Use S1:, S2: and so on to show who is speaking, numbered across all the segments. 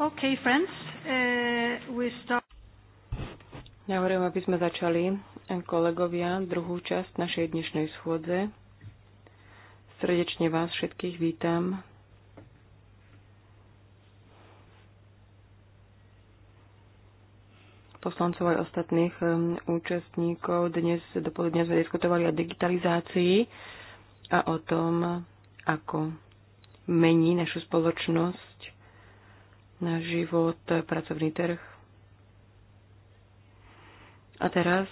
S1: Okay, friends, uh, we start...
S2: hovorím, aby sme začali, eh, kolegovia, druhú časť našej dnešnej schôdze. Srdečne vás všetkých vítam. Poslancov aj ostatných eh, účastníkov dnes dopoledne sme diskutovali o digitalizácii a o tom, ako mení našu spoločnosť na život, pracovný trh. A teraz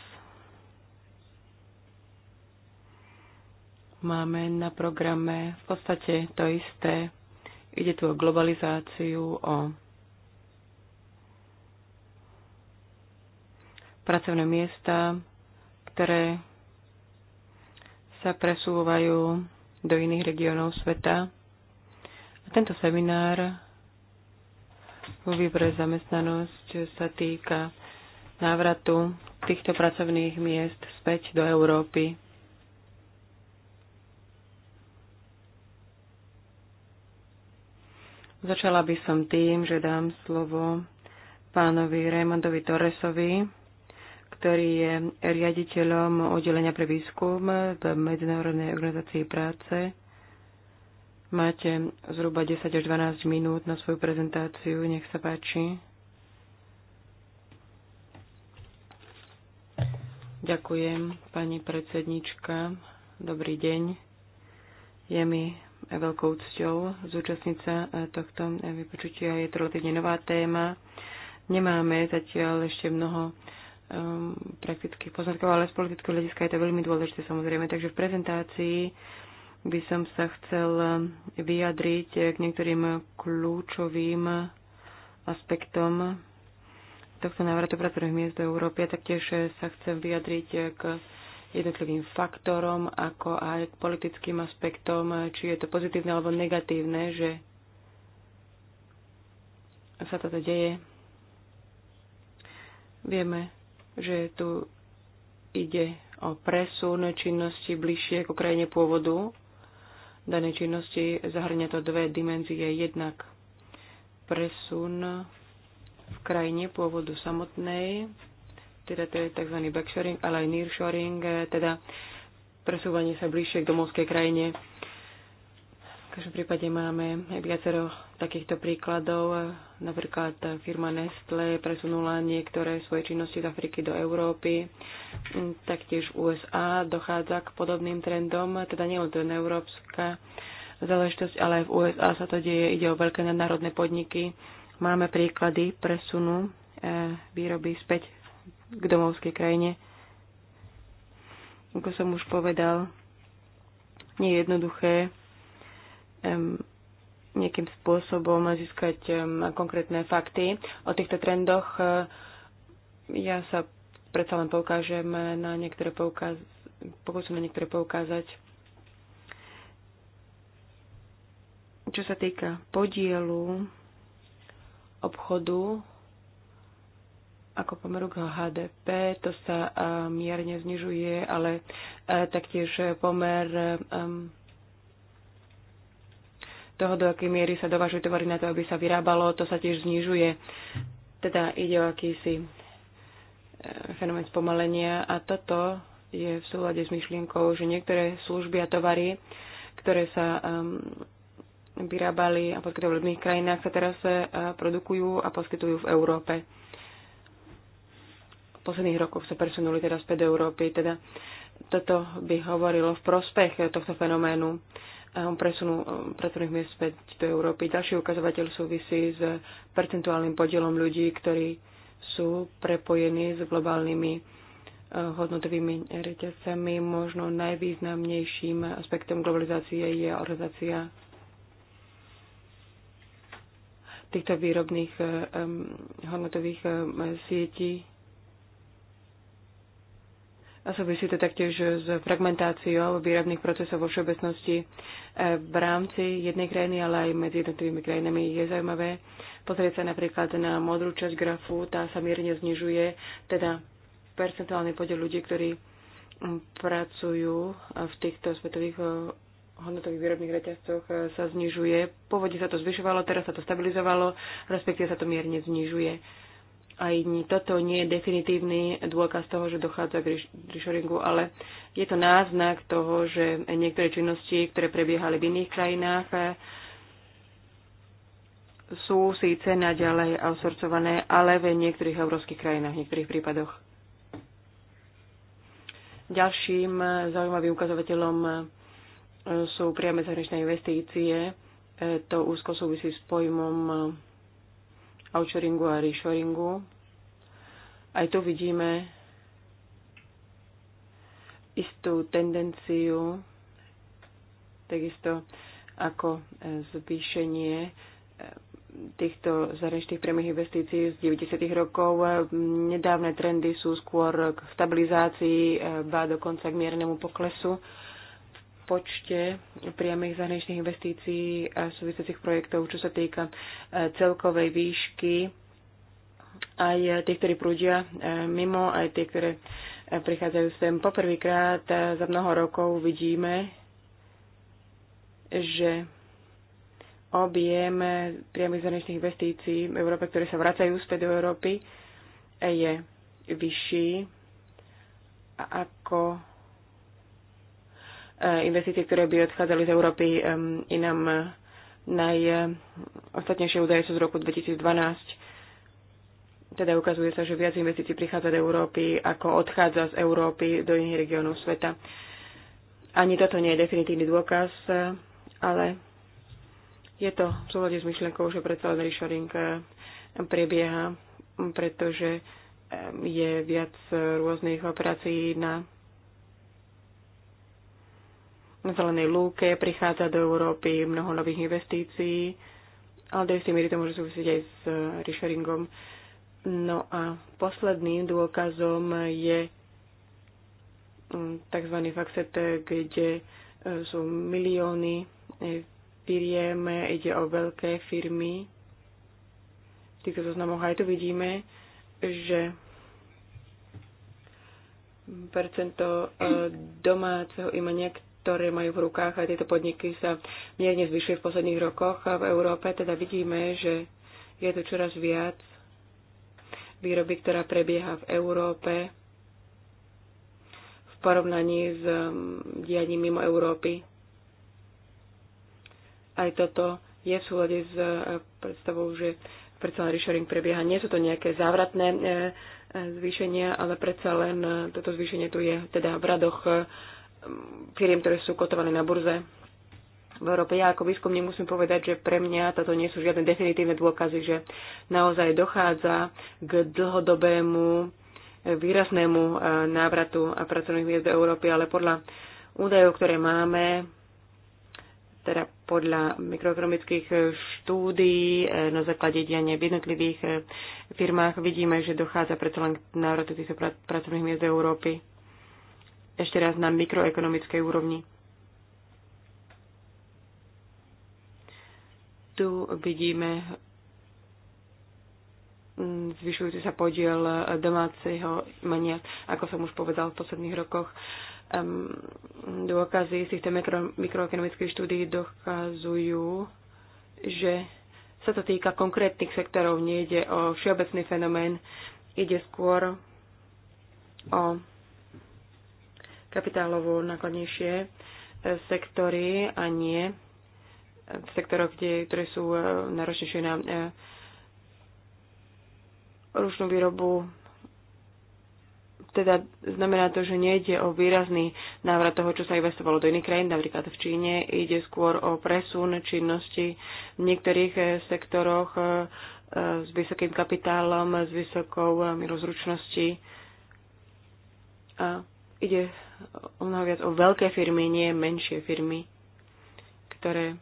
S2: máme na programe v podstate to isté. Ide tu o globalizáciu, o pracovné miesta, ktoré sa presúvajú do iných regiónov sveta. A tento seminár vo výbore zamestnanosť sa týka návratu týchto pracovných miest späť do Európy. Začala by som tým, že dám slovo pánovi Raymondovi Torresovi, ktorý je riaditeľom oddelenia pre výskum v Medzinárodnej organizácii práce Máte zhruba 10 až 12 minút na svoju prezentáciu. Nech sa páči. Ďakujem, pani predsednička. Dobrý deň. Je mi veľkou cťou zúčastniť sa tohto vypočutia. Je to relatívne nová téma. Nemáme zatiaľ ešte mnoho um, praktických poznatkov, ale z politického hľadiska je to veľmi dôležité samozrejme. Takže v prezentácii by som sa chcel vyjadriť k niektorým kľúčovým aspektom tohto návratu pracovných miest do Európy. A taktiež sa chcem vyjadriť k jednotlivým faktorom, ako aj k politickým aspektom, či je to pozitívne alebo negatívne, že sa toto deje. Vieme, že tu ide o presun činnosti bližšie k krajine pôvodu danej činnosti. Zahrňa to dve dimenzie. Jednak presun v krajine pôvodu samotnej, teda to je tzv. backshoring, ale aj nearshoring, eh, teda presúvanie sa bližšie k domovskej krajine v každom prípade máme viacero takýchto príkladov. Napríklad firma Nestle presunula niektoré svoje činnosti z Afriky do Európy. Taktiež USA dochádza k podobným trendom, teda nielen to je európska záležitosť, ale aj v USA sa to deje, ide o veľké nadnárodné podniky. Máme príklady presunu eh, výroby späť k domovskej krajine. Ako som už povedal, nie je jednoduché nejakým spôsobom získať konkrétne fakty o týchto trendoch. Ja sa predsa len poukážem na niektoré poukázať, pokúsim na niektoré poukázať. Čo sa týka podielu obchodu ako pomeru k HDP, to sa mierne znižuje, ale eh, taktiež pomer um, toho, do akej miery sa dovažujú tovary na to, aby sa vyrábalo, to sa tiež znižuje. Teda ide o akýsi e, fenomén spomalenia a toto je v súlade s myšlienkou, že niektoré služby a tovary, ktoré sa um, vyrábali a poskytovali v iných krajinách, sa teraz uh, produkujú a poskytujú v Európe. V posledných rokoch sa presunuli teraz späť do Európy, teda toto by hovorilo v prospech tohto fenoménu. Uh, presunu um, pracovných miest späť do Európy. Ďalší ukazovateľ súvisí s percentuálnym podielom ľudí, ktorí sú prepojení s globálnymi uh, hodnotovými reťazcami. Možno najvýznamnejším aspektom globalizácie je organizácia týchto výrobných um, hodnotových um, sietí a súvisí to taktiež s fragmentáciou výrobných procesov vo všeobecnosti e, v rámci jednej krajiny, ale aj medzi jednotlivými krajinami. Je zaujímavé pozrieť sa napríklad na modrú časť grafu, tá sa mierne znižuje, teda percentuálny podiel ľudí, ktorí pracujú v týchto svetových e, hodnotových výrobných reťazcoch e, sa znižuje. Povodí sa to zvyšovalo, teraz sa to stabilizovalo, respektíve sa to mierne znižuje aj toto nie je definitívny dôkaz toho, že dochádza k reshoringu, ale je to náznak toho, že niektoré činnosti, ktoré prebiehali v iných krajinách, e, sú síce naďalej outsourcované, ale v niektorých európskych krajinách, v niektorých prípadoch. Ďalším zaujímavým ukazovateľom e, sú priame zahraničné investície. E, to úzko súvisí s pojmom outsourcingu a reshoringu. Aj tu vidíme istú tendenciu, takisto ako e, zvýšenie e, týchto zahraničných priamých investícií z 90. rokov. E, nedávne trendy sú skôr k stabilizácii, ba dokonca k miernemu poklesu počte priamých zahraničných investícií a súvisiacich projektov, čo sa týka eh, celkovej výšky aj eh, tých, ktorí prúdia eh, mimo, aj tie, ktoré prichádzajú sem. Poprvýkrát za mnoho rokov vidíme, že objem priamých zahraničných investícií v Európe, ktoré sa vracajú späť do Európy, je vyšší ako Eh, investície, ktoré by odchádzali z Európy inám. Najostatnejšie eh, údaje sú z roku 2012. Teda ukazuje sa, že viac investícií prichádza do Európy, ako odchádza z Európy do iných regiónov sveta. Ani toto nie je definitívny dôkaz, eh, ale je to v súhľade s myšlenkou, že predsa len reshoring prebieha, pretože je viac rôznych operácií na na zelenej lúke, prichádza do Európy mnoho nových investícií, ale do istej miery to môže súvisieť aj s eh, resharingom. No a posledným dôkazom je mm, tzv. faxet, kde eh, sú milióny eh, firiem, ide o veľké firmy. V týchto zoznamoch aj tu vidíme, že percento domáceho imania, ktoré majú v rukách a tieto podniky sa mierne zvyšuje v posledných rokoch v Európe, teda vidíme, že je tu čoraz viac výroby, ktorá prebieha v Európe v porovnaní s um, dianím mimo Európy. Aj toto je v súlade s uh, predstavou, že predsa len reshoring prebieha. Nie sú to nejaké závratné uh, uh, zvýšenia, ale predsa len toto zvýšenie tu je teda v radoch firiem, ktoré sú kotované na burze v Európe. Ja ako výskumne musím povedať, že pre mňa toto nie sú žiadne definitívne dôkazy, že naozaj dochádza k dlhodobému výraznému e, návratu a pracovných miest do Európy, ale podľa údajov, ktoré máme, teda podľa mikroekonomických štúdií e, na základe diania v jednotlivých e, firmách vidíme, že dochádza predsa len k návratu týchto pracovných miest do Európy ešte raz na mikroekonomickej úrovni. Tu vidíme zvyšujúci sa podiel domáceho mania, ako som už povedal v posledných rokoch. Dôkazy z týchto mikro, mikroekonomických štúdií dokazujú, že sa to týka konkrétnych sektorov, nejde o všeobecný fenomén, ide skôr o kapitálovo nákladnejšie e, sektory a nie v e, sektoroch, kde, ktoré sú e, náročnejšie na ručnú výrobu. Teda znamená to, že nejde o výrazný návrat toho, čo sa investovalo do iných krajín, napríklad v Číne. Ide skôr o presun činnosti v niektorých sektoroch s vysokým kapitálom, s vysokou mierou A ide o mnoho viac o veľké firmy, nie menšie firmy, ktoré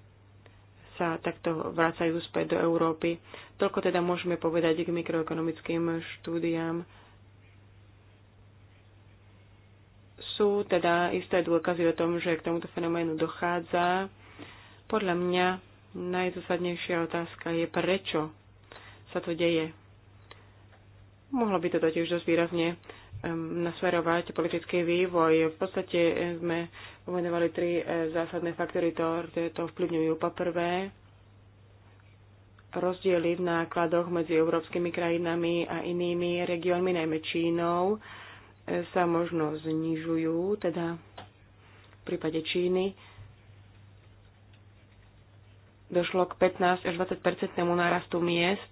S2: sa takto vracajú späť do Európy. Toľko teda môžeme povedať k mikroekonomickým štúdiám. Sú teda isté dôkazy o tom, že k tomuto fenoménu dochádza. Podľa mňa najzásadnejšia otázka je, prečo sa to deje. Mohlo by to totiž dosť výrazne nasmerovať politický vývoj. V podstate sme pomenovali tri eh, zásadné faktory, ktoré to vplyvňujú. Poprvé, rozdiely v nákladoch medzi európskymi krajinami a inými regiónmi, najmä Čínou, eh, sa možno znižujú, teda v prípade Číny došlo k 15 až 20 narastu miest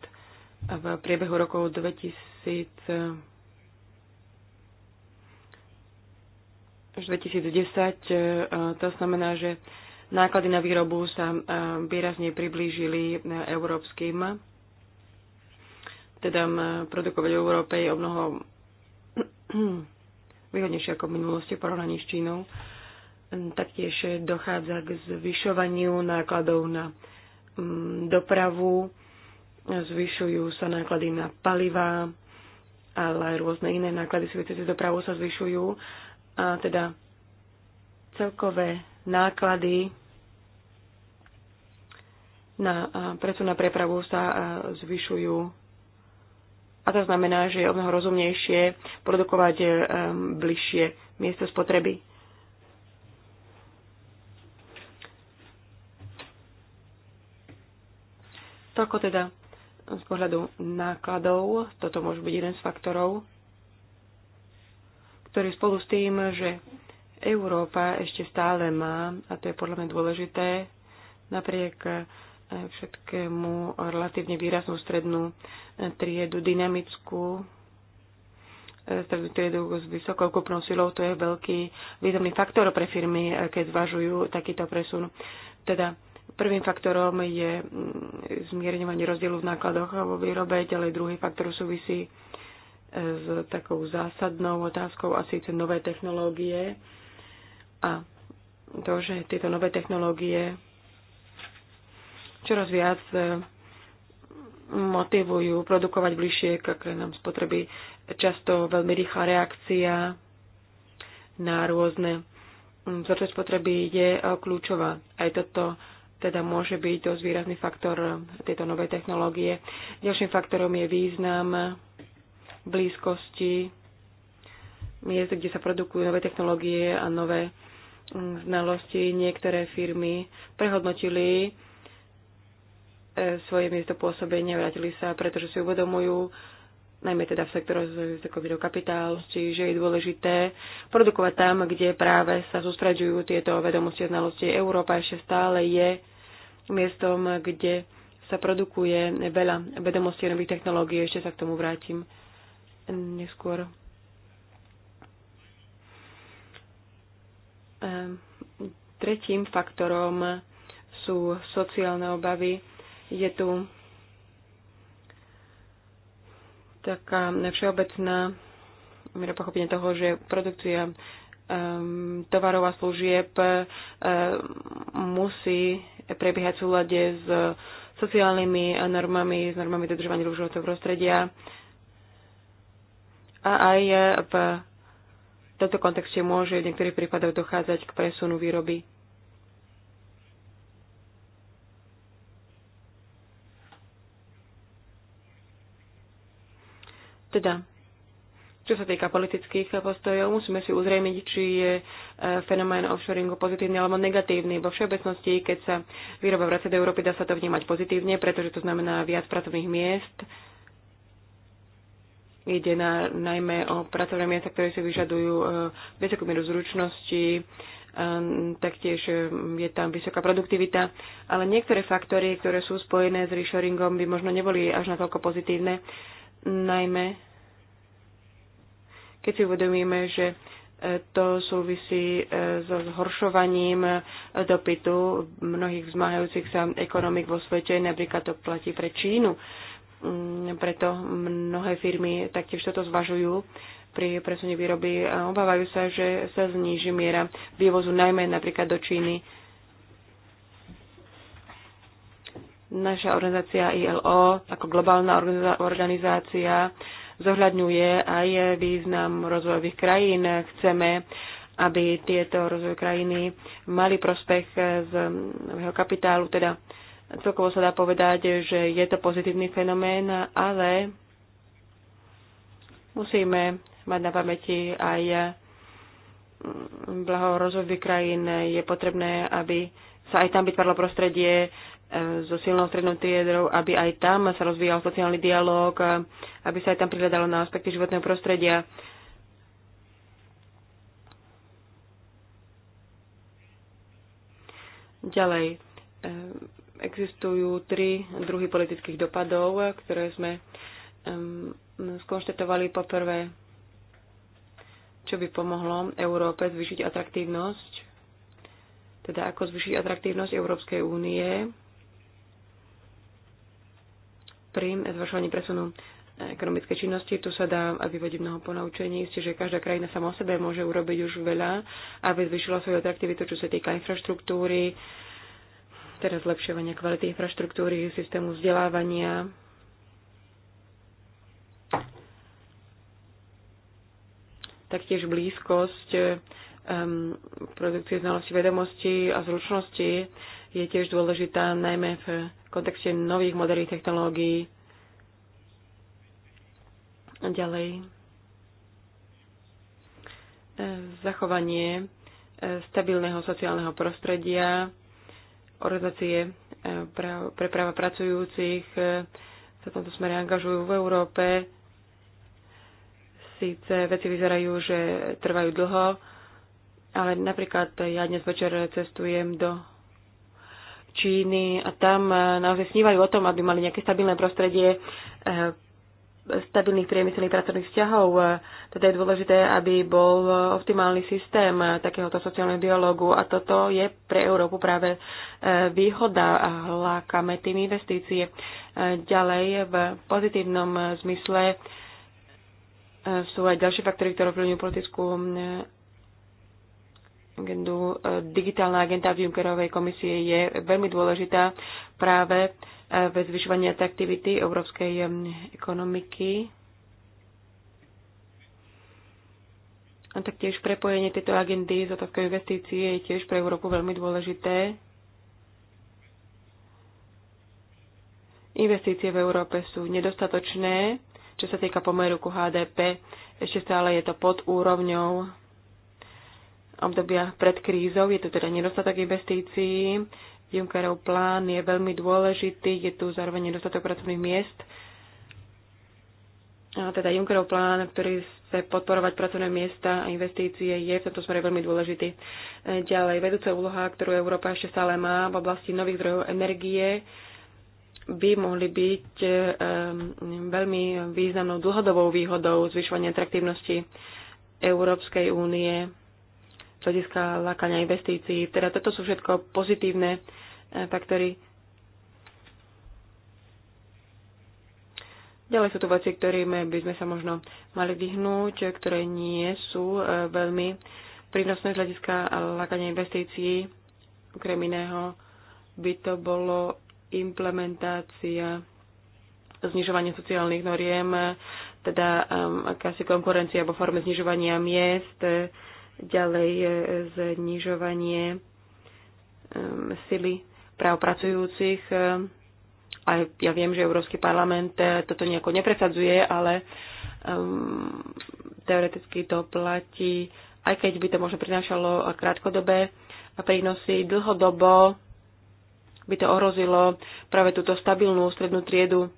S2: v priebehu rokov 2000 až 2010. E, e, to znamená, že náklady na výrobu sa e, výrazne priblížili európskym. Teda produkovať v Európe je obnoho výhodnejšie ako v minulosti v porovnaní s Čínou. Taktiež dochádza k zvyšovaniu nákladov na dopravu, zvyšujú sa náklady na paliva, ale aj rôzne iné náklady súvisiace s dopravou sa zvyšujú a teda celkové náklady na presun na prepravu sa zvyšujú. A to znamená, že je o mnoho rozumnejšie produkovať e, bližšie miesto spotreby. Toľko teda z pohľadu nákladov. Toto môže byť jeden z faktorov ktorý spolu s tým, že Európa ešte stále má, a to je podľa mňa dôležité, napriek eh, všetkému relatívne výraznú strednú eh, triedu, dynamickú eh, strednú triedu s vysokou kupnou silou, to je veľký významný faktor pre firmy, keď zvažujú takýto presun. Teda prvým faktorom je mm, zmierňovanie rozdielu v nákladoch vo výrobe, ďalej druhý faktor súvisí s takou zásadnou otázkou a síce nové technológie a to, že tieto nové technológie čoraz viac e, motivujú produkovať bližšie k nám spotreby. Často veľmi rýchla reakcia na rôzne vzorce spotreby je e, kľúčová. Aj toto teda môže byť dosť výrazný faktor e, tejto novej technológie. Ďalším faktorom je význam blízkosti miest, kde sa produkujú nové technológie a nové mm, znalosti. Niektoré firmy prehodnotili e, svoje miesto pôsobenia, vrátili sa, pretože si uvedomujú, najmä teda v z takového kapitál, čiže je dôležité produkovať tam, kde práve sa sústreďujú tieto vedomosti a znalosti. Európa ešte stále je miestom, kde sa produkuje veľa vedomostí a nových technológií. Ešte sa k tomu vrátim neskôr ehm, tretím faktorom sú sociálne obavy. Je tu taká všeobecná miera pochopenia toho, že produkcia um, tovarov a služieb um, musí prebiehať v súlade s sociálnymi normami, s normami dodržovania rúžového prostredia a aj e, v tomto kontexte môže v niektorých prípadoch dochádzať k presunu výroby. Teda, čo sa týka politických postojov, musíme si uzrejmiť, či je e, fenomén offshoringu pozitívny alebo negatívny. Vo všeobecnosti, keď sa výroba vracia do Európy, dá sa to vnímať pozitívne, pretože to znamená viac pracovných miest, Ide na, najmä o pracovné miesta, ktoré si vyžadujú e, vysokú mieru zručnosti, e, taktiež e, je tam vysoká produktivita, ale niektoré faktory, ktoré sú spojené s reshoringom, by možno neboli až natoľko pozitívne, najmä keď si uvedomíme, že to súvisí so zhoršovaním dopytu mnohých vzmáhajúcich sa ekonomik vo svete, napríklad to platí pre Čínu preto mnohé firmy taktiež toto zvažujú pri presune výroby a obávajú sa, že sa zníži miera vývozu najmä napríklad do Číny. Naša organizácia ILO ako globálna organizácia zohľadňuje aj význam rozvojových krajín. Chceme, aby tieto rozvojové krajiny mali prospech z nového kapitálu, teda Celkovo sa dá povedať, že je to pozitívny fenomén, ale musíme mať na pamäti aj mm, blaho rozvoj krajín. Je potrebné, aby sa aj tam vytvárlo prostredie e, so silnou strednou triedou, aby aj tam sa rozvíjal sociálny dialog, aby sa aj tam prihľadalo na aspekty životného prostredia. Ďalej, existujú tri druhy politických dopadov, ktoré sme um, skonštatovali poprvé, čo by pomohlo Európe zvýšiť atraktívnosť, teda ako zvýšiť atraktívnosť Európskej únie pri zvažovaní presunu ekonomické činnosti. Tu sa dá vyvodiť mnoho ponaučení. Isté, že každá krajina sama o sebe môže urobiť už veľa, aby zvyšila svoju atraktivitu, čo sa týka infraštruktúry, teda zlepšovania kvality infraštruktúry, systému vzdelávania, taktiež blízkosť um, produkcie znalosti vedomosti a zručnosti je tiež dôležitá najmä v kontexte nových moderných technológií. A ďalej. Hm, zachovanie eh, stabilného sociálneho prostredia organizácie e, pre práva pracujúcich e, sa v tomto smere angažujú v Európe. Síce veci vyzerajú, že trvajú dlho, ale napríklad ja dnes večer cestujem do Číny a tam e, naozaj snívajú o tom, aby mali nejaké stabilné prostredie stabilných priemyselných pracovných vzťahov. E, teda je dôležité, aby bol optimálny systém takéhoto sociálneho dialógu a toto je pre Európu práve e, výhoda a lákame tým investície. E, Ďalej v pozitívnom zmysle sú aj ďalšie faktory, ktoré ovplyvňujú politickú agendu. E, digitálna agenda v Junckerovej komisie je veľmi dôležitá práve ve zvyšovaní atraktivity európskej e, ekonomiky. A taktiež prepojenie tejto agendy z otázkou investície je tiež pre Európu veľmi dôležité. Investície v Európe sú nedostatočné, čo sa týka pomeru ku HDP. Ešte stále je to pod úrovňou obdobia pred krízou. Je tu teda nedostatok investícií. Junckerov plán je veľmi dôležitý. Je tu zároveň nedostatok pracovných miest. A teda Junckerov plán, ktorý chce podporovať pracovné miesta a investície, je v tomto smere veľmi dôležitý. Ďalej, vedúca úloha, ktorú Európa ešte stále má v oblasti nových zdrojov energie, by mohli byť um, veľmi významnou dlhodobou výhodou zvyšovania atraktívnosti Európskej únie z hľadiska lákania investícií. Teda toto sú všetko pozitívne e, faktory. Ďalej sú tu veci, ktorými by sme sa možno mali vyhnúť, ktoré nie sú e, veľmi prínosné z hľadiska lákania investícií. Okrem iného by to bolo implementácia znižovania sociálnych noriem, e, teda um, akási konkurencia vo forme znižovania miest, ďalej znižovanie um, sily práv pracujúcich. A ja viem, že Európsky parlament eh, toto nejako nepresadzuje, ale um, teoreticky to platí, aj keď by to možno prinášalo krátkodobé prínosy, dlhodobo by to ohrozilo práve túto stabilnú strednú triedu.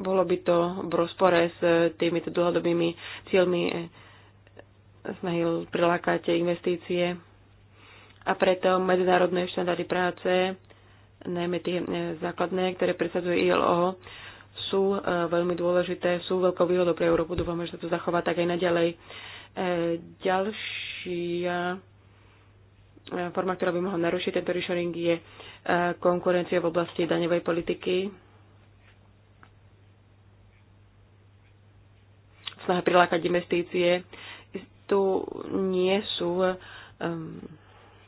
S2: Bolo by to v rozpore s e, týmito dlhodobými cieľmi e, snahy prilákať investície a preto medzinárodné štandardy práce, najmä tie e, základné, ktoré presadzuje ILO, sú veľmi dôležité, sú veľkou výhodou pre Európu. Dúfame, že sa to zachová tak aj naďalej. Ďalšia forma, ktorá by mohla narušiť tento reshoring, je konkurencia v oblasti daňovej politiky snaha prilákať investície, tu nie sú um,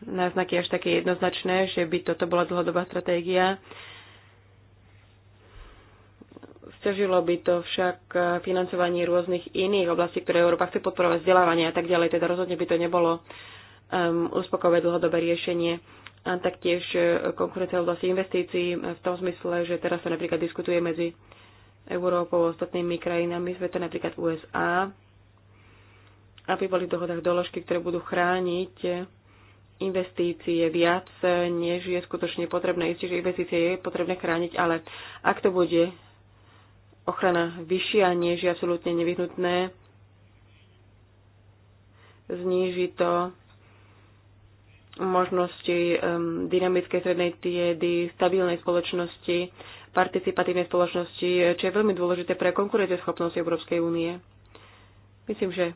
S2: náznaky až také jednoznačné, že by toto bola dlhodobá stratégia. Sťažilo by to však financovanie rôznych iných oblastí, ktoré Európa chce podporovať, vzdelávanie a tak ďalej. Teda rozhodne by to nebolo um, uspokové dlhodobé riešenie a taktiež uh, konkurencia v oblasti investícií v tom zmysle, že teraz sa napríklad diskutuje medzi Európou, ostatnými krajinami, sme to napríklad USA, aby boli v dohodách doložky, ktoré budú chrániť investície viac, než je skutočne potrebné. Isté, že investície je potrebné chrániť, ale ak to bude ochrana vyššia, než je absolútne nevyhnutné, zníži to možnosti um, dynamickej strednej triedy, stabilnej spoločnosti, participatívnej spoločnosti, čo je veľmi dôležité pre konkurencieschopnosť Európskej únie. Myslím, že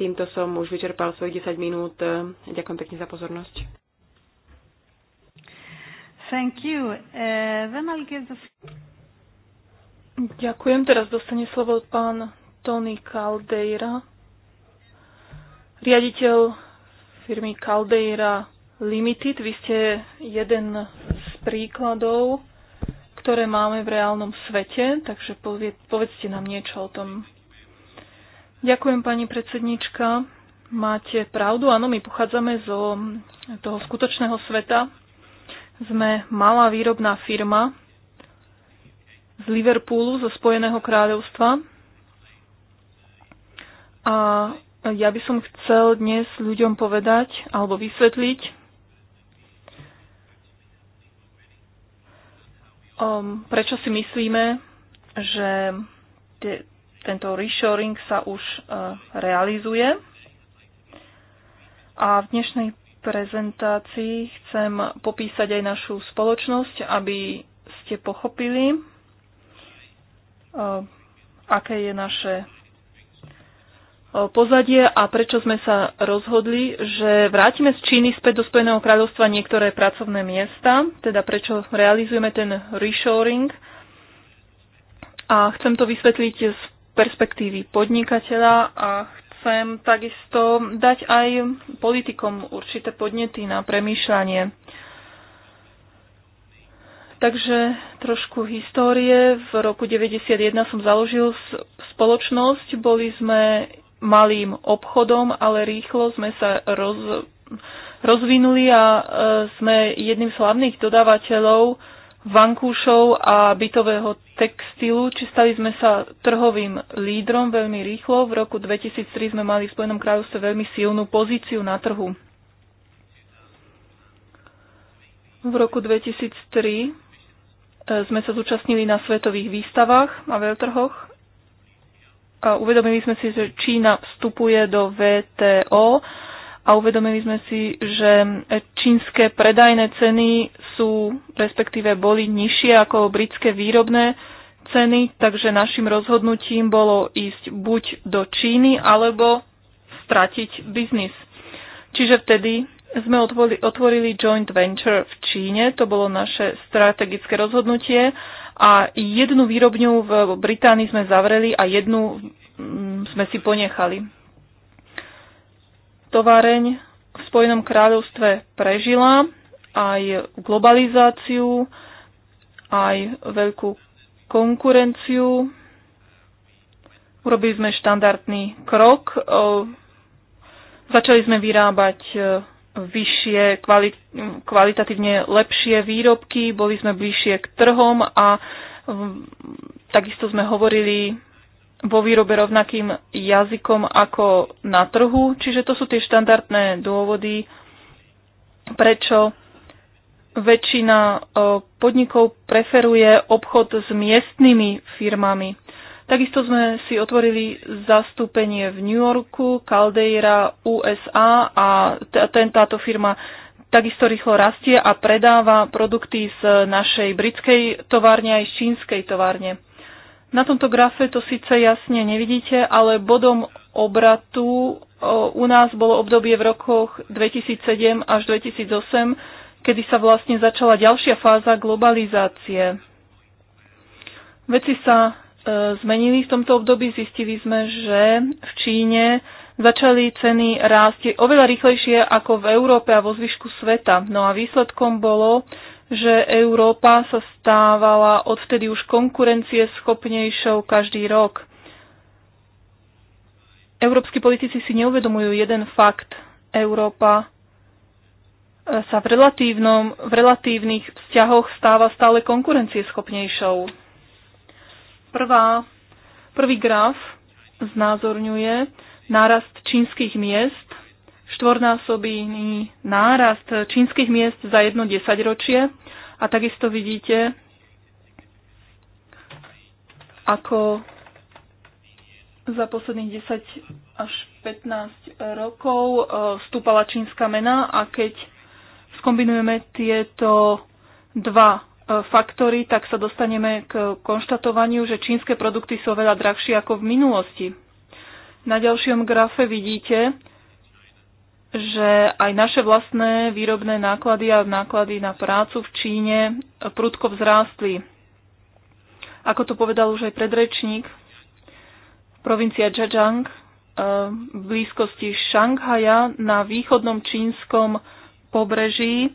S2: týmto som už vyčerpal svojich 10 minút. Ďakujem pekne za pozornosť.
S1: Thank you. Uh, then I'll give the... Ďakujem. Teraz dostane slovo pán
S3: Tony Caldeira, riaditeľ firmy Caldeira Limited. Vy ste jeden z príkladov, ktoré máme v reálnom svete, takže povedzte nám niečo o tom. Ďakujem, pani predsednička. Máte pravdu, áno, my pochádzame zo toho skutočného sveta. Sme malá výrobná firma z Liverpoolu, zo Spojeného kráľovstva. A ja by som chcel dnes ľuďom povedať alebo vysvetliť, um, prečo si myslíme, že te, tento reshoring sa už uh, realizuje. A v dnešnej prezentácii chcem popísať aj našu spoločnosť, aby ste pochopili, uh, aké je naše pozadie a prečo sme sa rozhodli, že vrátime z Číny späť do Spojeného kráľovstva niektoré pracovné miesta, teda prečo realizujeme ten reshoring. A chcem to vysvetliť z perspektívy podnikateľa a chcem takisto dať aj politikom určité podnety na premýšľanie. Takže trošku histórie. V roku 1991 som založil spoločnosť. Boli sme malým obchodom, ale rýchlo sme sa roz, rozvinuli a e, sme jedným z hlavných dodávateľov vankúšov a bytového textilu, či stali sme sa trhovým lídrom veľmi rýchlo. V roku 2003 sme mali v Spojenom kráľovstve veľmi silnú pozíciu na trhu. V roku 2003 e, sme sa zúčastnili na svetových výstavách a veľtrhoch uvedomili sme si, že Čína vstupuje do VTO a uvedomili sme si, že čínske predajné ceny sú, respektíve boli nižšie ako britské výrobné ceny, takže našim rozhodnutím bolo ísť buď do Číny, alebo stratiť biznis. Čiže vtedy sme otvorili joint venture v Číne, to bolo naše strategické rozhodnutie a jednu výrobňu v Británii sme zavreli a jednu mm, sme si ponechali. Továreň v Spojenom kráľovstve prežila aj globalizáciu, aj veľkú konkurenciu. Urobili sme štandardný krok. Začali sme vyrábať e, vyššie, kvali, kvalitatívne lepšie výrobky, boli sme bližšie k trhom a takisto sme hovorili vo výrobe rovnakým jazykom ako na trhu. Čiže to sú tie štandardné dôvody, prečo väčšina podnikov preferuje obchod s miestnymi firmami. Takisto sme si otvorili zastúpenie v New Yorku, Caldeira, USA a ten, táto firma takisto rýchlo rastie a predáva produkty z našej britskej továrne aj z čínskej továrne. Na tomto grafe to síce jasne nevidíte, ale bodom obratu u nás bolo obdobie v rokoch 2007 až 2008, kedy sa vlastne začala ďalšia fáza globalizácie. Veci sa E, zmenili v tomto období. Zistili sme, že v Číne začali ceny rásť oveľa rýchlejšie ako v Európe a vo zvyšku sveta. No a výsledkom bolo, že Európa sa stávala odvtedy už konkurencie schopnejšou každý rok. Európsky politici si neuvedomujú jeden fakt. Európa e, sa v, relatívnom, v relatívnych vzťahoch stáva stále konkurencieschopnejšou. Prvá, prvý graf znázorňuje nárast čínskych miest, štvornásobný nárast čínskych miest za jedno desaťročie a takisto vidíte, ako za posledných 10 až 15 rokov e, stúpala čínska mena a keď skombinujeme tieto dva E, faktory, tak sa dostaneme k konštatovaniu, že čínske produkty sú veľa drahšie ako v minulosti. Na ďalšom grafe vidíte, že aj naše vlastné výrobné náklady a náklady na prácu v Číne prudko vzrástli. Ako to povedal už aj predrečník, provincia Zhejiang e, v blízkosti Šanghaja na východnom čínskom pobreží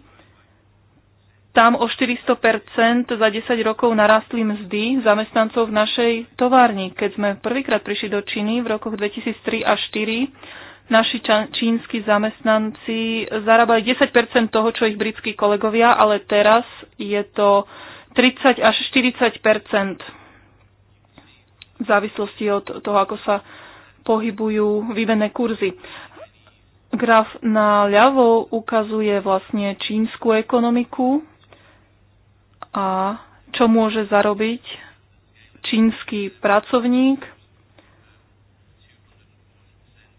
S3: tam o 400% za 10 rokov narastli mzdy zamestnancov v našej továrni. Keď sme prvýkrát prišli do Číny v rokoch 2003 a 2004, naši čínsky zamestnanci zarábali 10% toho, čo ich britskí kolegovia, ale teraz je to 30 až 40 v závislosti od toho, ako sa pohybujú vyvené kurzy. Graf na ľavo ukazuje vlastne čínsku ekonomiku, a čo môže zarobiť čínsky pracovník.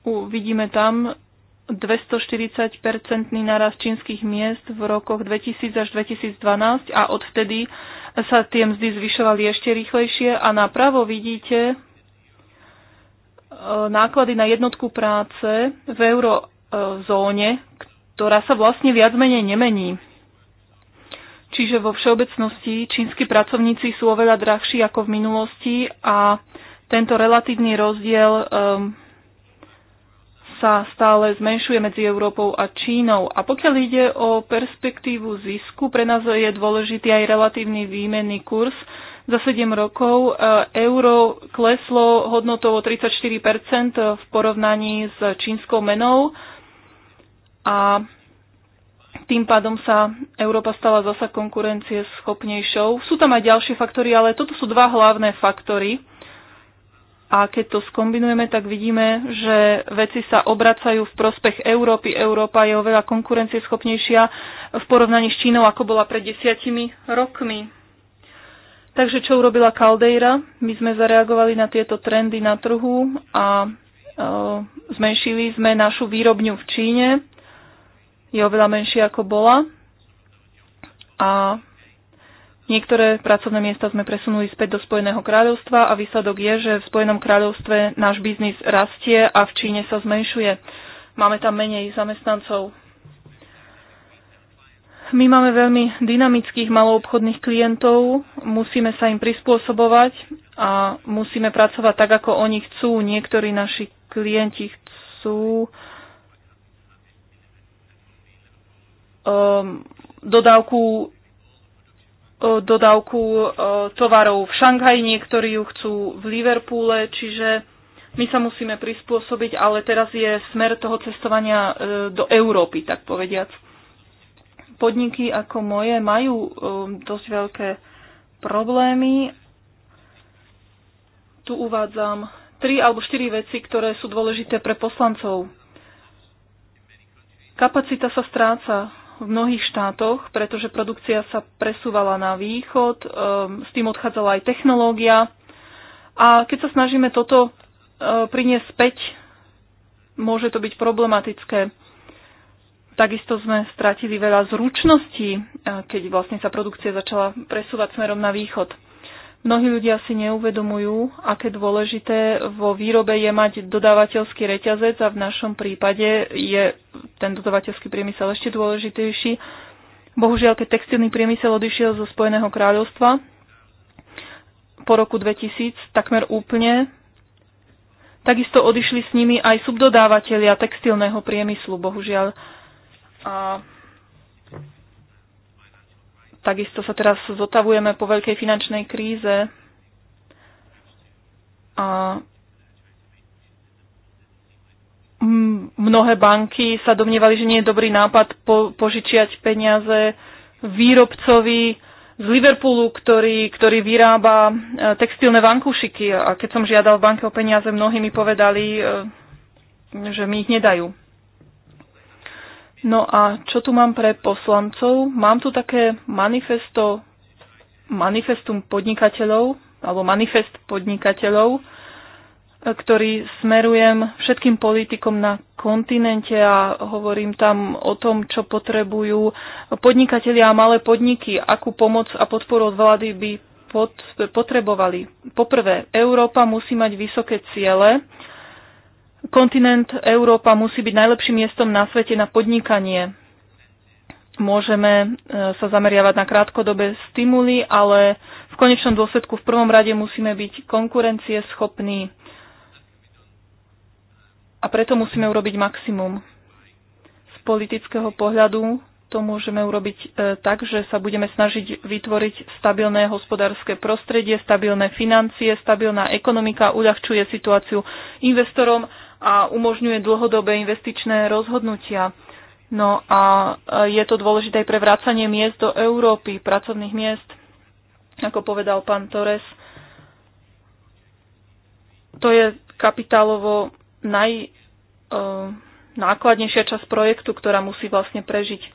S3: Vidíme tam 240-percentný narast čínskych miest v rokoch 2000 až 2012 a odvtedy sa tie mzdy zvyšovali ešte rýchlejšie a napravo vidíte e, náklady na jednotku práce v eurozóne, e, ktorá sa vlastne viac menej nemení. Čiže vo všeobecnosti čínsky pracovníci sú oveľa drahší ako v minulosti a tento relatívny rozdiel um, sa stále zmenšuje medzi Európou a Čínou. A pokiaľ ide o perspektívu zisku, pre nás je dôležitý aj relatívny výmenný kurz. Za 7 rokov eh, euro kleslo hodnotou o 34 v porovnaní s čínskou menou a tým pádom sa Európa stala zasa konkurencie schopnejšou. Sú tam aj ďalšie faktory, ale toto sú dva hlavné faktory. A keď to skombinujeme, tak vidíme, že veci sa obracajú v prospech Európy. Európa je oveľa konkurencieschopnejšia v porovnaní s Čínou, ako bola pred desiatimi rokmi. Takže čo urobila Caldeira? My sme zareagovali na tieto trendy na trhu a e, zmenšili sme našu výrobňu v Číne je oveľa menšia ako bola a niektoré pracovné miesta sme presunuli späť do Spojeného kráľovstva a výsledok je, že v Spojenom kráľovstve náš biznis rastie a v Číne sa zmenšuje. Máme tam menej zamestnancov. My máme veľmi dynamických maloobchodných klientov, musíme sa im prispôsobovať a musíme pracovať tak, ako oni chcú. Niektorí naši klienti chcú um, dodávku uh, dodávku uh, tovarov v Šanghaji, niektorí ju chcú v Liverpoole, čiže my sa musíme prispôsobiť, ale teraz je smer toho cestovania uh, do Európy, tak povediac. Podniky ako moje majú um, dosť veľké problémy. Tu uvádzam tri alebo štyri veci, ktoré sú dôležité pre poslancov. Kapacita sa stráca v mnohých štátoch, pretože produkcia sa presúvala na východ, ehm, s tým odchádzala aj technológia. A keď sa snažíme toto ehm, priniesť späť, môže to byť problematické. Takisto sme stratili veľa zručností, eh, keď vlastne sa produkcia začala presúvať smerom na východ. Mnohí ľudia si neuvedomujú, aké dôležité vo výrobe je mať dodávateľský reťazec a v našom prípade je ten dodávateľský priemysel ešte dôležitejší. Bohužiaľ, keď textilný priemysel odišiel zo Spojeného kráľovstva po roku 2000 takmer úplne, takisto odišli s nimi aj subdodávateľia textilného priemyslu, bohužiaľ. A Takisto sa teraz zotavujeme po veľkej finančnej kríze a mnohé banky sa domnievali, že nie je dobrý nápad po, požičiať peniaze výrobcovi z Liverpoolu, ktorý, ktorý vyrába e, textilné vankušiky. A keď som žiadal v banke o peniaze, mnohí mi povedali, e, že mi ich nedajú. No a čo tu mám pre poslancov? Mám tu také manifesto, manifestum podnikateľov, alebo manifest podnikateľov, ktorý smerujem všetkým politikom na kontinente a hovorím tam o tom, čo potrebujú podnikatelia a malé podniky, akú pomoc a podporu od vlády by potrebovali. Poprvé, Európa musí mať vysoké ciele, Kontinent Európa musí byť najlepším miestom na svete na podnikanie. Môžeme e, sa zameriavať na krátkodobé stimuly, ale v konečnom dôsledku v prvom rade musíme byť konkurencieschopní. A preto musíme urobiť maximum. Z politického pohľadu to môžeme urobiť e, tak, že sa budeme snažiť vytvoriť stabilné hospodárske prostredie, stabilné financie, stabilná ekonomika uľahčuje situáciu investorom a umožňuje dlhodobé investičné rozhodnutia. No a je to dôležité aj pre vracanie miest do Európy, pracovných miest, ako povedal pán Torres. To je kapitálovo najnákladnejšia e, časť projektu, ktorá musí vlastne prežiť. E,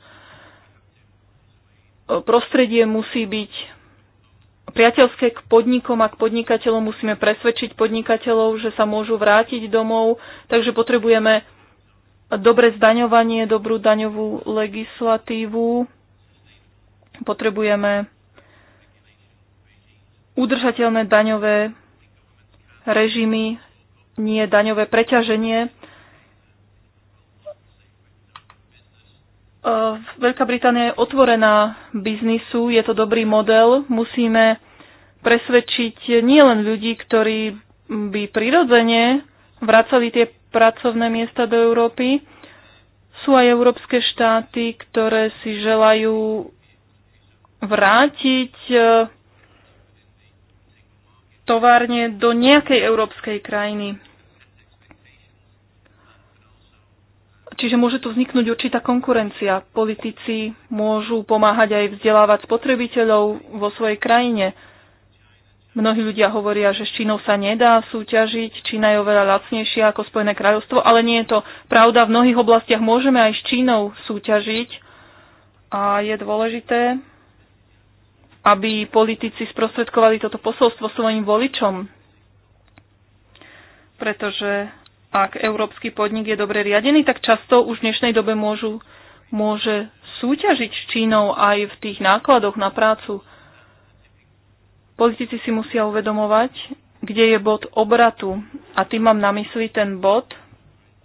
S3: prostredie musí byť priateľské k podnikom a k podnikateľom. Musíme presvedčiť podnikateľov, že sa môžu vrátiť domov, takže potrebujeme dobre zdaňovanie, dobrú daňovú legislatívu. Potrebujeme udržateľné daňové režimy, nie daňové preťaženie. Veľká Británia je otvorená biznisu, je to dobrý model, musíme presvedčiť nielen ľudí, ktorí by prirodzene vracali tie pracovné miesta do Európy. Sú aj európske štáty, ktoré si želajú vrátiť e, továrne do nejakej európskej krajiny. Čiže môže tu vzniknúť určitá konkurencia. Politici môžu pomáhať aj vzdelávať spotrebiteľov vo svojej krajine Mnohí ľudia hovoria, že s Čínou sa nedá súťažiť, Čína je oveľa lacnejšia ako Spojené kráľovstvo, ale nie je to pravda. V mnohých oblastiach môžeme aj s Čínou súťažiť a je dôležité, aby politici sprostredkovali toto posolstvo svojim voličom. Pretože ak európsky podnik je dobre riadený, tak často už v dnešnej dobe môžu, môže súťažiť s Čínou aj v tých nákladoch na prácu Politici si musia uvedomovať, kde je bod obratu. A tým mám na mysli ten bod,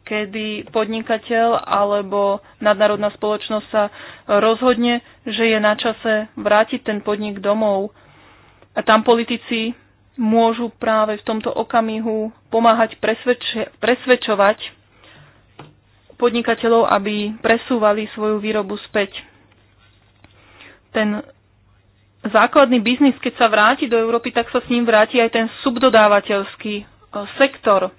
S3: kedy podnikateľ alebo nadnárodná spoločnosť sa rozhodne, že je na čase vrátiť ten podnik domov. A tam politici môžu práve v tomto okamihu pomáhať presvedčovať podnikateľov, aby presúvali svoju výrobu späť. Ten základný biznis, keď sa vráti do Európy, tak sa s ním vráti aj ten subdodávateľský e, sektor.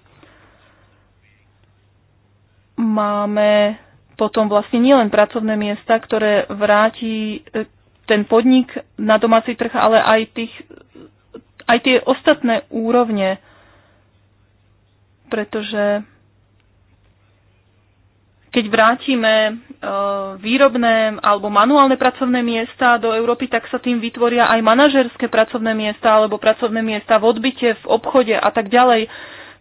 S3: Máme potom vlastne nielen pracovné miesta, ktoré vráti e, ten podnik na domáci trh, ale aj, tých, aj tie ostatné úrovne, pretože keď vrátime e, výrobné alebo manuálne pracovné miesta do Európy, tak sa tým vytvoria aj manažerské pracovné miesta alebo pracovné miesta v odbyte, v obchode a tak ďalej.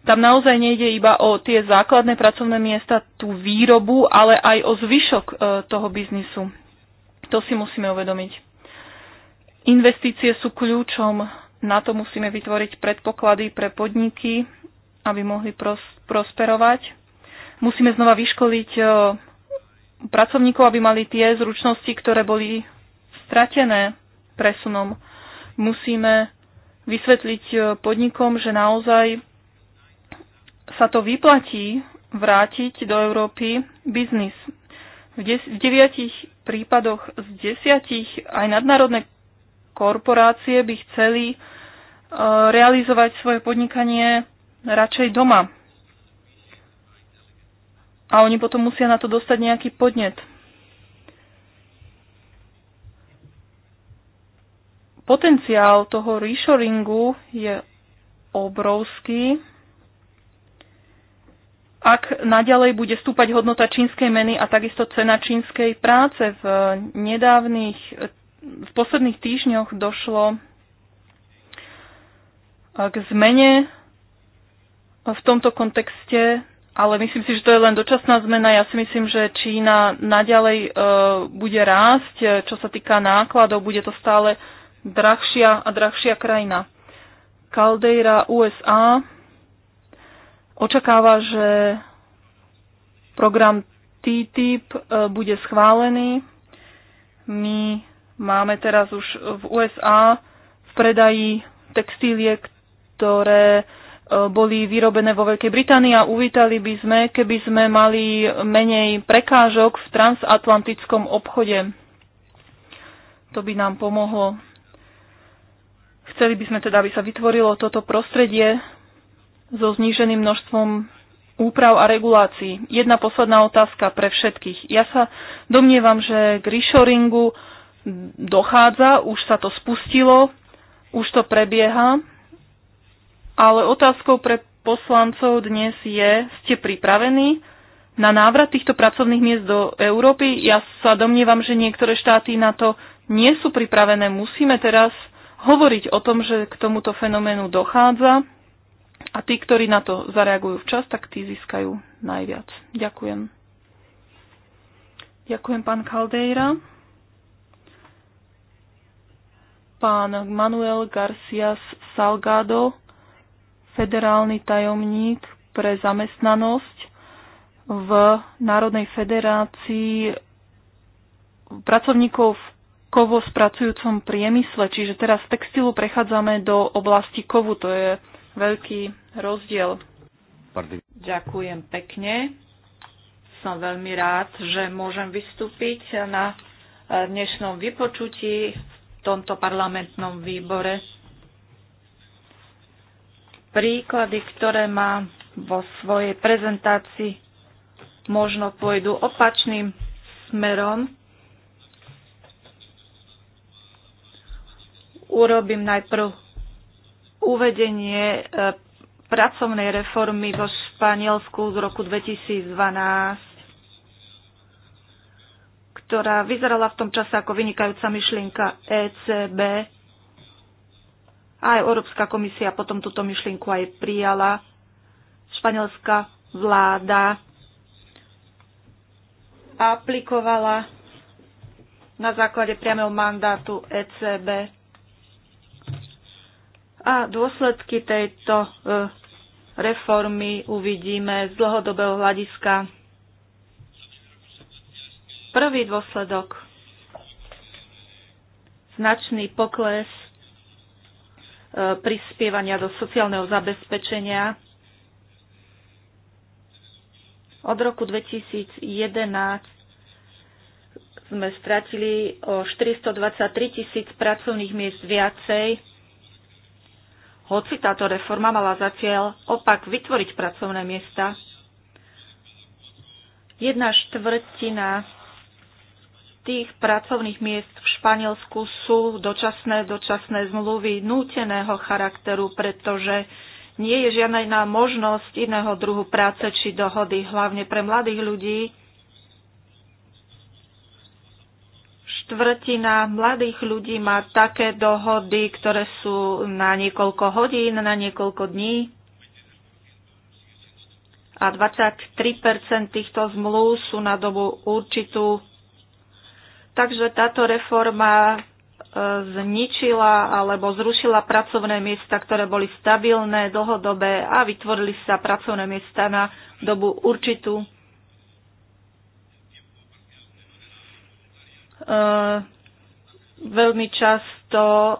S3: Tam naozaj nejde iba o tie základné pracovné miesta, tú výrobu, ale aj o zvyšok e, toho biznisu. To si musíme uvedomiť. Investície sú kľúčom. Na to musíme vytvoriť predpoklady pre podniky, aby mohli pros- prosperovať Musíme znova vyškoliť e, pracovníkov, aby mali tie zručnosti, ktoré boli stratené presunom. Musíme vysvetliť e, podnikom, že naozaj sa to vyplatí vrátiť do Európy biznis. V, des- v deviatich prípadoch z desiatich aj nadnárodné korporácie by chceli e, realizovať svoje podnikanie radšej doma. A oni potom musia na to dostať nejaký podnet. Potenciál toho reshoringu je obrovský. Ak naďalej bude stúpať hodnota čínskej meny a takisto cena čínskej práce v nedávnych, v posledných týždňoch došlo k zmene v tomto kontexte ale myslím si, že to je len dočasná zmena. Ja si myslím, že Čína naďalej e, bude rásť, e, čo sa týka nákladov, bude to stále drahšia a drahšia krajina. Caldeira USA očakáva, že program TTIP e, bude schválený. My máme teraz už v USA v predaji textílie, ktoré boli vyrobené vo Veľkej Británii a uvítali by sme, keby sme mali menej prekážok v transatlantickom obchode. To by nám pomohlo. Chceli by sme teda, aby sa vytvorilo toto prostredie so zníženým množstvom úprav a regulácií. Jedna posledná otázka pre všetkých. Ja sa domnievam, že k reshoringu dochádza, už sa to spustilo, už to prebieha ale otázkou pre poslancov dnes je, ste pripravení na návrat týchto pracovných miest do Európy? Ja sa domnievam, že niektoré štáty na to nie sú pripravené. Musíme teraz hovoriť o tom, že k tomuto fenoménu dochádza a tí, ktorí na to zareagujú včas, tak tí získajú najviac. Ďakujem. Ďakujem, pán Caldeira. Pán Manuel Garcias Salgado federálny tajomník pre zamestnanosť v Národnej federácii pracovníkov v kovo spracujúcom priemysle, čiže teraz z textilu prechádzame do oblasti kovu, to je veľký rozdiel. Pardon. Ďakujem pekne. Som veľmi rád, že môžem vystúpiť na dnešnom vypočutí v tomto parlamentnom výbore príklady, ktoré má vo svojej prezentácii, možno pôjdu opačným smerom. Urobím najprv uvedenie e, pracovnej reformy vo Španielsku z roku 2012, ktorá vyzerala v tom čase ako vynikajúca myšlienka ECB, a aj Európska komisia potom túto myšlienku aj prijala. Španielská vláda aplikovala na základe priameho mandátu ECB. A dôsledky tejto e, reformy uvidíme z dlhodobého hľadiska. Prvý dôsledok. Značný pokles prispievania do sociálneho zabezpečenia. Od roku 2011 sme stratili o 423 tisíc pracovných miest viacej, hoci táto reforma mala za cieľ opak vytvoriť pracovné miesta. Jedna štvrtina tých pracovných miest v Španielsku sú dočasné, dočasné zmluvy núteného charakteru, pretože nie je žiadna iná možnosť iného druhu práce či dohody, hlavne pre mladých ľudí. Štvrtina mladých ľudí má také dohody, ktoré sú na niekoľko hodín, na niekoľko dní a 23 týchto zmluv sú na dobu určitú Takže táto reforma e, zničila alebo zrušila pracovné miesta, ktoré boli stabilné, dlhodobé a vytvorili sa pracovné miesta na dobu určitú. E, veľmi často e,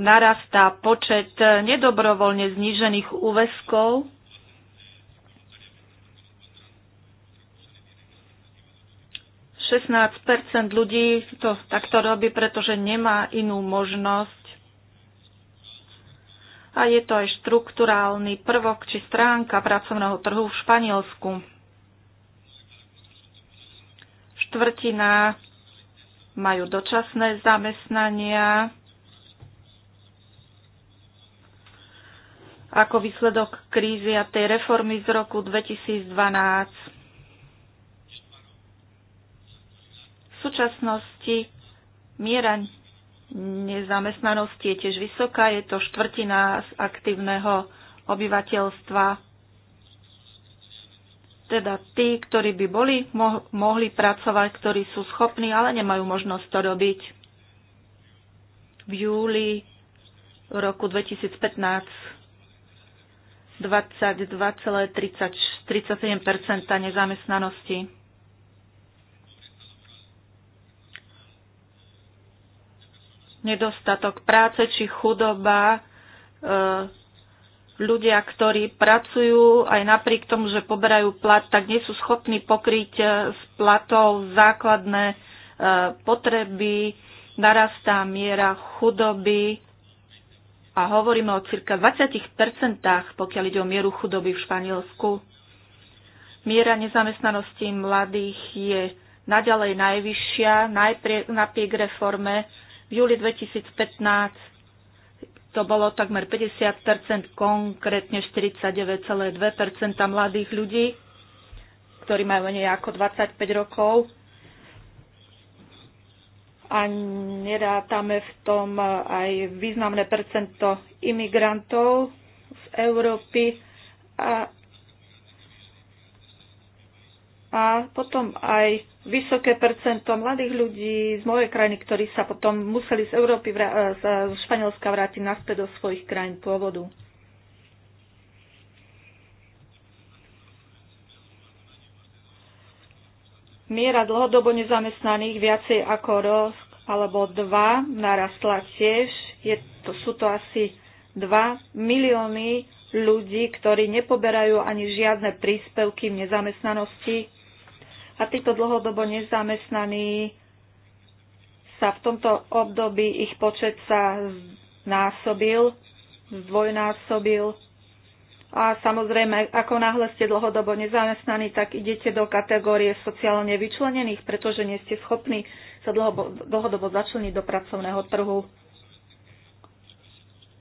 S3: narastá počet nedobrovoľne znížených úväzkov 16 ľudí to takto robí, pretože nemá inú možnosť. A je to aj štruktúrálny prvok či stránka pracovného trhu v Španielsku. Štvrtina majú dočasné zamestnania. ako výsledok krízy a tej reformy z roku 2012 súčasnosti miera nezamestnanosti je tiež vysoká, je to štvrtina z aktívneho obyvateľstva teda tí, ktorí by boli, mohli pracovať, ktorí sú schopní, ale nemajú možnosť to robiť. V júli roku 2015 22,37% nezamestnanosti. nedostatok práce či chudoba, e, ľudia, ktorí pracujú aj napriek tomu, že poberajú plat, tak nie sú schopní pokryť s e, platov základné e, potreby, narastá miera chudoby a hovoríme o cirka 20%, pokiaľ ide o mieru chudoby v Španielsku. Miera nezamestnanosti mladých je naďalej najvyššia, napriek reforme v júli 2015 to bolo takmer 50 konkrétne 49,2 mladých ľudí, ktorí majú nejako 25 rokov. A nerátame v tom aj významné percento imigrantov z Európy a, a potom aj vysoké percento mladých ľudí z mojej krajiny, ktorí sa potom museli z Európy, e, e, z Španielska vrátiť naspäť do svojich krajín pôvodu. Miera dlhodobo nezamestnaných viacej ako rok alebo dva narastla tiež. Je to, sú to asi 2 milióny ľudí, ktorí nepoberajú ani žiadne príspevky v nezamestnanosti a títo dlhodobo nezamestnaní sa v tomto období ich počet sa znásobil, zdvojnásobil. A samozrejme, ako náhle ste dlhodobo nezamestnaní, tak idete do kategórie sociálne vyčlenených, pretože nie ste schopní sa dlhobo, dlhodobo začleniť do pracovného trhu.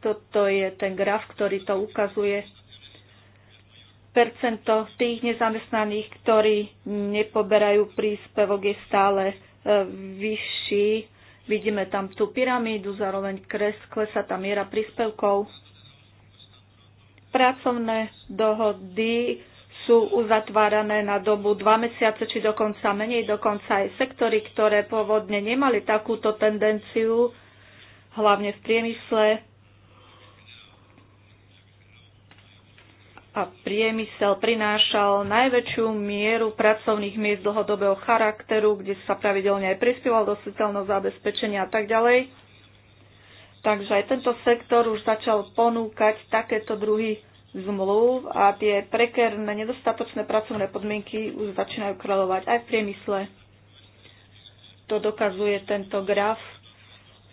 S3: Toto je ten graf, ktorý to ukazuje percento tých nezamestnaných, ktorí nepoberajú príspevok, je stále e, vyšší. Vidíme tam tú pyramídu, zároveň kres, klesa tá miera príspevkov. Pracovné dohody sú uzatvárané na dobu 2 mesiace či dokonca menej, dokonca aj sektory, ktoré pôvodne nemali takúto tendenciu, hlavne v priemysle, a priemysel prinášal najväčšiu mieru pracovných miest dlhodobého charakteru, kde sa pravidelne aj prispieval do sociálneho zabezpečenia a tak ďalej. Takže aj tento sektor už začal ponúkať takéto druhy zmluv a tie prekerné, nedostatočné pracovné podmienky už začínajú kráľovať aj v priemysle. To dokazuje tento graf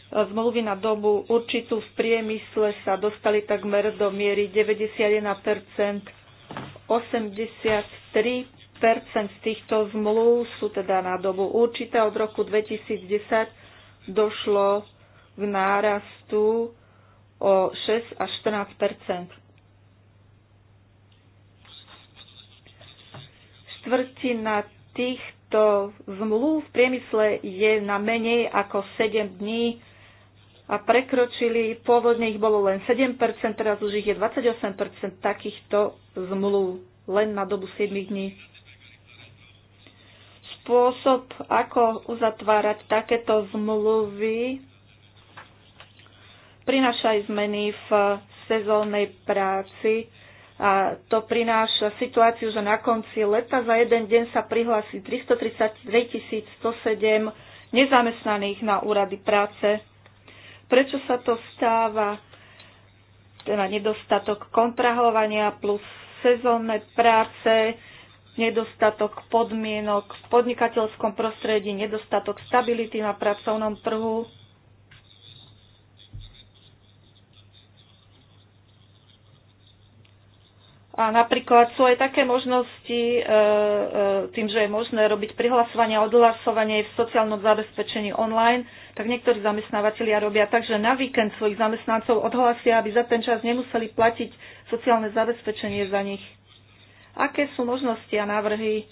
S3: E, zmluvy na dobu určitú v priemysle sa dostali takmer do miery 91 83 z týchto zmluv sú teda na dobu určité. Od roku 2010 došlo k nárastu o 6 až 14 Štvrtina týchto zmluv v priemysle je na menej ako 7 dní a prekročili, pôvodne ich bolo len 7%, teraz už ich je 28% takýchto zmluv len na dobu 7 dní. Spôsob, ako uzatvárať takéto zmluvy, prináša aj zmeny v sezónnej práci a to prináša situáciu, že na konci leta za jeden deň sa prihlási 332 107 nezamestnaných na úrady práce Prečo sa to stáva? Teda nedostatok kontrahovania plus sezónne práce, nedostatok podmienok v podnikateľskom prostredí, nedostatok stability na pracovnom trhu, A napríklad sú aj také možnosti, e, e, tým, že je možné robiť prihlasovanie a odhlasovanie v sociálnom zabezpečení online, tak niektorí zamestnávateľia robia tak, že na víkend svojich zamestnancov odhlasia, aby za ten čas nemuseli platiť sociálne zabezpečenie za nich. Aké sú možnosti a návrhy,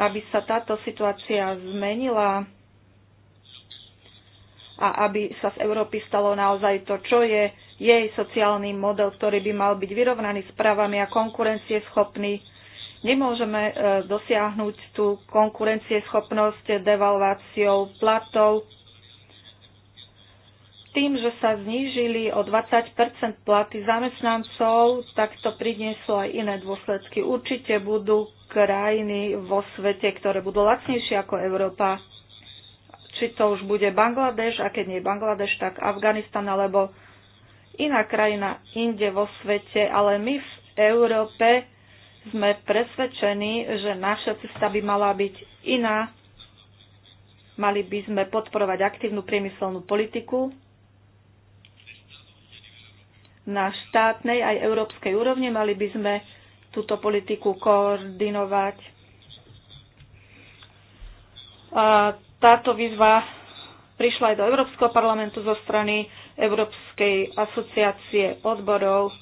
S3: aby sa táto situácia zmenila a aby sa z Európy stalo naozaj to, čo je jej sociálny model, ktorý by mal byť vyrovnaný s právami a konkurencieschopný. Nemôžeme e, dosiahnuť tú konkurencieschopnosť devalváciou platov tým, že sa znížili o 20 platy zamestnancov, tak to prinieslo aj iné dôsledky. Určite budú krajiny vo svete, ktoré budú lacnejšie ako Európa. Či to už bude Bangladeš, a keď nie Bangladeš, tak Afganistan alebo iná krajina inde vo svete, ale my v Európe sme presvedčení, že naša cesta by mala byť iná. Mali by sme podporovať aktívnu priemyselnú politiku na štátnej aj európskej úrovni. Mali by sme túto politiku koordinovať. A táto výzva prišla aj do Európskeho parlamentu zo strany Európskej asociácie odborov.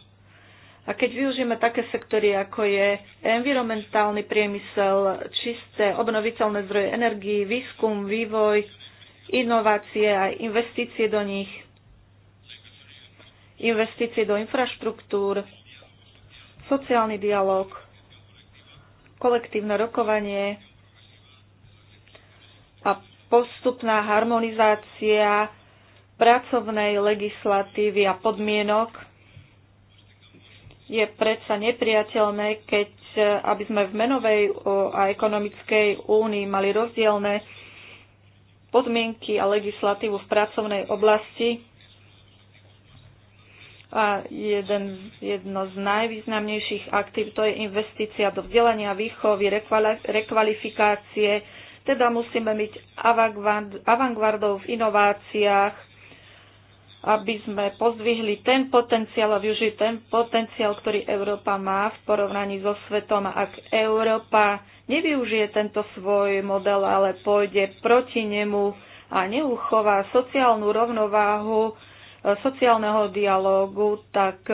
S3: A keď využijeme také sektory, ako je environmentálny priemysel, čisté obnoviteľné zdroje energii, výskum, vývoj, inovácie a investície do nich, investície do infraštruktúr, sociálny dialog, kolektívne rokovanie a postupná harmonizácia pracovnej legislatívy a podmienok je predsa nepriateľné, keď e, aby sme v menovej a ekonomickej únii mali rozdielne podmienky a legislatívu v pracovnej oblasti. A jeden, jedno z najvýznamnejších aktív to je investícia do vzdelania, výchovy, rekvalifikácie. Teda musíme byť avantgardou v inováciách, aby sme pozdvihli ten potenciál a využili ten potenciál, ktorý Európa má v porovnaní so svetom. Ak Európa nevyužije tento svoj model, ale pôjde proti nemu a neuchová sociálnu rovnováhu e, sociálneho dialógu, tak,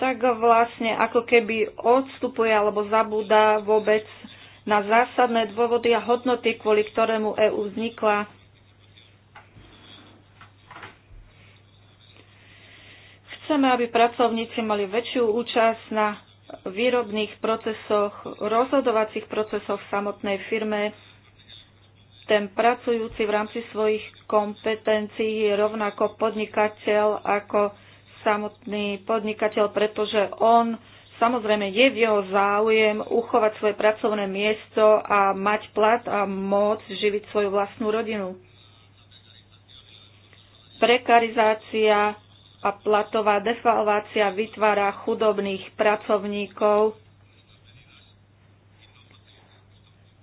S3: tak vlastne ako keby odstupuje alebo zabúda vôbec na zásadné dôvody a hodnoty, kvôli ktorému EÚ vznikla Chceme, aby pracovníci mali väčšiu účasť na výrobných procesoch, rozhodovacích procesoch v samotnej firme. Ten pracujúci v rámci svojich kompetencií je rovnako podnikateľ ako samotný podnikateľ, pretože on samozrejme je v jeho záujem uchovať svoje pracovné miesto a mať plat a môcť živiť svoju vlastnú rodinu. Prekarizácia a platová defalvácia vytvára chudobných pracovníkov.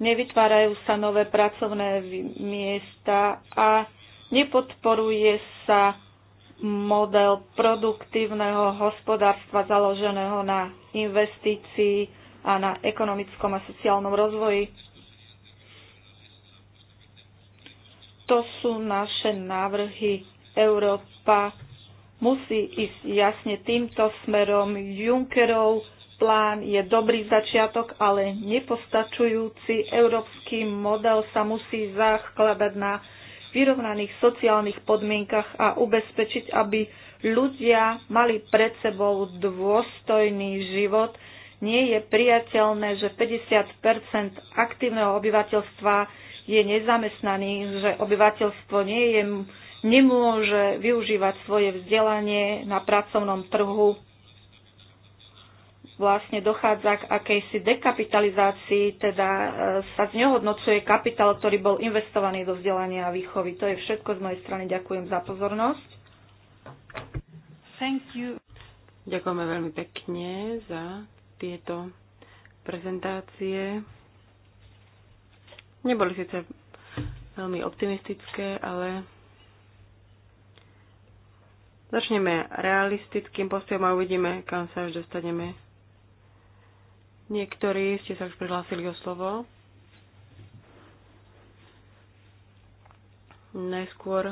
S3: Nevytvárajú sa nové pracovné miesta a nepodporuje sa model produktívneho hospodárstva založeného na investícii a na ekonomickom a sociálnom rozvoji. To sú naše návrhy Európa musí ísť jasne týmto smerom. Junckerov plán je dobrý začiatok, ale nepostačujúci. Európsky model sa musí zakladať na vyrovnaných sociálnych podmienkach a ubezpečiť, aby ľudia mali pred sebou dôstojný život. Nie je priateľné, že 50 aktívneho obyvateľstva je nezamestnaný, že obyvateľstvo nie je nemôže využívať svoje vzdelanie na pracovnom trhu. Vlastne dochádza k akejsi dekapitalizácii, teda e, sa znehodnocuje kapitál, ktorý bol investovaný do vzdelania a výchovy. To je všetko z
S2: mojej strany. Ďakujem za pozornosť.
S1: Thank you.
S2: Ďakujeme veľmi pekne za tieto prezentácie. Neboli síce veľmi optimistické, ale Začneme realistickým postojom a uvidíme, kam sa už dostaneme. Niektorí ste sa už prihlásili o slovo. Najskôr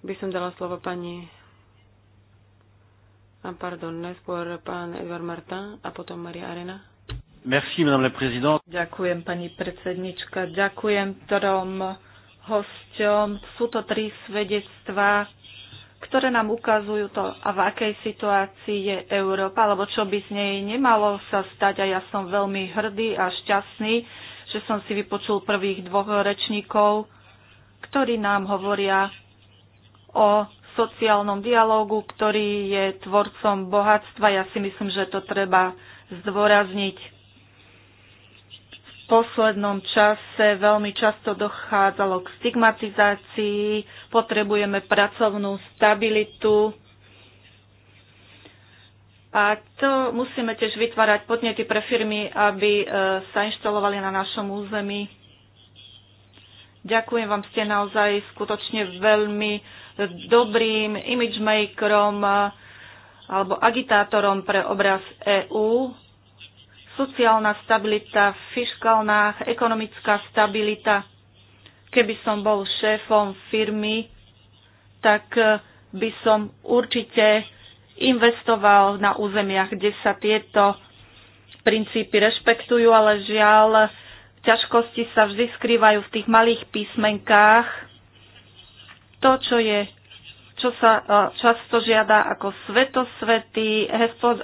S2: by som dala slovo pani a pardon, najskôr pán Edvard Martin a potom Maria Arena. Merci, madame la présidente. Ďakujem, pani predsednička. Ďakujem trom
S3: hosťom. Sú to tri svedectvá ktoré nám ukazujú to, a v akej situácii je Európa, alebo čo by z nej nemalo sa stať. A ja som veľmi hrdý a šťastný, že som si vypočul prvých dvoch rečníkov, ktorí nám hovoria o sociálnom dialógu, ktorý je tvorcom bohatstva. Ja si myslím, že to treba zdôrazniť poslednom čase veľmi často dochádzalo k stigmatizácii, potrebujeme pracovnú stabilitu a to musíme tiež vytvárať podnety pre firmy, aby e, sa inštalovali na našom území. Ďakujem vám, ste naozaj skutočne veľmi dobrým image makerom e, alebo agitátorom pre obraz EÚ sociálna stabilita, fiškálna, ekonomická stabilita. Keby som bol šéfom firmy, tak e, by som určite investoval na územiach, kde sa tieto princípy rešpektujú, ale žiaľ, ťažkosti sa vždy skrývajú v tých malých písmenkách. To, čo je čo sa e, často žiada ako svetosvetý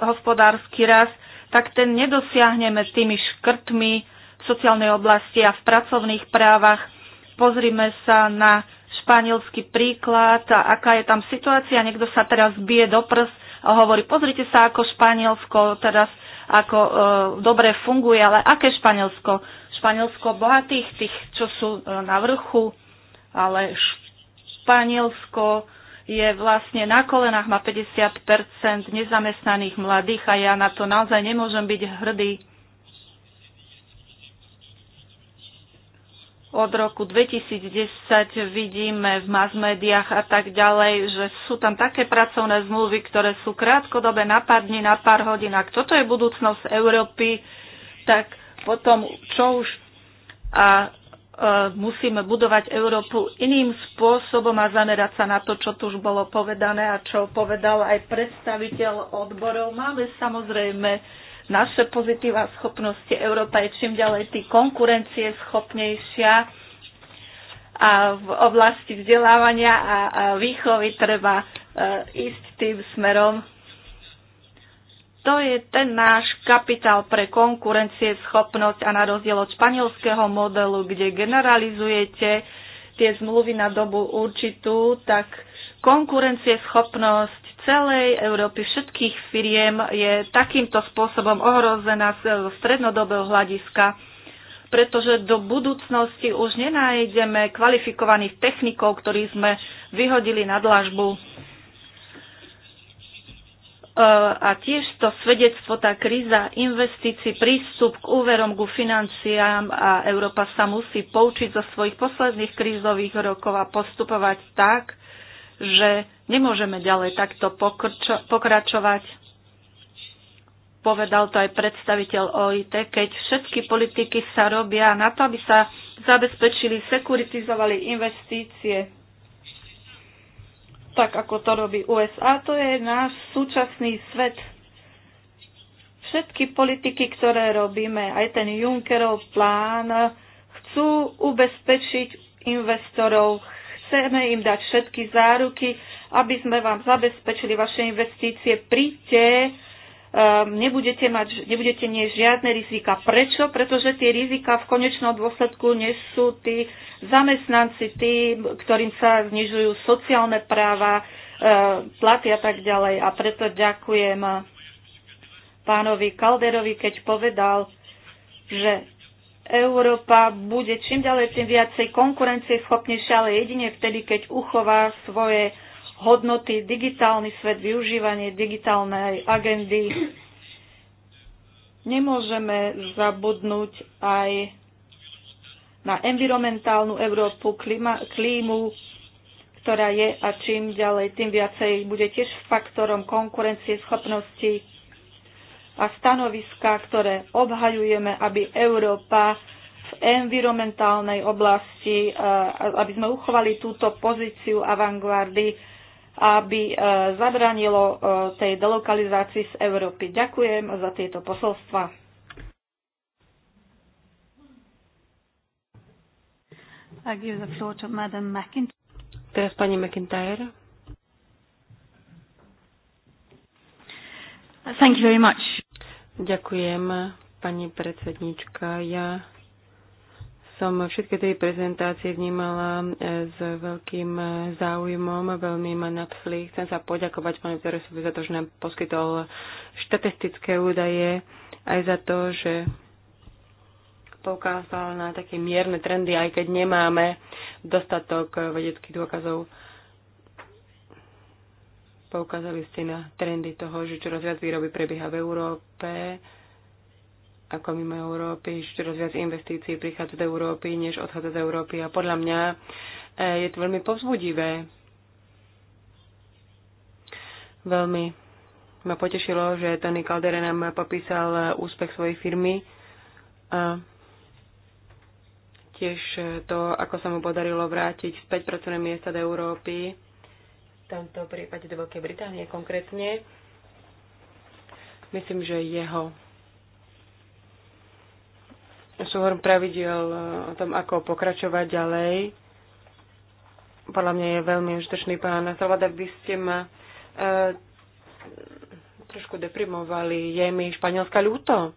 S3: hospodársky rast, tak ten nedosiahneme tými škrtmi v sociálnej oblasti a v pracovných právach. Pozrime sa na španielský príklad a aká je tam situácia. Niekto sa teraz bije do prs a hovorí, pozrite sa, ako Španielsko teraz ako e, dobre funguje, ale aké Španielsko? Španielsko bohatých, tých, čo sú e, na vrchu, ale Španielsko je vlastne na kolenách, má 50 nezamestnaných mladých a ja na to naozaj nemôžem byť hrdý. Od roku 2010 vidíme v mass médiách a tak ďalej, že sú tam také pracovné zmluvy, ktoré sú krátkodobé na pár dní, na pár hodín. Ak toto je budúcnosť Európy, tak potom čo už a E, musíme budovať Európu iným spôsobom a zamerať sa na to, čo tu už bolo povedané a čo povedal aj predstaviteľ odborov. Máme samozrejme naše pozitíva schopnosti. Európa je čím ďalej tý konkurencie schopnejšia a v oblasti vzdelávania a, a výchovy treba e, ísť tým smerom. To je ten náš kapitál pre konkurencie, schopnosť a na rozdiel od španielského modelu, kde generalizujete tie zmluvy na dobu určitú, tak schopnosť celej Európy, všetkých firiem je takýmto spôsobom ohrozená z strednodobého hľadiska, pretože do budúcnosti už nenájdeme kvalifikovaných technikov, ktorí sme vyhodili na dlažbu. E, a tiež to svedectvo, tá kríza investícií, prístup k úverom, ku financiám a Európa sa musí poučiť zo svojich posledných krízových rokov a postupovať tak, že nemôžeme ďalej takto pokračovať. Povedal to aj predstaviteľ OIT, keď všetky politiky sa robia na to, aby sa zabezpečili, sekuritizovali investície tak ako to robí USA. To je náš súčasný svet. Všetky politiky, ktoré robíme, aj ten Junckerov plán, chcú ubezpečiť investorov, chceme im dať všetky záruky, aby sme vám zabezpečili vaše investície. Príďte, Ehm, nebudete, mať, nebudete nie žiadne rizika. Prečo? Pretože tie rizika v konečnom dôsledku nesú tí zamestnanci, tí, ktorým sa znižujú sociálne práva, ehm, platy a tak ďalej. A preto ďakujem pánovi Kalderovi, keď povedal, že Európa bude čím ďalej tým viacej konkurencieschopnejšia, ale jedine vtedy, keď uchová svoje uh, hodnoty, digitálny svet, využívanie digitálnej agendy. Nemôžeme zabudnúť aj na environmentálnu Európu, klima, klímu, ktorá je a čím ďalej, tým viacej bude tiež faktorom konkurencie schopnosti a stanoviska, ktoré obhajujeme, aby Európa v environmentálnej oblasti, eh, aby sme uchovali túto pozíciu avantgardy aby e, zabranilo e, tej delokalizácii z Európy. Ďakujem za tieto posolstva.
S2: Teraz pani McIntyre. Thank you very much. Ďakujem, pani predsednička. Ja som všetky tie prezentácie vnímala e, s veľkým e, záujmom, veľmi ma nadchli. Chcem sa poďakovať pani Teresovi za to, že nám poskytol štatistické údaje, aj za to, že poukázal na také mierne trendy, aj keď nemáme dostatok e, vedeckých dôkazov. Poukázali ste na trendy toho, že čoraz viac výroby prebieha v Európe, ako mimo Európy, čoraz viac investícií prichádza do Európy, než odchádza z Európy a podľa mňa e, je to veľmi povzbudivé. Veľmi ma potešilo, že Tony Caldera nám popísal úspech svojej firmy a tiež to, ako sa mu podarilo vrátiť späť pracovné miesta do Európy, v tomto prípade do Veľkej Británie konkrétne. Myslím, že jeho súhor pravidel eh, o tom, ako pokračovať ďalej. Podľa mňa je veľmi užitočný pán Salvada, by ste ma e, trošku deprimovali. Je mi španielska ľúto.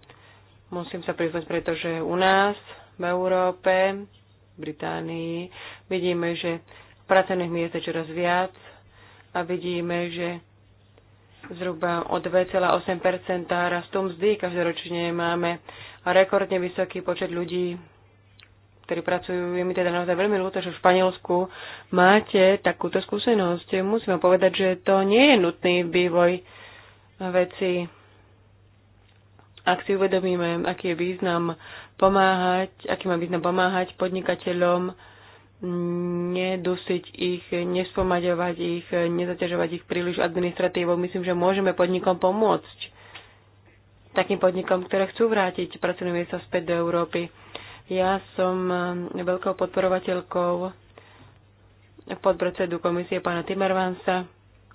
S2: Musím sa priznať, pretože u nás, v Európe, v Británii, vidíme, že pracovných miest je čoraz viac a vidíme, že zhruba o 2,8 rastú mzdy. Každoročne máme a rekordne vysoký počet ľudí, ktorí pracujú. Je mi teda naozaj veľmi ľúto, že v Španielsku máte takúto skúsenosť. Musím vám povedať, že to nie je nutný vývoj veci. Ak si uvedomíme, aký je význam pomáhať, aký má význam pomáhať podnikateľom, nedusiť ich, nespomaďovať ich, nezaťažovať ich príliš administratívou. Myslím, že môžeme podnikom pomôcť takým podnikom, ktoré chcú vrátiť pracovné miesta späť do Európy. Ja som eh, veľkou podporovateľkou podpredsedu komisie pána Timmermansa,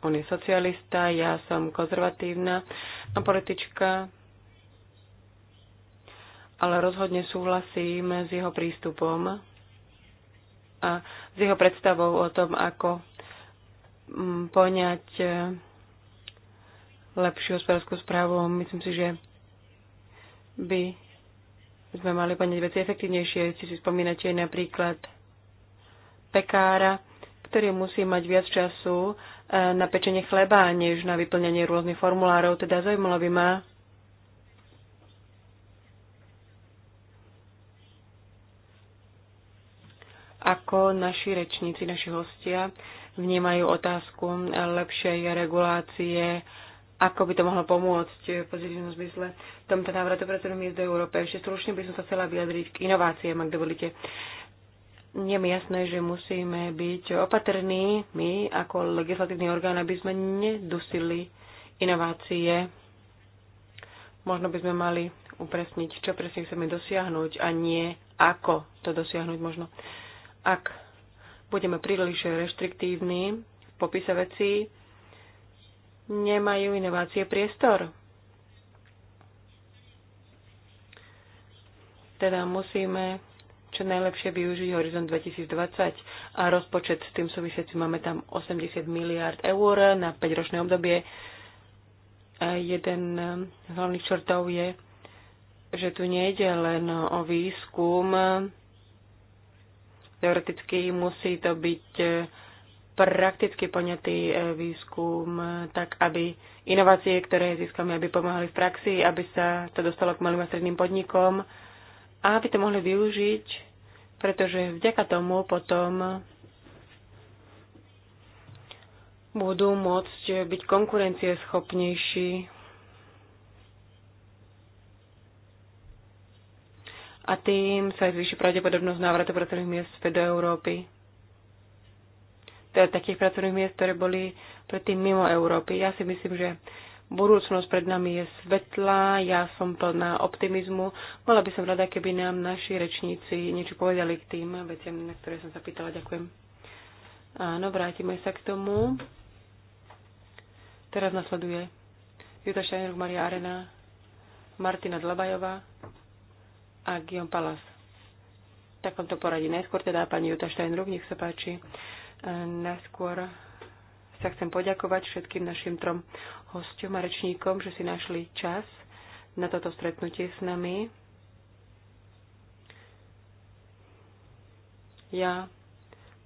S2: on je socialista, ja som konzervatívna a politička, ale rozhodne súhlasím s jeho prístupom a s jeho predstavou o tom, ako mm, poňať eh, lepšiu hospodárskú správu. Myslím si, že by sme mali plniť veci efektívnejšie. Si si spomínate napríklad pekára, ktorý musí mať viac času eh, na pečenie chleba, než na vyplňanie rôznych formulárov. Teda zaujímalo by ma, ako naši rečníci, naši hostia vnímajú otázku lepšej regulácie ako by to mohlo pomôcť v pozitívnom zmysle tomto návratu pracovných miest do Európe. Ešte stručne by som sa chcela vyjadriť k inováciám, ak dovolíte. Nie mi jasné, že musíme byť opatrní my ako legislatívny orgán, aby sme nedusili inovácie. Možno by sme mali upresniť, čo presne chceme dosiahnuť a nie ako to dosiahnuť možno. Ak budeme príliš reštriktívni v popise vecí, nemajú inovácie priestor. Teda musíme čo najlepšie využiť Horizont 2020 a rozpočet s tým súvisiaci máme tam 80 miliard eur na 5-ročné obdobie. A jeden z hlavných čortov je, že tu nejde len o výskum. Teoreticky musí to byť prakticky poňatý e, výskum, e, tak aby inovácie, ktoré získame, aby pomáhali v praxi, aby sa to dostalo k malým a stredným podnikom a aby to mohli využiť, pretože vďaka tomu potom budú môcť byť konkurencieschopnejší a tým sa zvýši pravdepodobnosť návratu pracovných miest späť do Európy takých pracovných miest, ktoré boli predtým mimo Európy. Ja si myslím, že budúcnosť pred nami je svetlá, ja som plná optimizmu. Bola by som rada, keby nám naši rečníci niečo povedali k tým veciam, na ktoré som sa pýtala. Ďakujem. Áno, vrátime sa k tomu. Teraz nasleduje Juta Šajnerov, Maria Arena, Martina Dlabajová a Guillaume Palas. V takomto poradí najskôr teda pani Juta Steinruck, nech sa páči. Naskôr sa chcem poďakovať všetkým našim trom hostom a rečníkom, že si našli čas na toto stretnutie s nami. Ja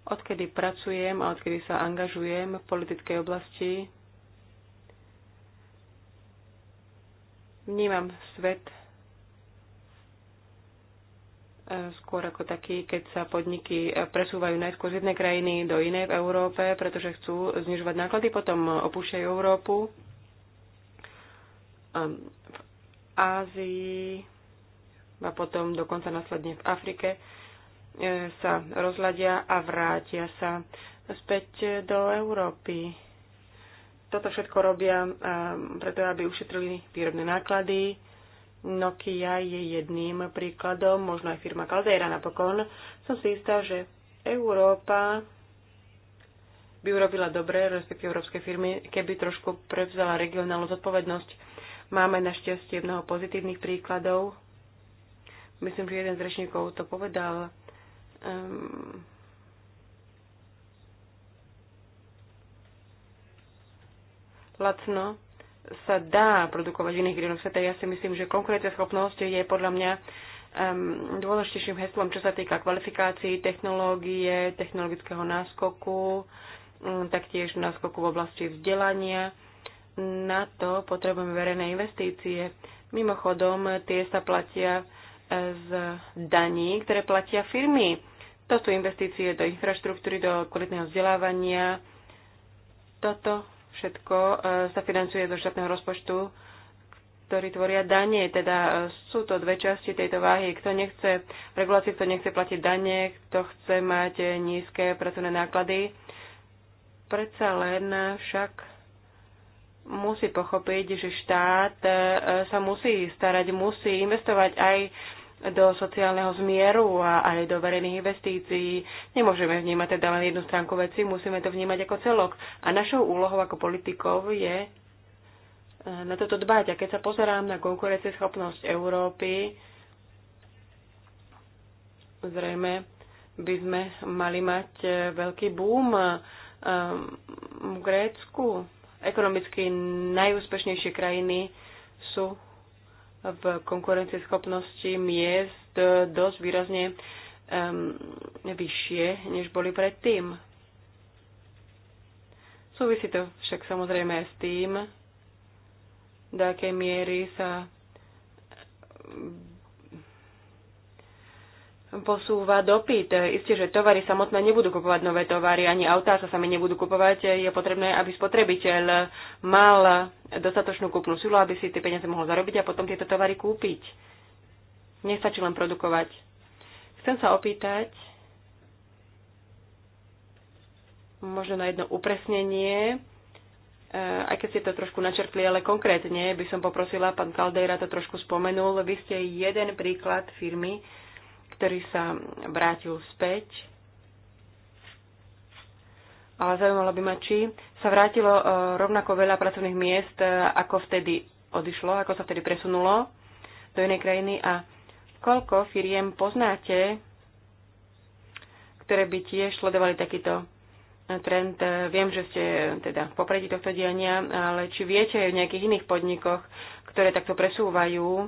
S2: odkedy pracujem a odkedy sa angažujem v politickej oblasti, vnímam svet skôr ako taký, keď sa podniky presúvajú najskôr z jednej krajiny do inej v Európe, pretože chcú znižovať náklady, potom opúšťajú Európu. Ehm, v Ázii a potom dokonca následne v Afrike e, sa rozladia a vrátia sa späť do Európy. Toto všetko robia ehm, preto, aby ušetrili výrobné náklady, Nokia je jedným príkladom, možno aj firma Caldera napokon. Som si istá, že Európa by urobila dobre, respektíve európske firmy, keby trošku prevzala regionálnu zodpovednosť. Máme našťastie mnoho pozitívnych príkladov. Myslím, že jeden z rečníkov to povedal. Um, lacno sa dá produkovať v iných regiónoch sveta. Ja si myslím, že konkurencieschopnosť je podľa mňa um, dôležitejším heslom, čo sa týka kvalifikácií, technológie, technologického náskoku, um, taktiež náskoku v oblasti vzdelania. Na to potrebujeme verejné investície. Mimochodom, tie sa platia uh, z daní, ktoré platia firmy. To sú investície do infraštruktúry, do kvalitného vzdelávania. Toto všetko e, sa financuje zo štátneho rozpočtu, ktorý tvoria danie. Teda e, sú to dve časti tejto váhy. Kto nechce reguláciu, kto nechce platiť danie, kto chce mať e, nízke pracovné náklady, predsa len však musí pochopiť, že štát sa musí starať, musí investovať aj do sociálneho zmieru a aj do verejných investícií. Nemôžeme vnímať teda len jednu stránku veci, musíme to vnímať ako celok. A našou úlohou ako politikov je eh, na toto dbať. A keď sa pozerám na konkurencieschopnosť Európy, zrejme by sme mali mať eh, veľký boom eh, v Grécku. Ekonomicky najúspešnejšie krajiny sú v konkurencieschopnosti miest dosť výrazne um, vyššie, než boli predtým. Súvisí to však samozrejme s tým, do akej miery sa posúva dopyt. Isté, že tovary samotné nebudú kupovať nové tovary, ani autá sa sami nebudú kupovať. Je potrebné, aby spotrebiteľ mal dostatočnú kúpnu silu, aby si tie peniaze mohol zarobiť a potom tieto tovary kúpiť. Nestačí len produkovať. Chcem sa opýtať možno na jedno upresnenie, eh, aj keď ste to trošku načrtli, ale konkrétne by som poprosila, pán Kaldejra to trošku spomenul, vy ste jeden príklad firmy, ktorý sa vrátil späť. Ale zaujímalo by ma, či sa vrátilo e, rovnako veľa pracovných miest, e, ako vtedy odišlo, ako sa vtedy presunulo do inej krajiny a koľko firiem poznáte, ktoré by tiež sledovali takýto e, trend. Viem, že ste teda v popredí tohto diania, ale či viete aj v nejakých iných podnikoch, ktoré takto presúvajú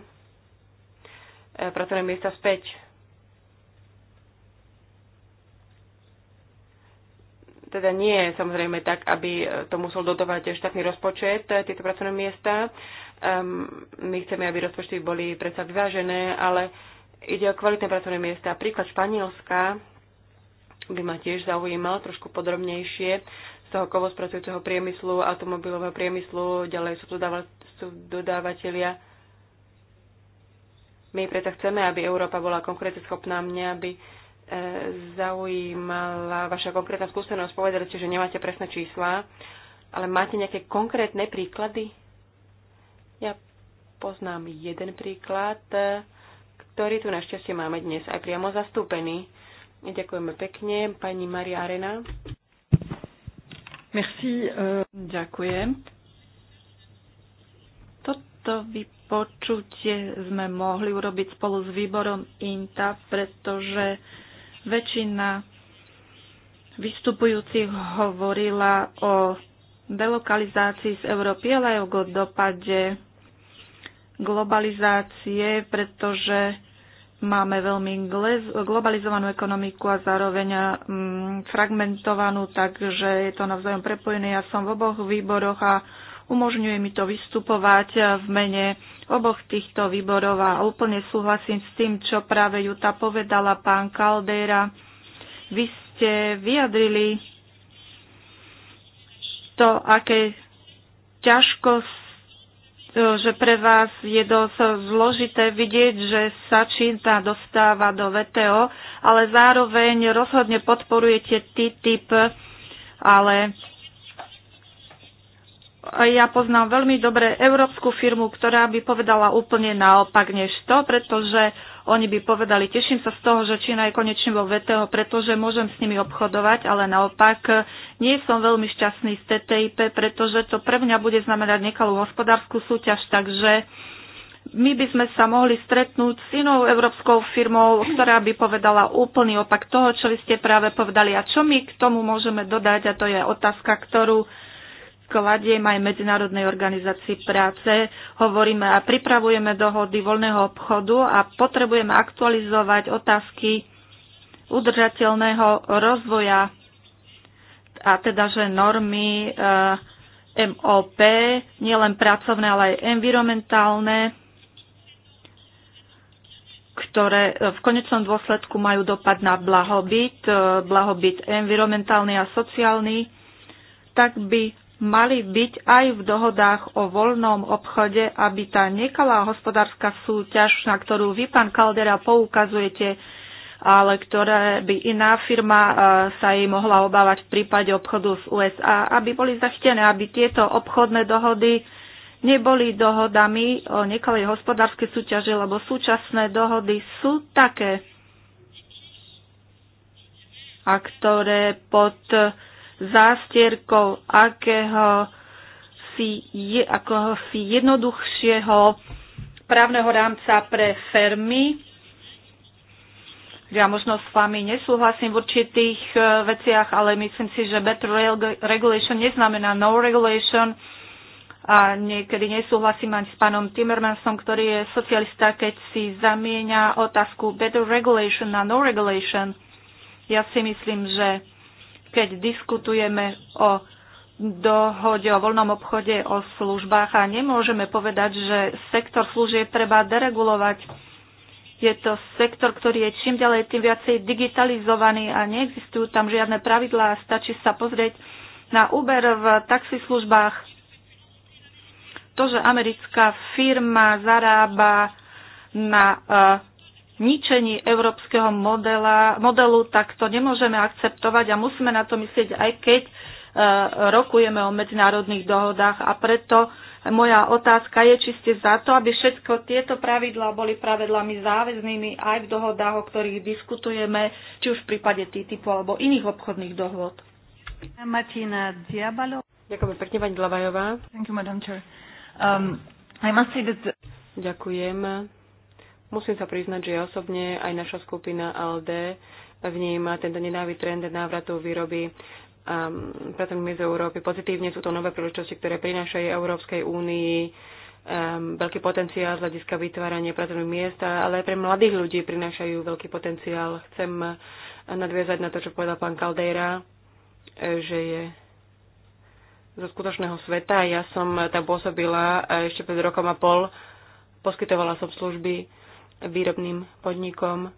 S2: pracovné miesta späť? teda nie je samozrejme tak, aby e, to musel dotovať štátny rozpočet, e, tieto pracovné miesta. Um, my chceme, aby rozpočty boli predsa vyvážené, ale ide o kvalitné pracovné miesta. Príklad Španielska by ma tiež zaujímal trošku podrobnejšie z toho kovospracujúceho priemyslu, automobilového priemyslu, ďalej sú, dodáva, sú dodávateľia. My preto chceme, aby Európa bola konkurenceschopná, mne, aby zaujímala vaša konkrétna skúsenosť. Povedali ste, že nemáte presné čísla, ale máte nejaké konkrétne príklady? Ja poznám jeden príklad, ktorý tu našťastie máme dnes aj priamo zastúpený. Ďakujeme pekne. Pani Maria Arena.
S3: Merci. Eh. Ďakujem. Toto vypočutie sme mohli urobiť spolu s výborom INTA, pretože Väčšina vystupujúcich hovorila o delokalizácii z Európy, ale aj o dopade globalizácie, pretože máme veľmi globalizovanú ekonomiku a zároveň mm, fragmentovanú, takže je to navzájom prepojené. Ja som v oboch výboroch a Umožňuje mi to vystupovať eh, v mene oboch týchto výborov a úplne súhlasím s tým, čo práve Juta povedala pán Kaldera. Vy ste vyjadrili to, aké ťažkosť, eh, že pre vás je dosť zložité vidieť, že sa čínta dostáva do VTO, ale zároveň rozhodne podporujete TTIP, ale ja poznám veľmi dobre európsku firmu, ktorá by povedala úplne naopak než to, pretože oni by povedali, teším sa z toho, že Čína je konečne vo VTO, pretože môžem s nimi obchodovať, ale naopak nie som veľmi šťastný z TTIP, pretože to pre mňa bude znamenať nekalú hospodárskú súťaž, takže my by sme sa mohli stretnúť s inou európskou firmou, ktorá by povedala úplný opak toho, čo vy ste práve povedali a čo my k tomu môžeme dodať a to je otázka, ktorú kladiem aj Medzinárodnej organizácii práce. Hovoríme a pripravujeme dohody voľného obchodu a potrebujeme aktualizovať otázky udržateľného rozvoja a teda, že normy eh, MOP, nielen pracovné, ale aj environmentálne, ktoré eh, v konečnom dôsledku majú dopad na blahobyt, eh, blahobyt environmentálny a sociálny, tak by mali byť aj v dohodách o voľnom obchode, aby tá nekalá hospodárska súťaž, na ktorú vy, pán Kaldera, poukazujete, ale ktoré by iná firma e, sa jej mohla obávať v prípade obchodu z USA, aby boli zachtené, aby tieto obchodné dohody neboli dohodami o nekalej hospodárskej súťaže, lebo súčasné dohody sú také, a ktoré pod uh, zástierkou akého si, je, si jednoduchšieho právneho rámca pre fermy. Ja možno s vami nesúhlasím v určitých e, veciach, ale myslím si, že better regulation neznamená no regulation. A niekedy nesúhlasím ani s pánom Timmermansom, ktorý je socialista, keď si zamieňa otázku better regulation na no regulation. Ja si myslím, že keď diskutujeme o dohode o voľnom obchode o službách a nemôžeme povedať, že sektor služieb treba deregulovať. Je to sektor, ktorý je čím ďalej tým viacej digitalizovaný a neexistujú tam žiadne pravidlá. Stačí sa pozrieť na Uber v taxislužbách. To, že americká firma zarába na eh, ničení európskeho modela, modelu, tak to nemôžeme akceptovať a musíme na to myslieť, aj keď e, rokujeme o medzinárodných dohodách a preto moja otázka je, či ste za to, aby všetko tieto pravidlá boli pravidlami záväznými aj v dohodách, o ktorých diskutujeme, či už v prípade TTIP alebo iných obchodných dohod.
S1: Martina Diabalo.
S2: Ďakujem pekne, pani Dlavajová.
S1: Thank you, Madam Chair.
S2: Um, I must say that... Ďakujem Musím sa priznať, že ja osobne aj naša skupina ALD vníma tento nedávý trend návratu výroby um, pracovných z Európy. Pozitívne sú to nové príležitosti, ktoré prinášajú Európskej únii um, veľký potenciál z hľadiska vytvárania pracovných miest, ale aj pre mladých ľudí prinášajú veľký potenciál. Chcem nadviazať na to, čo povedal pán Caldeira, že je zo skutočného sveta. Ja som tam pôsobila eh, ešte pred rokom a pol. Poskytovala som služby výrobným podnikom,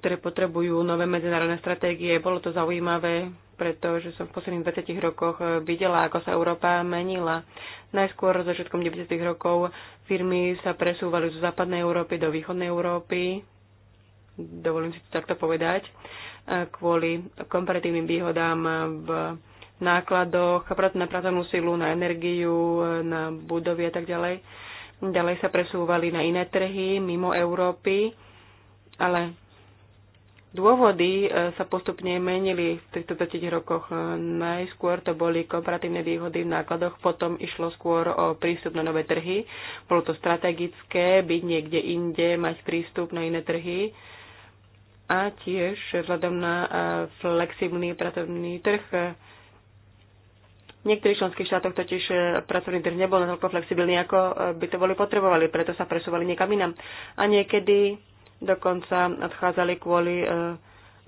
S2: ktoré potrebujú nové medzinárodné stratégie. Bolo to zaujímavé, pretože som v posledných 20 rokoch videla, ako sa Európa menila. Najskôr za všetkom 90. rokov firmy sa presúvali zo západnej Európy do východnej Európy, dovolím si to takto povedať, kvôli komparatívnym výhodám v nákladoch, na pracovnú silu, na energiu, na budovy a tak ďalej. Ďalej sa presúvali na iné trhy mimo Európy, ale dôvody e, sa postupne menili v týchto 20 rokoch. E, najskôr to boli komparatívne výhody v nákladoch, potom išlo skôr o prístup na nové trhy. Bolo to strategické, byť niekde inde, mať prístup na iné trhy a tiež vzhľadom na e, flexibilný pracovný trh v niektorých členských štátoch totiž e, pracovný trh nebol natoľko flexibilný, ako e, by to boli potrebovali, preto sa presúvali niekam inam. A niekedy dokonca odchádzali kvôli e,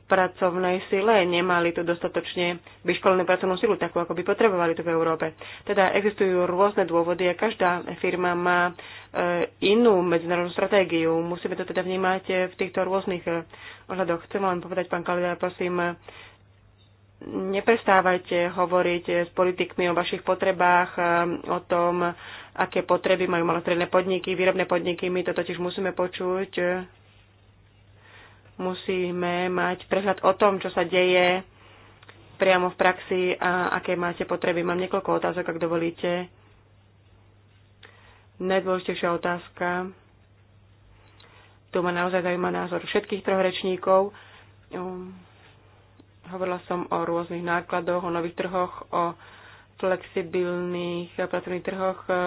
S2: pracovnej sile, nemali tu dostatočne vyškolenú pracovnú silu, takú, ako by potrebovali tu v Európe. Teda existujú rôzne dôvody a každá firma má inú medzinárodnú stratégiu. Musíme to teda vnímať v týchto rôznych ohľadoch. Chcem len povedať, pán Kalida, prosím, neprestávajte hovoriť s politikmi o vašich potrebách, eh, o tom, aké potreby majú malostredné podniky, výrobné podniky. My to totiž musíme počuť. Musíme mať prehľad o tom, čo sa deje priamo v praxi a aké máte potreby. Mám niekoľko otázok, ak dovolíte. Najdôležitejšia otázka. Tu ma naozaj zaujíma názor všetkých troch rečníkov. Um, Hovorila som o rôznych nákladoch, o nových trhoch, o flexibilných eh, pracovných trhoch, eh, eh,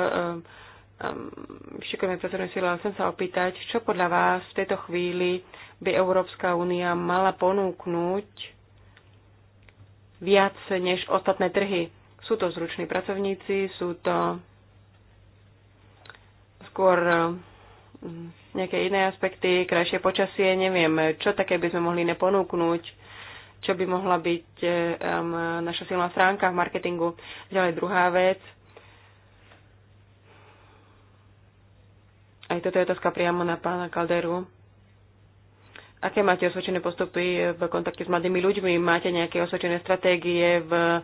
S2: ehm, šikovnej pracovnej síle. Chcem sa opýtať, čo podľa vás v tejto chvíli by Európska únia mala ponúknuť viac než ostatné trhy? Sú to zruční pracovníci, sú to skôr nejaké iné aspekty, krajšie počasie, neviem, čo také by sme mohli neponúknuť čo by mohla byť um, naša silná stránka v marketingu. Ďalej druhá vec. Aj toto je otázka priamo na pána Kalderu Aké máte osvedčené postupy v kontakte s mladými ľuďmi? Máte nejaké osvedčené stratégie v eh,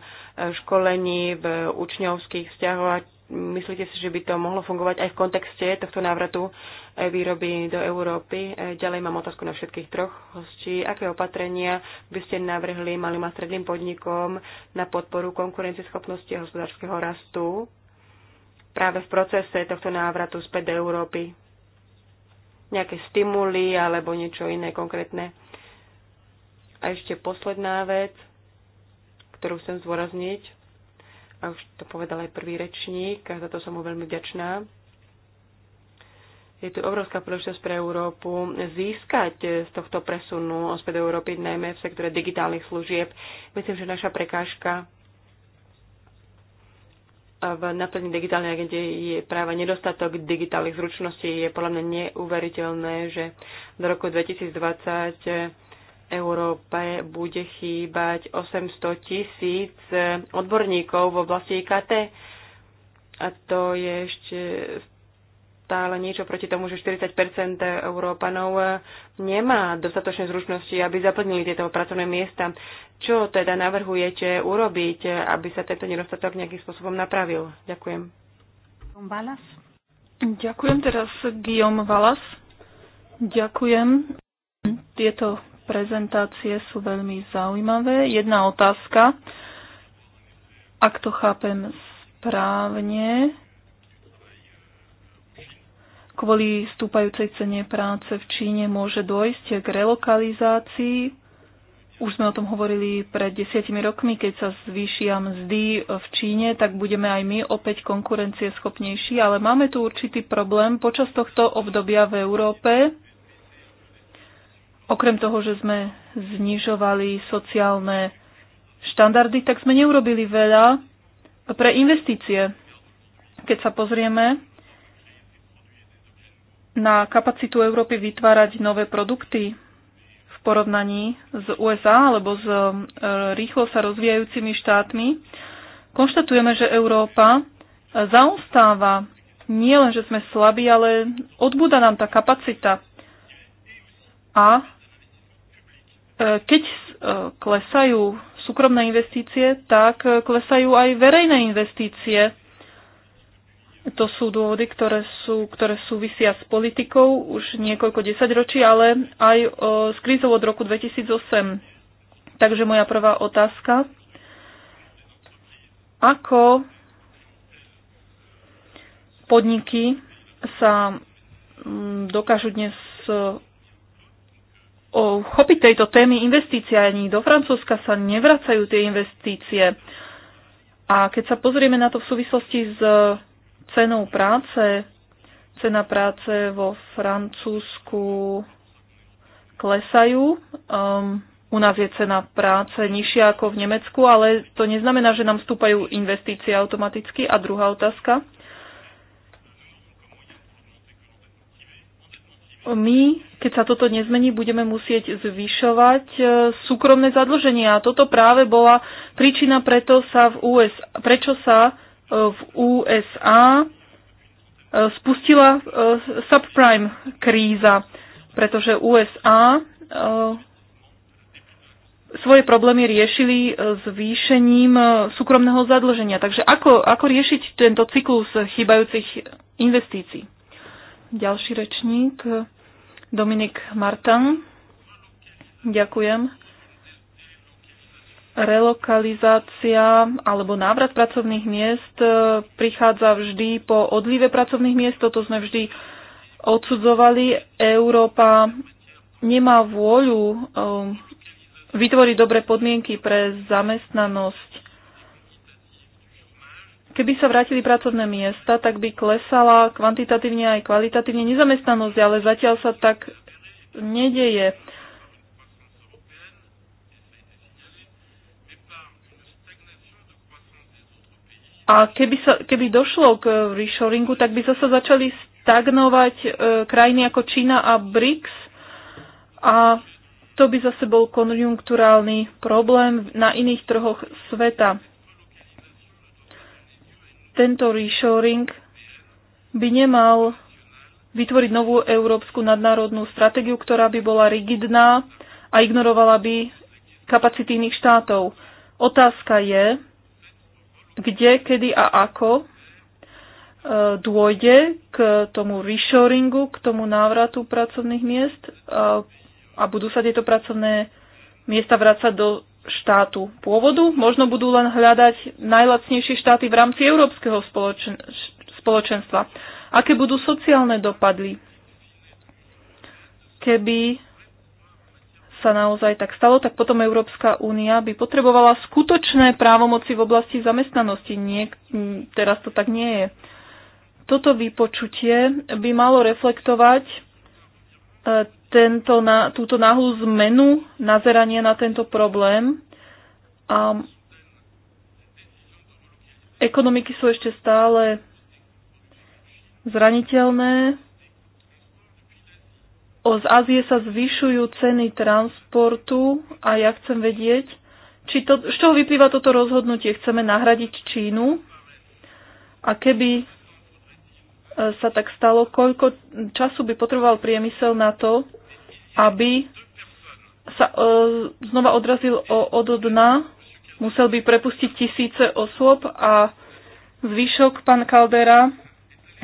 S2: školení, v učňovských vzťahoch? A myslíte si, že by to mohlo fungovať aj v kontexte tohto návratu eh, výroby do Európy? Eh, ďalej mám otázku na všetkých troch hostí. Aké opatrenia by ste navrhli malým a stredným podnikom na podporu konkurencieschopnosti a hospodárskeho rastu práve v procese tohto návratu späť do Európy? nejaké stimuly alebo niečo iné konkrétne. A ešte posledná vec, ktorú chcem zdôrazniť, a už to povedal aj prvý rečník, a za to som mu veľmi vďačná. Je tu obrovská príležitosť pre Európu získať z tohto presunu ospäť do Európy, najmä v sektore digitálnych služieb. Myslím, že naša prekážka v naplnení digitálnej agende je práve nedostatok digitálnych zručností. Je podľa mňa neuveriteľné, že do roku 2020 Európe bude chýbať 800 tisíc odborníkov v oblasti IKT. A to je ešte stále niečo proti tomu, že 40 Európanov nemá dostatočné zručnosti, aby zaplnili tieto pracovné miesta. Čo teda navrhujete urobiť, aby sa tento nedostatok nejakým spôsobom napravil? Ďakujem.
S3: Ďakujem teraz Guillaume Valas. Ďakujem. Tieto prezentácie sú veľmi zaujímavé. Jedna otázka, ak to chápem správne, Kvôli stúpajúcej cene práce v Číne môže dojsť k relokalizácii. Už sme o tom hovorili pred desiatimi rokmi, keď sa zvýšia mzdy v Číne, tak budeme aj my opäť konkurencieschopnejší, ale máme tu určitý problém počas tohto obdobia v Európe. Okrem toho, že sme znižovali sociálne štandardy, tak sme neurobili veľa pre investície. Keď sa pozrieme na kapacitu Európy vytvárať nové produkty v porovnaní s USA alebo s e, rýchlo sa rozvíjajúcimi štátmi, konštatujeme, že Európa e, zaostáva. Nie len, že sme slabí, ale odbúda nám tá kapacita. A e, keď klesajú súkromné investície, tak klesajú aj verejné investície to sú dôvody, ktoré, sú, ktoré súvisia s politikou už niekoľko desaťročí, ale aj o, e, s krízou od roku 2008. Takže moja prvá otázka. Ako podniky sa mm, dokážu dnes e, chopiť tejto témy investícia Ani do Francúzska sa nevracajú tie investície. A keď sa pozrieme na to v súvislosti s cenou práce. Cena práce vo Francúzsku klesajú. Um, u nás je cena práce nižšia ako v Nemecku, ale to neznamená, že nám stúpajú investície automaticky. A druhá otázka. my, keď sa toto nezmení, budeme musieť zvyšovať e, súkromné zadlženie. A toto práve bola príčina, preto sa v US, prečo sa v USA e, spustila e, subprime kríza, pretože USA e, svoje problémy riešili zvýšením súkromného zadlženia. Takže ako, ako riešiť tento cyklus chýbajúcich investícií? Ďalší rečník, Dominik Martan. Ďakujem relokalizácia alebo návrat pracovných miest e, prichádza vždy po odlive pracovných miest. Toto sme vždy odsudzovali. Európa nemá vôľu e, vytvoriť dobré podmienky pre zamestnanosť. Keby sa vrátili pracovné miesta, tak by klesala kvantitatívne aj kvalitatívne nezamestnanosť, ale zatiaľ sa tak nedeje. A keby, sa, keby došlo k eh, reshoringu, tak by zase začali stagnovať e, krajiny ako Čína a BRICS a to by zase bol konjunkturálny problém na iných trhoch sveta. Tento reshoring by nemal vytvoriť novú európsku nadnárodnú stratégiu, ktorá by bola rigidná a ignorovala by kapacity iných štátov. Otázka je, kde, kedy a ako e, dôjde k tomu reshoringu, k tomu návratu pracovných miest a budú sa tieto pracovné miesta vrácať do štátu pôvodu. Možno budú len hľadať najlacnejšie štáty v rámci európskeho spoločen- spoločenstva. Aké budú sociálne dopady? Keby sa naozaj tak stalo, tak potom Európska únia by potrebovala skutočné právomoci v oblasti zamestnanosti. Nie, teraz to tak nie je. Toto vypočutie by malo reflektovať e, tento, na, túto náhlu zmenu nazerania na tento problém. A ekonomiky sú ešte stále zraniteľné, z Ázie sa zvyšujú ceny transportu a ja chcem vedieť, či to, z čoho vyplýva toto rozhodnutie. Chceme nahradiť Čínu a keby e, sa tak stalo, koľko času by potreboval priemysel na to, aby sa e, znova odrazil o, od dna, musel by prepustiť tisíce osôb a zvyšok, pán Kaldera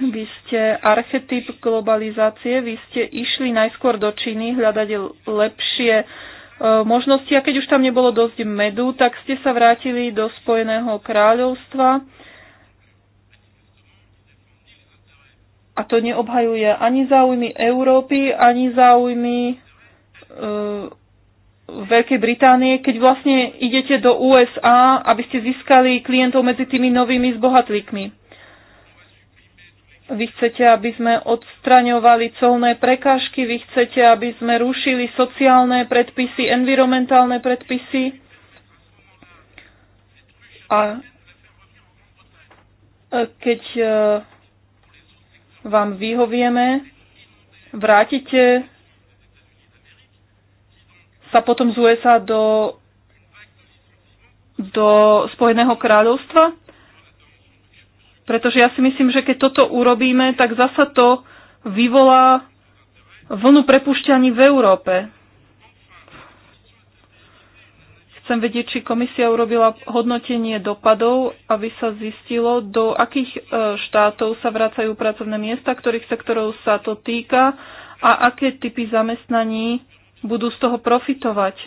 S3: vy ste archetyp globalizácie, vy ste išli najskôr do Číny hľadať lepšie e, možnosti a keď už tam nebolo dosť medu, tak ste sa vrátili do Spojeného kráľovstva. A to neobhajuje ani záujmy Európy, ani záujmy e, Veľkej Británie, keď vlastne idete do USA, aby ste získali klientov medzi tými novými zbohatlíkmi. Vy chcete, aby sme odstraňovali colné prekážky, vy chcete, aby sme rušili sociálne predpisy, environmentálne predpisy. A e, keď e, vám vyhovieme, vrátite sa potom z USA do, do Spojeného kráľovstva? Pretože ja si myslím, že keď toto urobíme, tak zasa to vyvolá vlnu prepušťaní v Európe. Chcem vedieť, či komisia urobila hodnotenie dopadov, aby sa zistilo, do akých e, štátov sa vracajú pracovné miesta, ktorých sektorov sa to týka a aké typy zamestnaní budú z toho profitovať.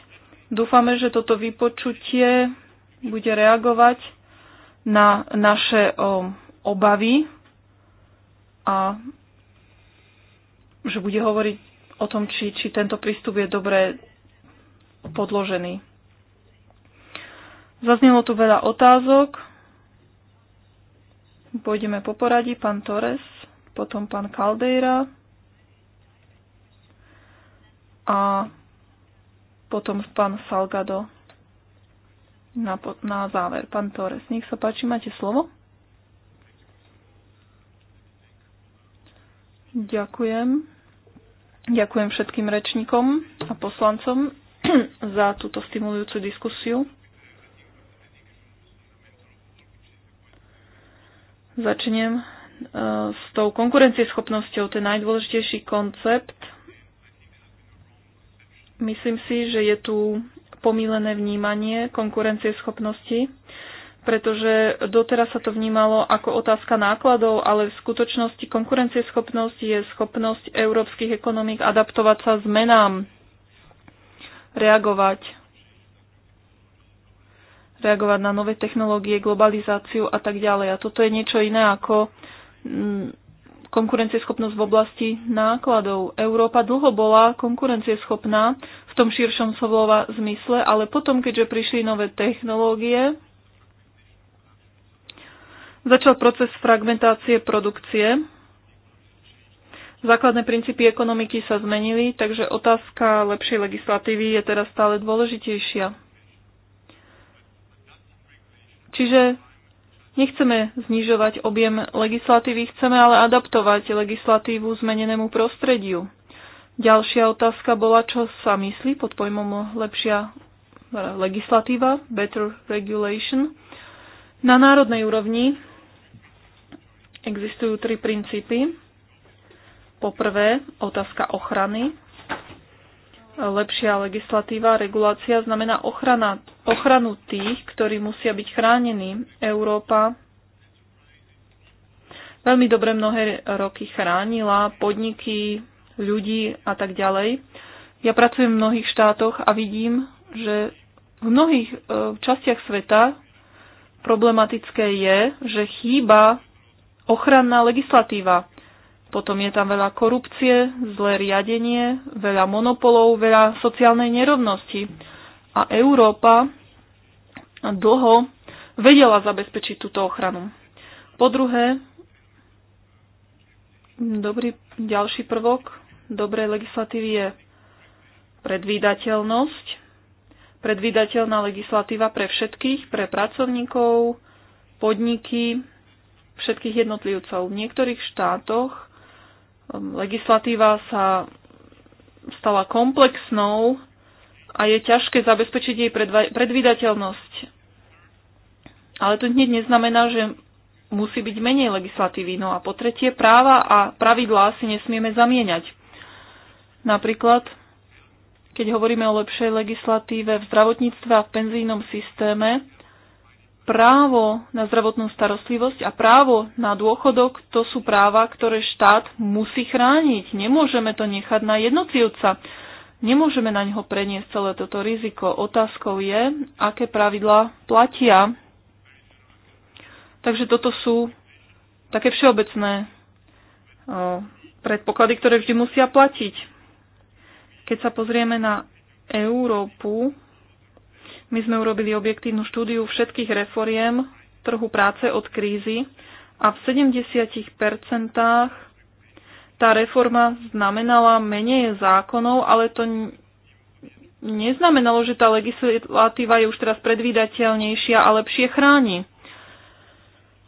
S3: Dúfame, že toto vypočutie bude reagovať na naše obavy a že bude hovoriť o tom, či, či tento prístup je dobre podložený. Zaznelo tu veľa otázok. Pôjdeme po poradí. Pán Torres, potom pán Caldeira a potom pán Salgado na, na záver. Pán Torres, nech sa páči, máte slovo. Ďakujem. Ďakujem všetkým rečníkom a poslancom za túto stimulujúcu diskusiu. Začnem e, s tou konkurencieschopnosťou, to je najdôležitejší koncept. Myslím si, že je tu pomílené vnímanie konkurencieschopnosti. schopnosti pretože doteraz sa to vnímalo ako otázka nákladov, ale v skutočnosti konkurencieschopnosť je schopnosť európskych ekonomík adaptovať sa zmenám, reagovať, reagovať na nové technológie, globalizáciu a tak ďalej. A toto je niečo iné ako mm, konkurencieschopnosť v oblasti nákladov. Európa dlho bola konkurencieschopná v tom širšom slova zmysle, ale potom, keďže prišli nové technológie, Začal proces fragmentácie produkcie. Základné princípy ekonomiky sa zmenili, takže otázka lepšej legislatívy je teraz stále dôležitejšia. Čiže nechceme znižovať objem legislatívy, chceme ale adaptovať legislatívu zmenenému prostrediu. Ďalšia otázka bola, čo sa myslí pod pojmom lepšia legislatíva, better regulation. Na národnej úrovni Existujú tri princípy. Poprvé, otázka ochrany. Lepšia legislatíva, regulácia znamená ochrana, ochranu tých, ktorí musia byť chránení. Európa veľmi dobre mnohé roky chránila podniky, ľudí a tak ďalej. Ja pracujem v mnohých štátoch a vidím, že v mnohých e, častiach sveta problematické je, že chýba ochranná legislatíva. Potom je tam veľa korupcie, zlé riadenie, veľa monopolov, veľa sociálnej nerovnosti. A Európa dlho vedela zabezpečiť túto ochranu. Po druhé, dobrý ďalší prvok dobrej legislatívy je predvídateľnosť. Predvídateľná legislatíva pre všetkých, pre pracovníkov, podniky, všetkých jednotlivcov. V niektorých štátoch um, legislatíva sa stala komplexnou a je ťažké zabezpečiť jej predvydateľnosť. Ale to hneď neznamená, že musí byť menej legislatívy. No a po tretie, práva a pravidlá si nesmieme zamieňať. Napríklad, keď hovoríme o lepšej legislatíve v zdravotníctve a v penzijnom systéme, právo na zdravotnú starostlivosť a právo na dôchodok to sú práva, ktoré štát musí chrániť. Nemôžeme to nechať na jednotlivca. Nemôžeme na neho preniesť celé toto riziko. Otázkou je, aké pravidlá platia. Takže toto sú také všeobecné e, predpoklady, ktoré vždy musia platiť. Keď sa pozrieme na Európu, my sme urobili objektívnu štúdiu všetkých reforiem trhu práce od krízy a v 70% tá reforma znamenala menej zákonov, ale to neznamenalo, že tá legislatíva je už teraz predvídateľnejšia a lepšie chráni.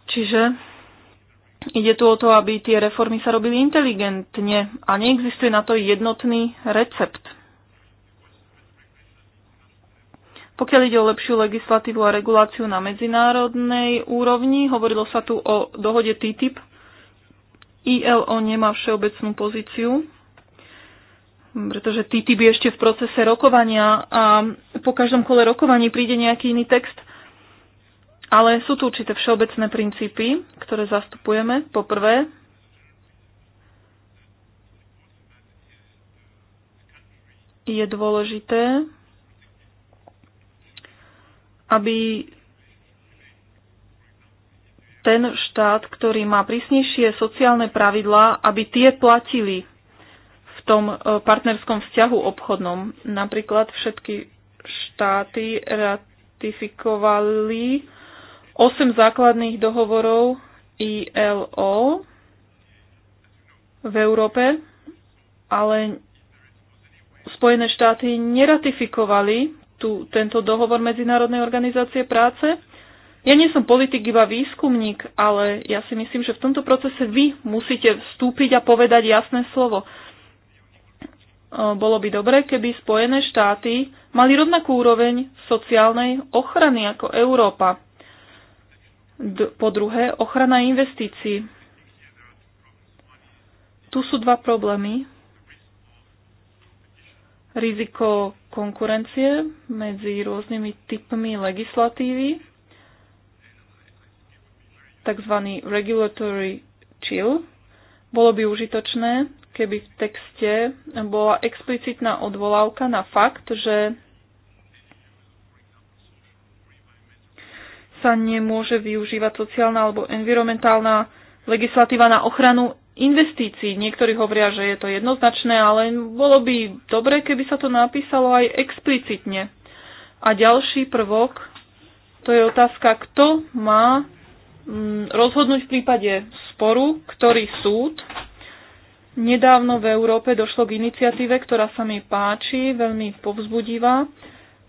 S3: Čiže ide tu o to, aby tie reformy sa robili inteligentne a neexistuje na to jednotný recept. Pokiaľ ide o lepšiu legislatívu a reguláciu na medzinárodnej úrovni, hovorilo sa tu o dohode TTIP. ILO nemá všeobecnú pozíciu, pretože TTIP je ešte v procese rokovania a po každom kole rokovaní príde nejaký iný text. Ale sú tu určité všeobecné princípy, ktoré zastupujeme. Po prvé, je dôležité, aby ten štát, ktorý má prísnejšie sociálne pravidlá, aby tie platili v tom e, partnerskom vzťahu obchodnom. Napríklad všetky štáty ratifikovali 8 základných dohovorov ILO v Európe, ale Spojené štáty neratifikovali tú, tento dohovor Medzinárodnej organizácie práce. Ja nie som politik, iba výskumník, ale ja si myslím, že v tomto procese vy musíte vstúpiť a povedať jasné slovo. E, bolo by dobre, keby Spojené štáty mali rovnakú úroveň sociálnej ochrany ako Európa. D- po druhé, ochrana investícií. Tu sú dva problémy riziko konkurencie medzi rôznymi typmi legislatívy, tzv. regulatory chill. Bolo by užitočné, keby v texte bola explicitná odvolávka na fakt, že sa nemôže využívať sociálna alebo environmentálna legislatíva na ochranu investícií. Niektorí hovoria, že je to jednoznačné, ale bolo by dobre, keby sa to napísalo aj explicitne. A ďalší prvok, to je otázka, kto má mm, rozhodnúť v prípade sporu, ktorý súd. Nedávno v Európe došlo k iniciatíve, ktorá sa mi páči, veľmi povzbudivá,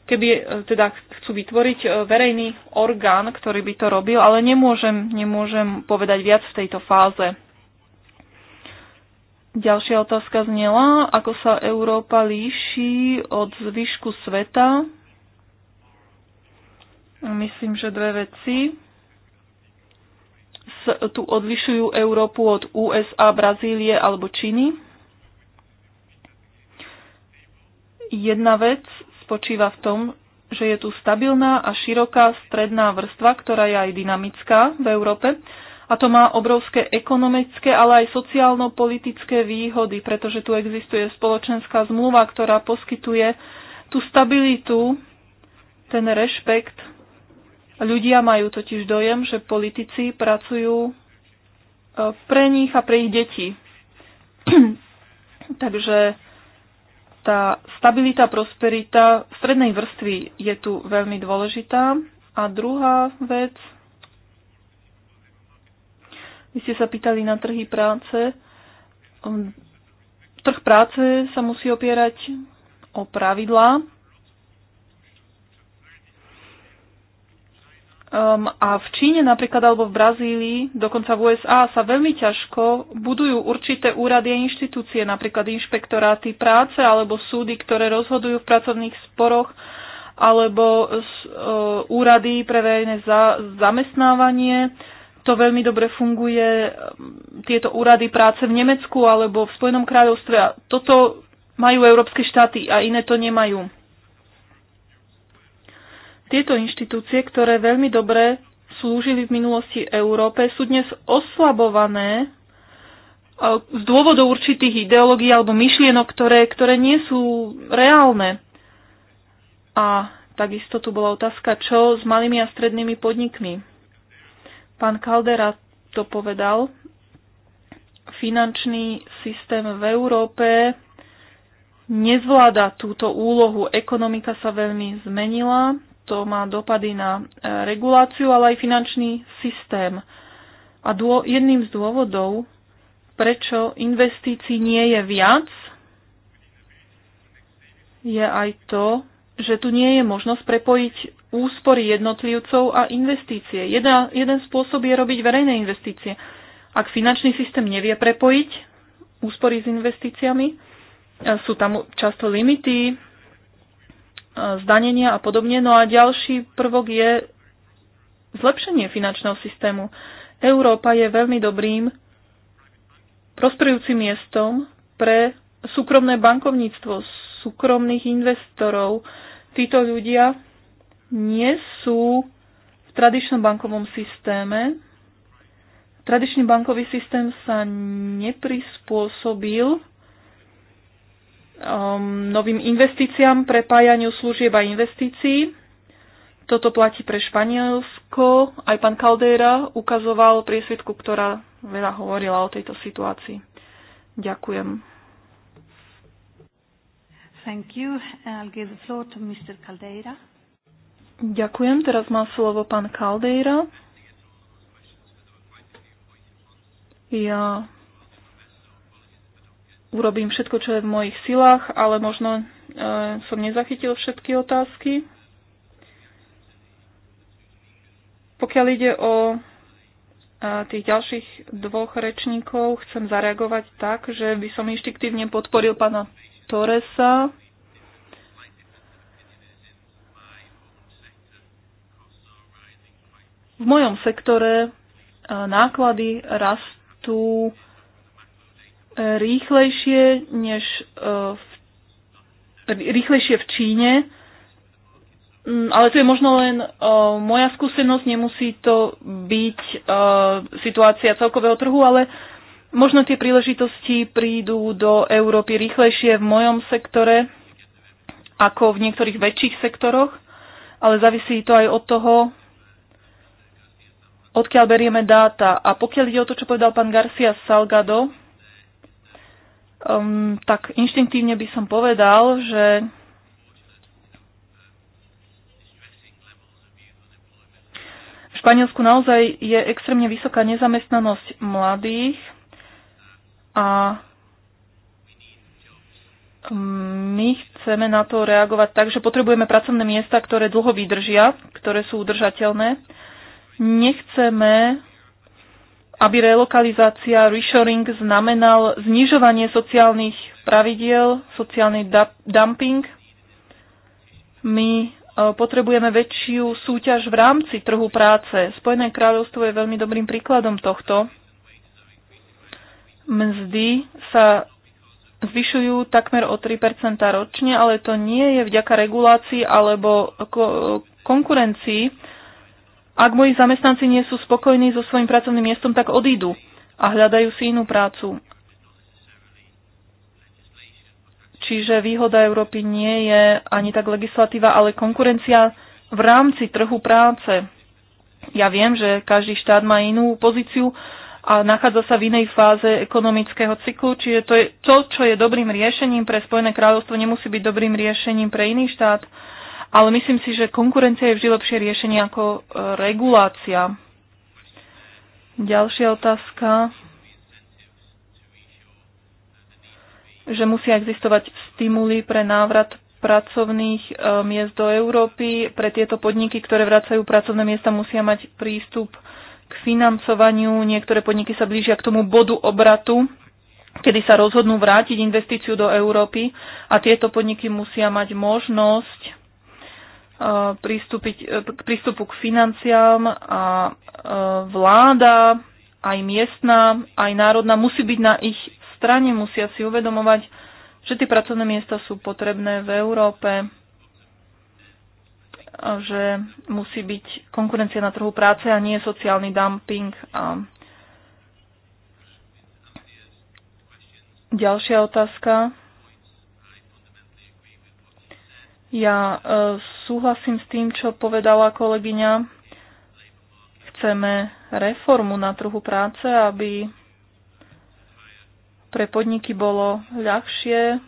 S3: keby e, teda chcú vytvoriť e, verejný orgán, ktorý by to robil, ale nemôžem, nemôžem povedať viac v tejto fáze. Ďalšia otázka znela, ako sa Európa líši od zvyšku sveta. Myslím, že dve veci tu odlišujú Európu od USA, Brazílie alebo Číny. Jedna vec spočíva v tom, že je tu stabilná a široká stredná vrstva, ktorá je aj dynamická v Európe a to má obrovské ekonomické, ale aj sociálno-politické výhody, pretože tu existuje spoločenská zmluva, ktorá poskytuje tú stabilitu, ten rešpekt. Ľudia majú totiž dojem, že politici pracujú e, pre nich a pre ich deti. Takže tá stabilita, prosperita v strednej vrstvy je tu veľmi dôležitá. A druhá vec, vy ste sa pýtali na trhy práce. Hm, trh práce sa musí opierať o pravidlá. Um, a v Číne napríklad alebo v Brazílii, dokonca v USA sa veľmi ťažko budujú určité úrady a inštitúcie, napríklad inšpektoráty práce alebo súdy, ktoré rozhodujú v pracovných sporoch alebo uh, úrady pre verejné za, zamestnávanie to veľmi dobre funguje, um, tieto úrady práce v Nemecku alebo v Spojenom kráľovstve. A toto majú európske štáty a iné to nemajú. Tieto inštitúcie, ktoré veľmi dobre slúžili v minulosti Európe, sú dnes oslabované uh, z dôvodu určitých ideológií alebo myšlienok, ktoré, ktoré nie sú reálne. A takisto tu bola otázka, čo s malými a strednými podnikmi. Pán Caldera to povedal. Finančný systém v Európe nezvláda túto úlohu. Ekonomika sa veľmi zmenila, to má dopady na e, reguláciu, ale aj finančný systém. A dô, jedným z dôvodov, prečo investícií nie je viac, je aj to, že tu nie je možnosť prepojiť úspory jednotlivcov a investície. Jedna, jeden spôsob je robiť verejné investície. Ak finančný systém nevie prepojiť úspory s investíciami, e, sú tam často limity, e, zdanenia a podobne. No a ďalší prvok je zlepšenie finančného systému. Európa je veľmi dobrým prosperujúcim miestom pre súkromné bankovníctvo, súkromných investorov. Títo ľudia nie sú v tradičnom bankovom systéme. Tradičný bankový systém sa neprispôsobil um, novým investíciám, prepájaniu služieb a investícií. Toto platí pre Španielsko. Aj pán Caldera ukazoval priesvitku, ktorá veľa hovorila o tejto situácii. Ďakujem.
S1: Thank you. I'll give the floor to Mr. Caldera.
S3: Ďakujem. Teraz má slovo pán Caldeira. Ja urobím všetko, čo je v mojich silách, ale možno e, som nezachytil všetky otázky. Pokiaľ ide o e, tých ďalších dvoch rečníkov, chcem zareagovať tak, že by som inštiktívne podporil pána Toresa V mojom sektore e, náklady rastú e, rýchlejšie než e, v, rýchlejšie v Číne, mm, ale to je možno len uh, moja skúsenosť, nemusí to byť uh, situácia celkového trhu, ale možno tie príležitosti prídu do Európy rýchlejšie v mojom sektore ako v niektorých väčších sektoroch, ale závisí to aj od toho, odkiaľ berieme dáta. A pokiaľ ide o to, čo povedal pán Garcia Salgado, um, tak inštinktívne by som povedal, že v Španielsku naozaj je extrémne vysoká nezamestnanosť mladých a my chceme na to reagovať tak, že potrebujeme pracovné miesta, ktoré dlho vydržia, ktoré sú udržateľné Nechceme, aby relokalizácia reshoring znamenal znižovanie sociálnych pravidiel, sociálny dumping. My e, potrebujeme väčšiu súťaž v rámci trhu práce. Spojené kráľovstvo je veľmi dobrým príkladom tohto. Mzdy sa zvyšujú takmer o 3 ročne, ale to nie je vďaka regulácii alebo konkurencii. Ak moji zamestnanci nie sú spokojní so svojím pracovným miestom, tak odídu a hľadajú si inú prácu. Čiže výhoda Európy nie je ani tak legislatíva, ale konkurencia v rámci trhu práce. Ja viem, že každý štát má inú pozíciu a nachádza sa v inej fáze ekonomického cyklu, čiže to, je, to čo je dobrým riešením pre Spojené kráľovstvo, nemusí byť dobrým riešením pre iný štát ale myslím si, že konkurencia je vždy lepšie riešenie ako e, regulácia. Ďalšia otázka. Že musia existovať stimuly pre návrat pracovných e, miest do Európy. Pre tieto podniky, ktoré vracajú pracovné miesta, musia mať prístup k financovaniu. Niektoré podniky sa blížia k tomu bodu obratu, kedy sa rozhodnú vrátiť investíciu do Európy a tieto podniky musia mať možnosť Eh, eh, k prístupu k financiám a eh, vláda, aj miestna, aj národná musí byť na ich strane, musia si uvedomovať, že tie pracovné miesta sú potrebné v Európe, že musí byť konkurencia na trhu práce a nie sociálny dumping. A Ďalšia otázka. Ja e, súhlasím s tým, čo povedala kolegyňa. Chceme reformu na trhu práce, aby pre podniky bolo ľahšie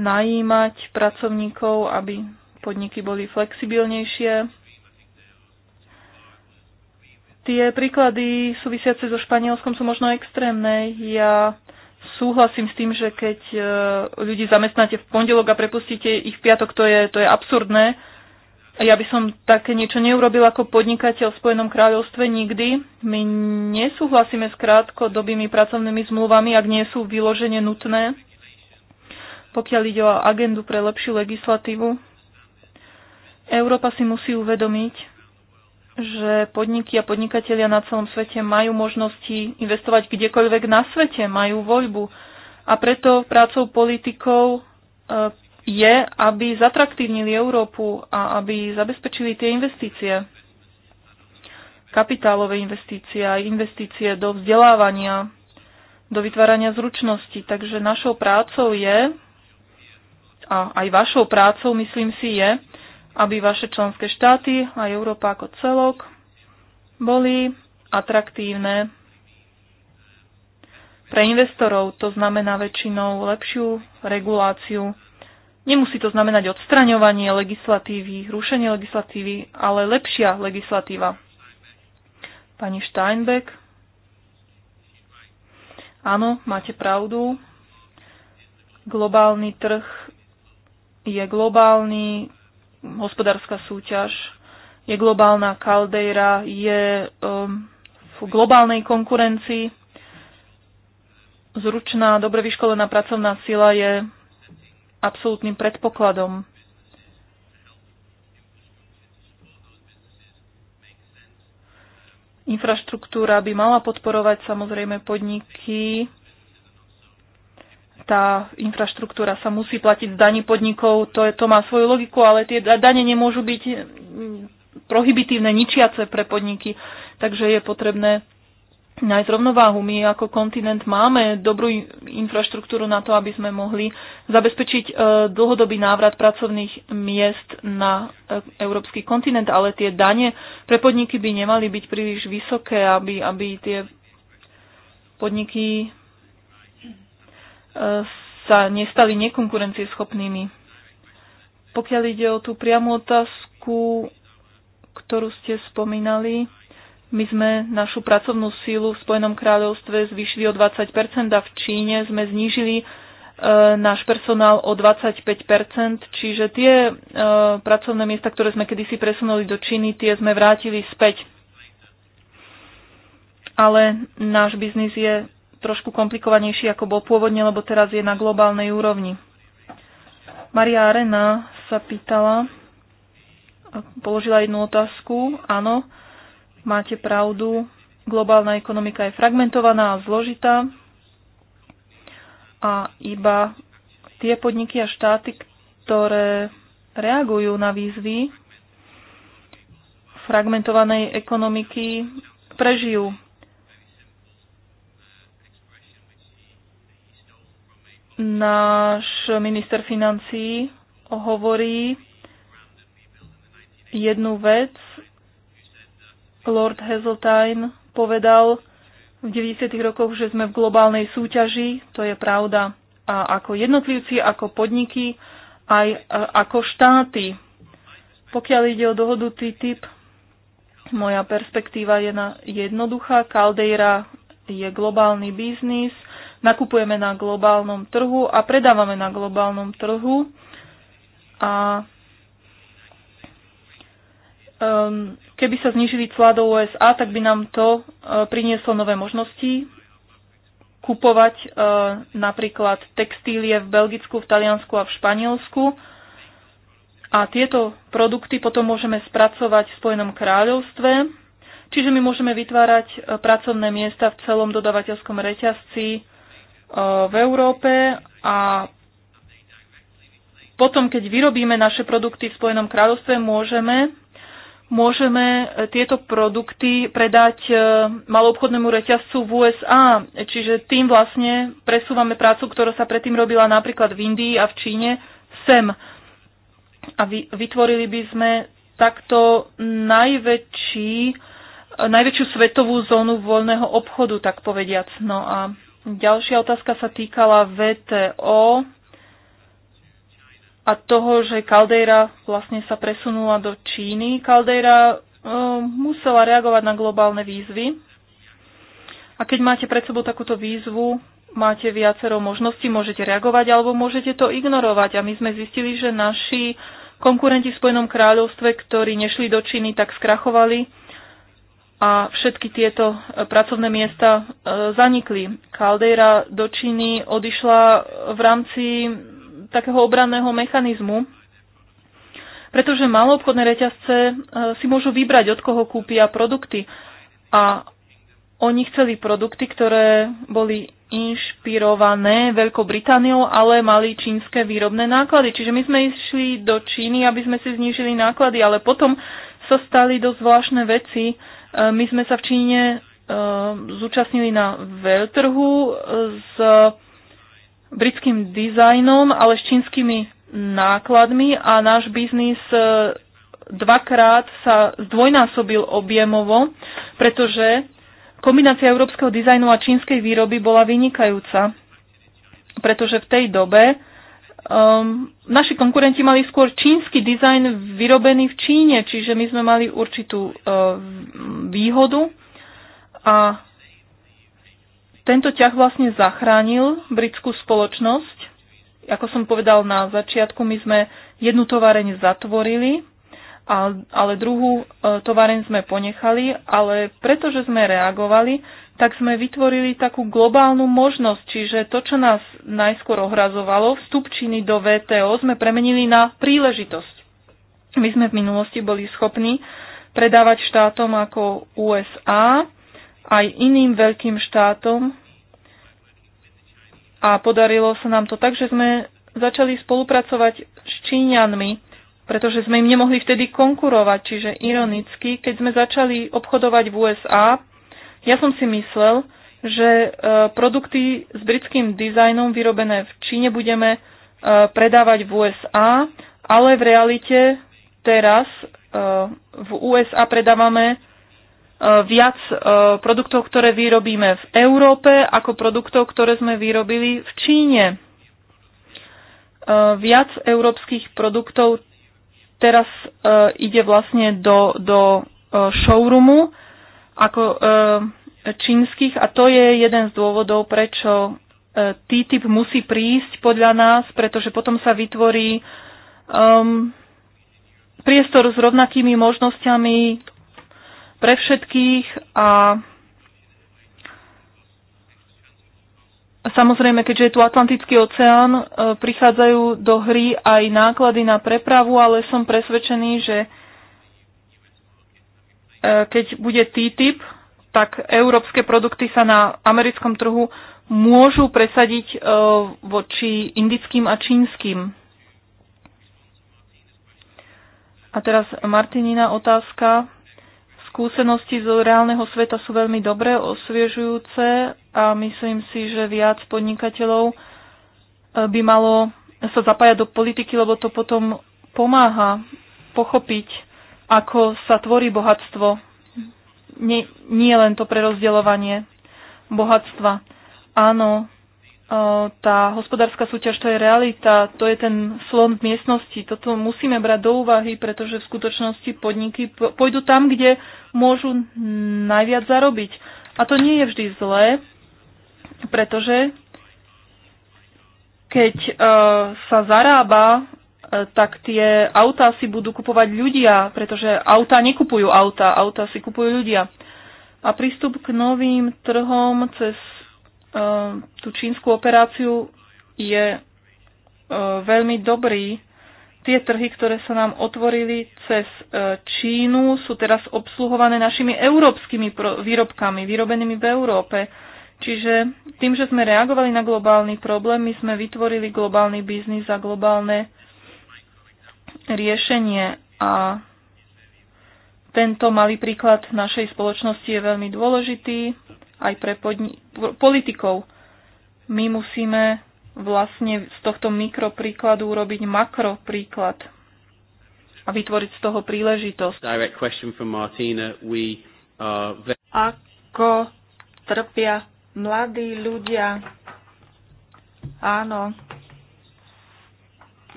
S3: najímať pracovníkov, aby podniky boli flexibilnejšie. Tie príklady súvisiace so Španielskom sú možno extrémne. Ja súhlasím s tým, že keď e, ľudí zamestnáte v pondelok a prepustíte ich v piatok, to je, to je absurdné. Ja by som také niečo neurobil ako podnikateľ v Spojenom kráľovstve nikdy. My nesúhlasíme s krátkodobými pracovnými zmluvami, ak nie sú vyložene nutné, pokiaľ ide o agendu pre lepšiu legislatívu. Európa si musí uvedomiť, že podniky a podnikatelia na celom svete majú možnosti investovať kdekoľvek na svete, majú voľbu. A preto prácou politikov e, je, aby zatraktívnili Európu a aby zabezpečili tie investície. Kapitálové investície a investície do vzdelávania, do vytvárania zručnosti. Takže našou prácou je, a aj vašou prácou, myslím si, je, aby vaše členské štáty a Európa ako celok boli atraktívne pre investorov. To znamená väčšinou lepšiu reguláciu. Nemusí to znamenať odstraňovanie legislatívy, rušenie legislatívy, ale lepšia legislatíva. Pani Steinbeck. Áno, máte pravdu. Globálny trh je globálny, hospodárska súťaž, je globálna kaldeira je um, v globálnej konkurencii. Zručná, dobre vyškolená pracovná sila je absolútnym predpokladom Infraštruktúra by mala podporovať samozrejme podniky, tá infraštruktúra sa musí platiť z daní podnikov, to, je, to má svoju logiku, ale tie dane nemôžu byť mm, prohibitívne, ničiace pre podniky, takže je potrebné nájsť rovnováhu. My ako kontinent máme dobrú infraštruktúru na to, aby sme mohli zabezpečiť e, dlhodobý návrat pracovných miest na e, európsky kontinent, ale tie dane pre podniky by nemali byť príliš vysoké, aby, aby tie podniky sa nestali nekonkurencieschopnými. Pokiaľ ide o tú priamu otázku, ktorú ste spomínali, my sme našu pracovnú sílu v Spojenom kráľovstve zvýšili o 20% a v Číne sme znížili e, náš personál o 25%, čiže tie e, pracovné miesta, ktoré sme kedysi presunuli do Číny, tie sme vrátili späť. Ale náš biznis je trošku komplikovanejší, ako bol pôvodne, lebo teraz je na globálnej úrovni. Maria Arena sa pýtala, položila jednu otázku. Áno, máte pravdu, globálna ekonomika je fragmentovaná a zložitá a iba tie podniky a štáty, ktoré reagujú na výzvy fragmentovanej ekonomiky, prežijú. Náš minister financí hovorí jednu vec. Lord Heseltine povedal v 90. rokoch, že sme v globálnej súťaži. To je pravda. A ako jednotlivci, ako podniky, aj ako štáty. Pokiaľ ide o dohodu TTIP, moja perspektíva je na jednoduchá. Caldeira je globálny biznis – nakupujeme na globálnom trhu a predávame na globálnom trhu. A um, keby sa znižili clá do USA, tak by nám to uh, prinieslo nové možnosti kupovať uh, napríklad textílie v Belgicku, v Taliansku a v Španielsku. A tieto produkty potom môžeme spracovať v Spojenom kráľovstve. Čiže my môžeme vytvárať e, pracovné miesta v celom dodavateľskom reťazci E, v Európe a potom, keď vyrobíme naše produkty v Spojenom kráľovstve, môžeme, môžeme tieto produkty predať e, maloobchodnému reťazcu v USA. Čiže tým vlastne presúvame prácu, ktorá sa predtým robila napríklad v Indii a v Číne, sem. A vytvorili by sme takto najväčší, e, najväčšiu svetovú zónu voľného obchodu, tak povediac. No a Ďalšia otázka sa týkala VTO a toho, že Caldeira vlastne sa presunula do Číny. Caldeira e, musela reagovať na globálne výzvy. A keď máte pred sebou takúto výzvu, máte viacero možností, môžete reagovať alebo môžete to ignorovať. A my sme zistili, že naši konkurenti v Spojenom kráľovstve, ktorí nešli do Číny, tak skrachovali a všetky tieto e, pracovné miesta e, zanikli. Caldeira do Číny odišla v rámci takého obranného mechanizmu, pretože maloobchodné reťazce e, si môžu vybrať, od koho kúpia produkty. A oni chceli produkty, ktoré boli inšpirované Veľkou Britániou, ale mali čínske výrobné náklady. Čiže my sme išli do Číny, aby sme si znížili náklady, ale potom sa stali dosť zvláštne veci, Eh, my sme sa v Číne eh, zúčastnili na veľtrhu eh, s britským dizajnom, ale s čínskymi nákladmi a náš biznis dvakrát sa zdvojnásobil objemovo, pretože kombinácia európskeho dizajnu a čínskej výroby bola vynikajúca, pretože v tej dobe Um, naši konkurenti mali skôr čínsky dizajn vyrobený v Číne, čiže my sme mali určitú uh, výhodu a tento ťah vlastne zachránil britskú spoločnosť. Ako som povedal na začiatku, my sme jednu továreň zatvorili, ale druhú e, továreň sme ponechali, ale pretože sme reagovali, tak sme vytvorili takú globálnu možnosť, čiže to, čo nás najskôr ohrazovalo, vstup do VTO sme premenili na príležitosť. My sme v minulosti boli schopní predávať štátom ako USA, aj iným veľkým štátom a podarilo sa nám to tak, že sme začali spolupracovať s Číňanmi, pretože sme im nemohli vtedy konkurovať. Čiže ironicky, keď sme začali obchodovať v USA, ja som si myslel, že e, produkty s britským dizajnom vyrobené v Číne budeme e, predávať v USA, ale v realite teraz e, v USA predávame viac produktov, ktoré vyrobíme v Európe, ako produktov, ktoré sme vyrobili v Číne. Viac európskych produktov teraz ide vlastne do, do showroomu ako e, čínskych a to je jeden z dôvodov, prečo e, TTIP musí prísť podľa nás, pretože potom sa vytvorí um, priestor s rovnakými možnosťami pre všetkých a Samozrejme, keďže je tu Atlantický oceán, e, prichádzajú do hry aj náklady na prepravu, ale som presvedčený, že keď bude TTIP, tak európske produkty sa na americkom trhu môžu presadiť e, voči indickým a čínskym. A teraz Martinina otázka. Skúsenosti zo reálneho sveta sú veľmi dobré, osviežujúce a myslím si, že viac podnikateľov e, by malo sa zapájať do politiky, lebo to potom pomáha pochopiť ako sa tvorí bohatstvo. Nie, nie len to prerozdeľovanie bohatstva. Áno, e, tá hospodárska súťaž to je realita, to je ten slon v miestnosti. Toto musíme brať do úvahy, pretože v skutočnosti podniky pôjdu tam, kde môžu najviac zarobiť. A to nie je vždy zlé, pretože keď e, sa zarába tak tie autá si budú kupovať ľudia, pretože autá nekupujú autá, autá si kupujú ľudia. A prístup k novým trhom cez eh, tú čínsku operáciu je eh, veľmi dobrý. Tie trhy, ktoré sa nám otvorili cez eh, Čínu, sú teraz obsluhované našimi európskymi výrobkami, vyrobenými v Európe. Čiže tým, že sme reagovali na globálny problém, my sme vytvorili globálny biznis a globálne riešenie a tento malý príklad našej spoločnosti je veľmi dôležitý aj pre politikov. My musíme vlastne z tohto mikropríkladu urobiť makropríklad a vytvoriť z toho príležitosť. Ako trpia mladí ľudia? Áno,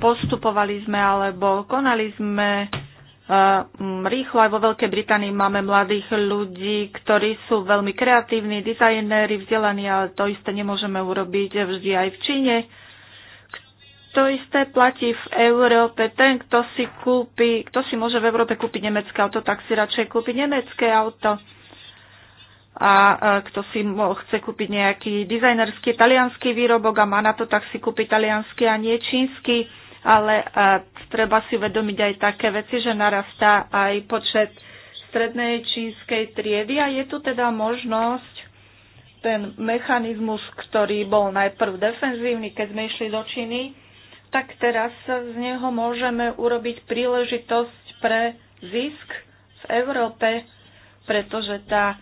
S3: postupovali sme alebo konali sme e, rýchlo. Aj vo Veľkej Británii máme mladých ľudí, ktorí sú veľmi kreatívni, dizajnéri, vzdelaní, ale to isté nemôžeme urobiť vždy aj v Číne. To isté platí v Európe. Ten, kto si kúpi, kto si môže v Európe kúpiť nemecké auto, tak si radšej kúpi nemecké auto. A e, kto si chce kúpiť nejaký dizajnerský talianský výrobok a má na to, tak si kúpi talianský a nie čínsky ale a treba si uvedomiť aj také veci, že narastá aj počet strednej čínskej triedy a je tu teda možnosť ten mechanizmus, ktorý bol najprv defenzívny, keď sme išli do Číny, tak teraz z neho môžeme urobiť príležitosť pre zisk v Európe, pretože tá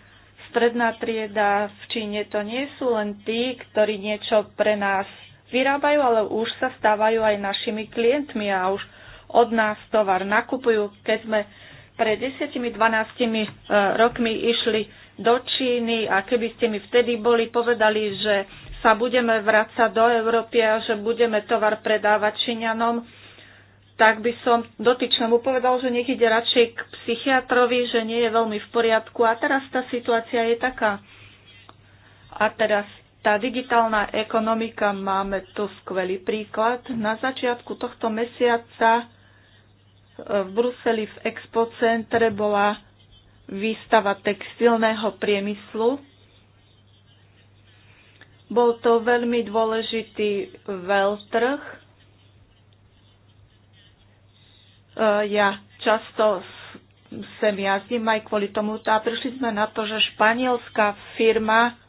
S3: stredná trieda v Číne to nie sú len tí, ktorí niečo pre nás vyrábajú, ale už sa stávajú aj našimi klientmi a už od nás tovar nakupujú. Keď sme pred 10-12 eh, rokmi išli do Číny a keby ste mi vtedy boli povedali, že sa budeme vrácať do Európy a že budeme tovar predávať Číňanom, tak by som dotyčnému povedal, že nech ide radšej k psychiatrovi, že nie je veľmi v poriadku. A teraz tá situácia je taká. A teraz tá digitálna ekonomika, máme tu skvelý príklad. Na začiatku tohto mesiaca e, v Bruseli v Expo centre bola výstava textilného priemyslu. Bol to veľmi dôležitý veľtrh. E, ja často sem jazdím aj kvôli tomu a prišli sme na to, že španielská firma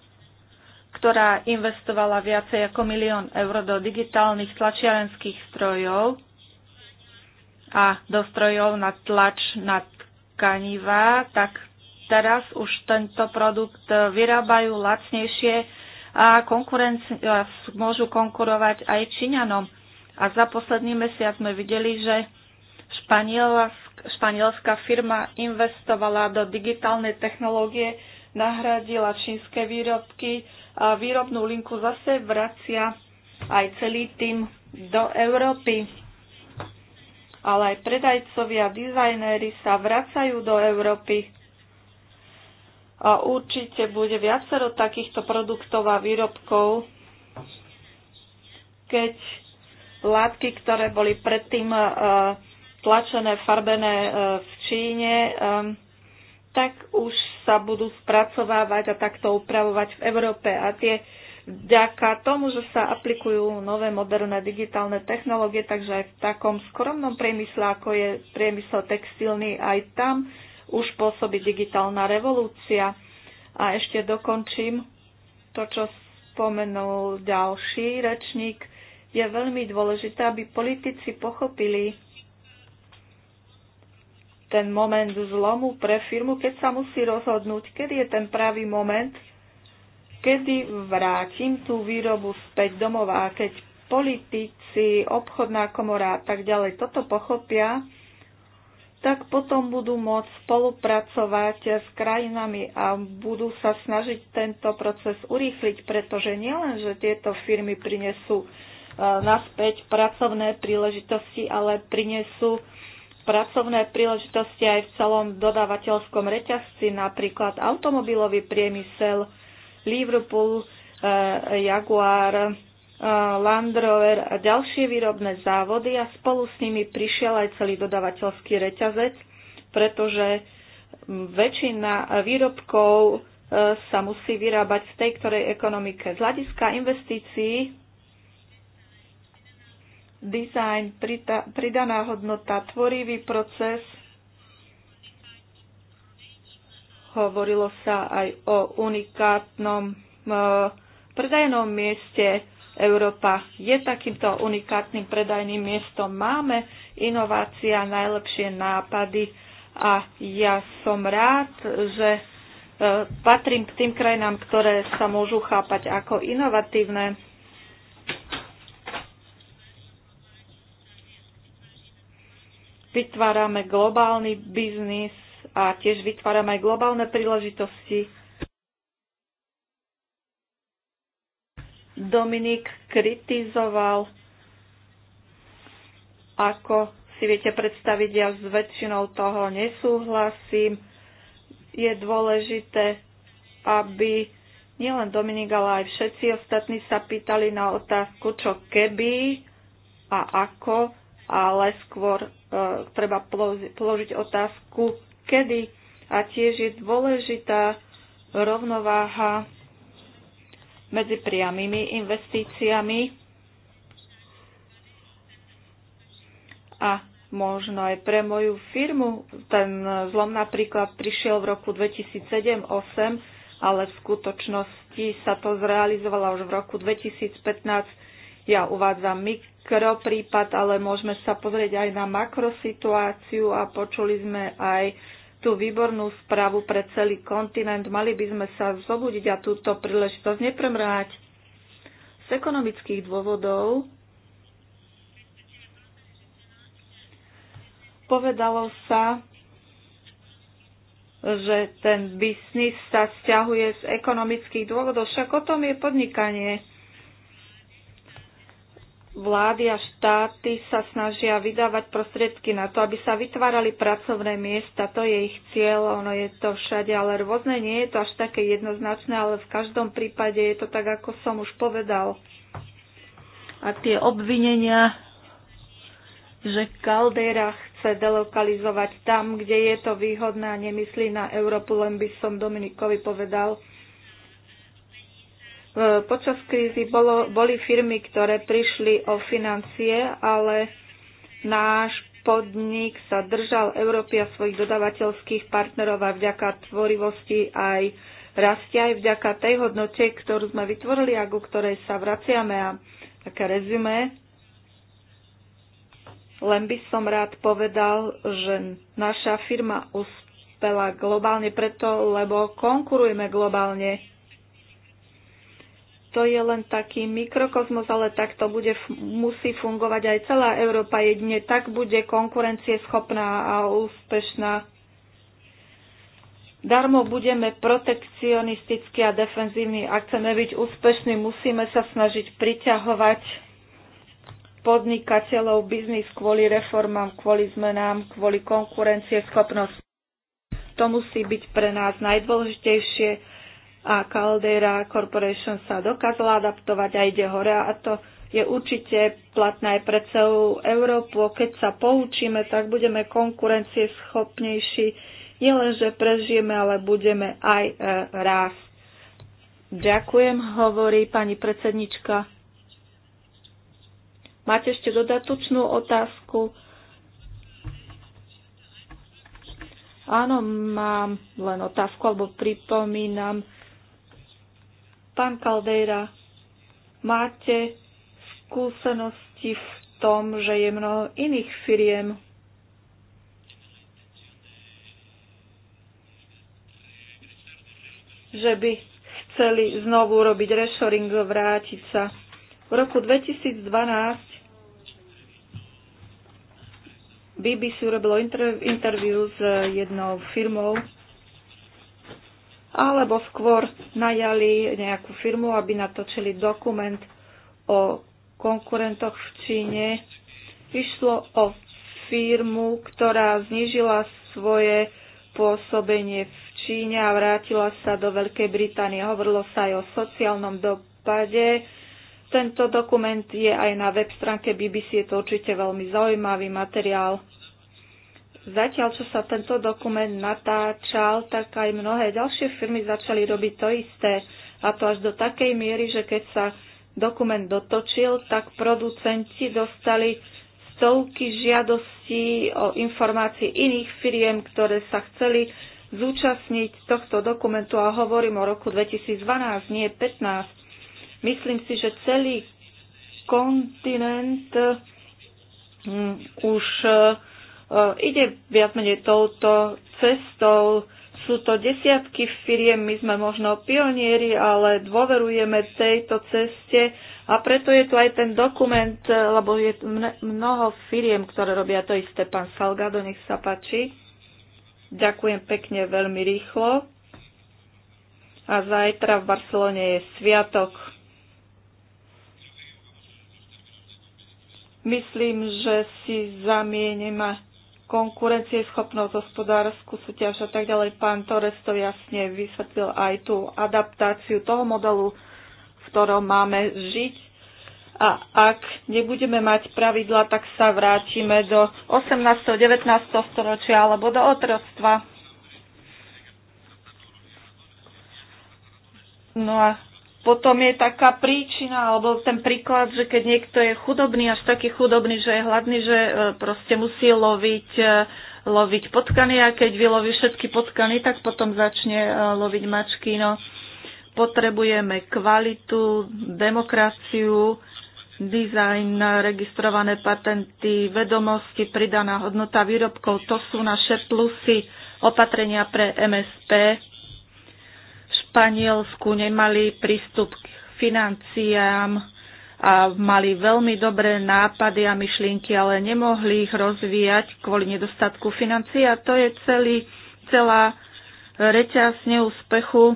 S3: ktorá investovala viacej ako milión eur do digitálnych tlačiarenských strojov a do strojov na tlač na tkanivá, tak teraz už tento produkt vyrábajú lacnejšie a môžu konkurovať aj Číňanom. A za posledný mesiac sme videli, že španielská firma investovala do digitálnej technológie, nahradila čínske výrobky výrobnú linku zase vracia aj celý tým do Európy. Ale aj predajcovia, dizajnéri sa vracajú do Európy. A určite bude viacero takýchto produktov a výrobkov, keď látky, ktoré boli predtým e, tlačené, farbené e, v Číne, e, tak už sa budú spracovávať a takto upravovať v Európe. A tie vďaka tomu, že sa aplikujú nové moderné digitálne technológie, takže aj v takom skromnom priemysle, ako je priemysel textilný, aj tam už pôsobí digitálna revolúcia. A ešte dokončím to, čo spomenul ďalší rečník. Je veľmi dôležité, aby politici pochopili, ten moment zlomu pre firmu, keď sa musí rozhodnúť, kedy je ten pravý moment, kedy vrátim tú výrobu späť domova. A keď politici, obchodná komora a tak ďalej toto pochopia, tak potom budú môcť spolupracovať s krajinami a budú sa snažiť tento proces urýchliť, pretože nielen, že tieto firmy prinesú e, naspäť pracovné príležitosti, ale prinesú pracovné príležitosti aj v celom dodávateľskom reťazci, napríklad automobilový priemysel, Liverpool, eh, Jaguar, eh, Land Rover a ďalšie výrobné závody a spolu s nimi prišiel aj celý dodávateľský reťazec, pretože väčšina výrobkov eh, sa musí vyrábať v tej ktorej ekonomike. Z hľadiska investícií design, pridaná hodnota, tvorivý proces. Hovorilo sa aj o unikátnom e, predajnom mieste. Európa je takýmto unikátnym predajným miestom. Máme inovácia, najlepšie nápady a ja som rád, že e, patrím k tým krajinám, ktoré sa môžu chápať ako inovatívne vytvárame globálny biznis a tiež vytvárame aj globálne príležitosti. Dominik kritizoval, ako si viete predstaviť, ja s väčšinou toho nesúhlasím. Je dôležité, aby nielen Dominik, ale aj všetci ostatní sa pýtali na otázku, čo keby a ako ale skôr e, treba položiť otázku, kedy. A tiež je dôležitá rovnováha medzi priamými investíciami a možno aj pre moju firmu. Ten zlom napríklad prišiel v roku 2007-2008, ale v skutočnosti sa to zrealizovalo už v roku 2015. Ja uvádzam mikro prípad, ale môžeme sa pozrieť aj na makrosituáciu a počuli sme aj tú výbornú správu pre celý kontinent. Mali by sme sa zobudiť a túto príležitosť nepremrať. Z ekonomických dôvodov povedalo sa, že ten biznis sa stiahuje z ekonomických dôvodov, však o tom je podnikanie vlády a štáty sa snažia vydávať prostriedky na to, aby sa vytvárali pracovné miesta. To je ich cieľ, ono je to všade, ale rôzne nie je to až také jednoznačné, ale v každom prípade je to tak, ako som už povedal. A tie obvinenia, že Caldera chce delokalizovať tam, kde je to výhodné a nemyslí na Európu, len by som Dominikovi povedal – Počas krízy bolo, boli firmy, ktoré prišli o financie, ale náš podnik sa držal Európy a svojich dodavateľských partnerov a vďaka tvorivosti aj rastie aj vďaka tej hodnote, ktorú sme vytvorili a ku ktorej sa vraciame. A také rezume, len by som rád povedal, že naša firma uspela globálne preto, lebo konkurujeme globálne to je len taký mikrokosmos, ale tak to bude, musí fungovať aj celá Európa jedine, tak bude konkurencieschopná a úspešná. Darmo budeme protekcionistickí a defenzívni. Ak chceme byť úspešní, musíme sa snažiť priťahovať podnikateľov, biznis kvôli reformám, kvôli zmenám, kvôli konkurencieschopnosti. To musí byť pre nás najdôležitejšie a Caldera Corporation sa dokázala adaptovať a ide hore a to je určite platné aj pre celú Európu. Keď sa poučíme, tak budeme konkurencieschopnejší. že prežijeme, ale budeme aj e, rásť. Ďakujem, hovorí pani predsednička. Máte ešte dodatočnú otázku? Áno, mám len otázku, alebo pripomínam, Pán Kaldejra, máte skúsenosti v tom, že je mnoho iných firiem, že by chceli znovu robiť rešoring, vrátiť sa. V roku 2012 BBC urobilo interviu s jednou firmou, alebo skôr najali nejakú firmu, aby natočili dokument o konkurentoch v Číne. Išlo o firmu, ktorá znížila svoje pôsobenie v Číne a vrátila sa do Veľkej Británie. Hovorilo sa aj o sociálnom dopade. Tento dokument je aj na web stránke BBC, je to určite veľmi zaujímavý materiál. Zatiaľ, čo sa tento dokument natáčal, tak aj mnohé ďalšie firmy začali robiť to isté. A to až do takej miery, že keď sa dokument dotočil, tak producenti dostali stovky žiadostí o informácií iných firiem, ktoré sa chceli zúčastniť tohto dokumentu a hovorím o roku 2012, nie 15. Myslím si, že celý kontinent hm, už uh, Eh, ide viac menej touto cestou. Sú to desiatky firiem, my sme možno pionieri, ale dôverujeme tejto ceste a preto je tu aj ten dokument, eh, lebo je mnoho firiem, ktoré robia to isté. Pán Salgado, nech sa páči. Ďakujem pekne veľmi rýchlo. A zajtra v Barcelone je sviatok. Myslím, že si zamienime konkurencieschopnosť, hospodárskú súťaž a tak ďalej. Pán Torres to jasne vysvetlil aj tú adaptáciu toho modelu, v ktorom máme žiť. A ak nebudeme mať pravidla, tak sa vrátime do 18. 19. storočia alebo do otroctva. No a potom je taká príčina, alebo ten príklad, že keď niekto je chudobný, až taký chudobný, že je hladný, že e, proste musí loviť, e, loviť potkany a keď vyloví všetky potkany, tak potom začne e, loviť mačky. No, potrebujeme kvalitu, demokraciu, dizajn, registrované patenty, vedomosti, pridaná hodnota výrobkov. To sú naše plusy opatrenia pre MSP Španielsku nemali prístup k financiám a mali veľmi dobré nápady a myšlienky, ale nemohli ich rozvíjať kvôli nedostatku financií a to je celý, celá reťaz neúspechu e,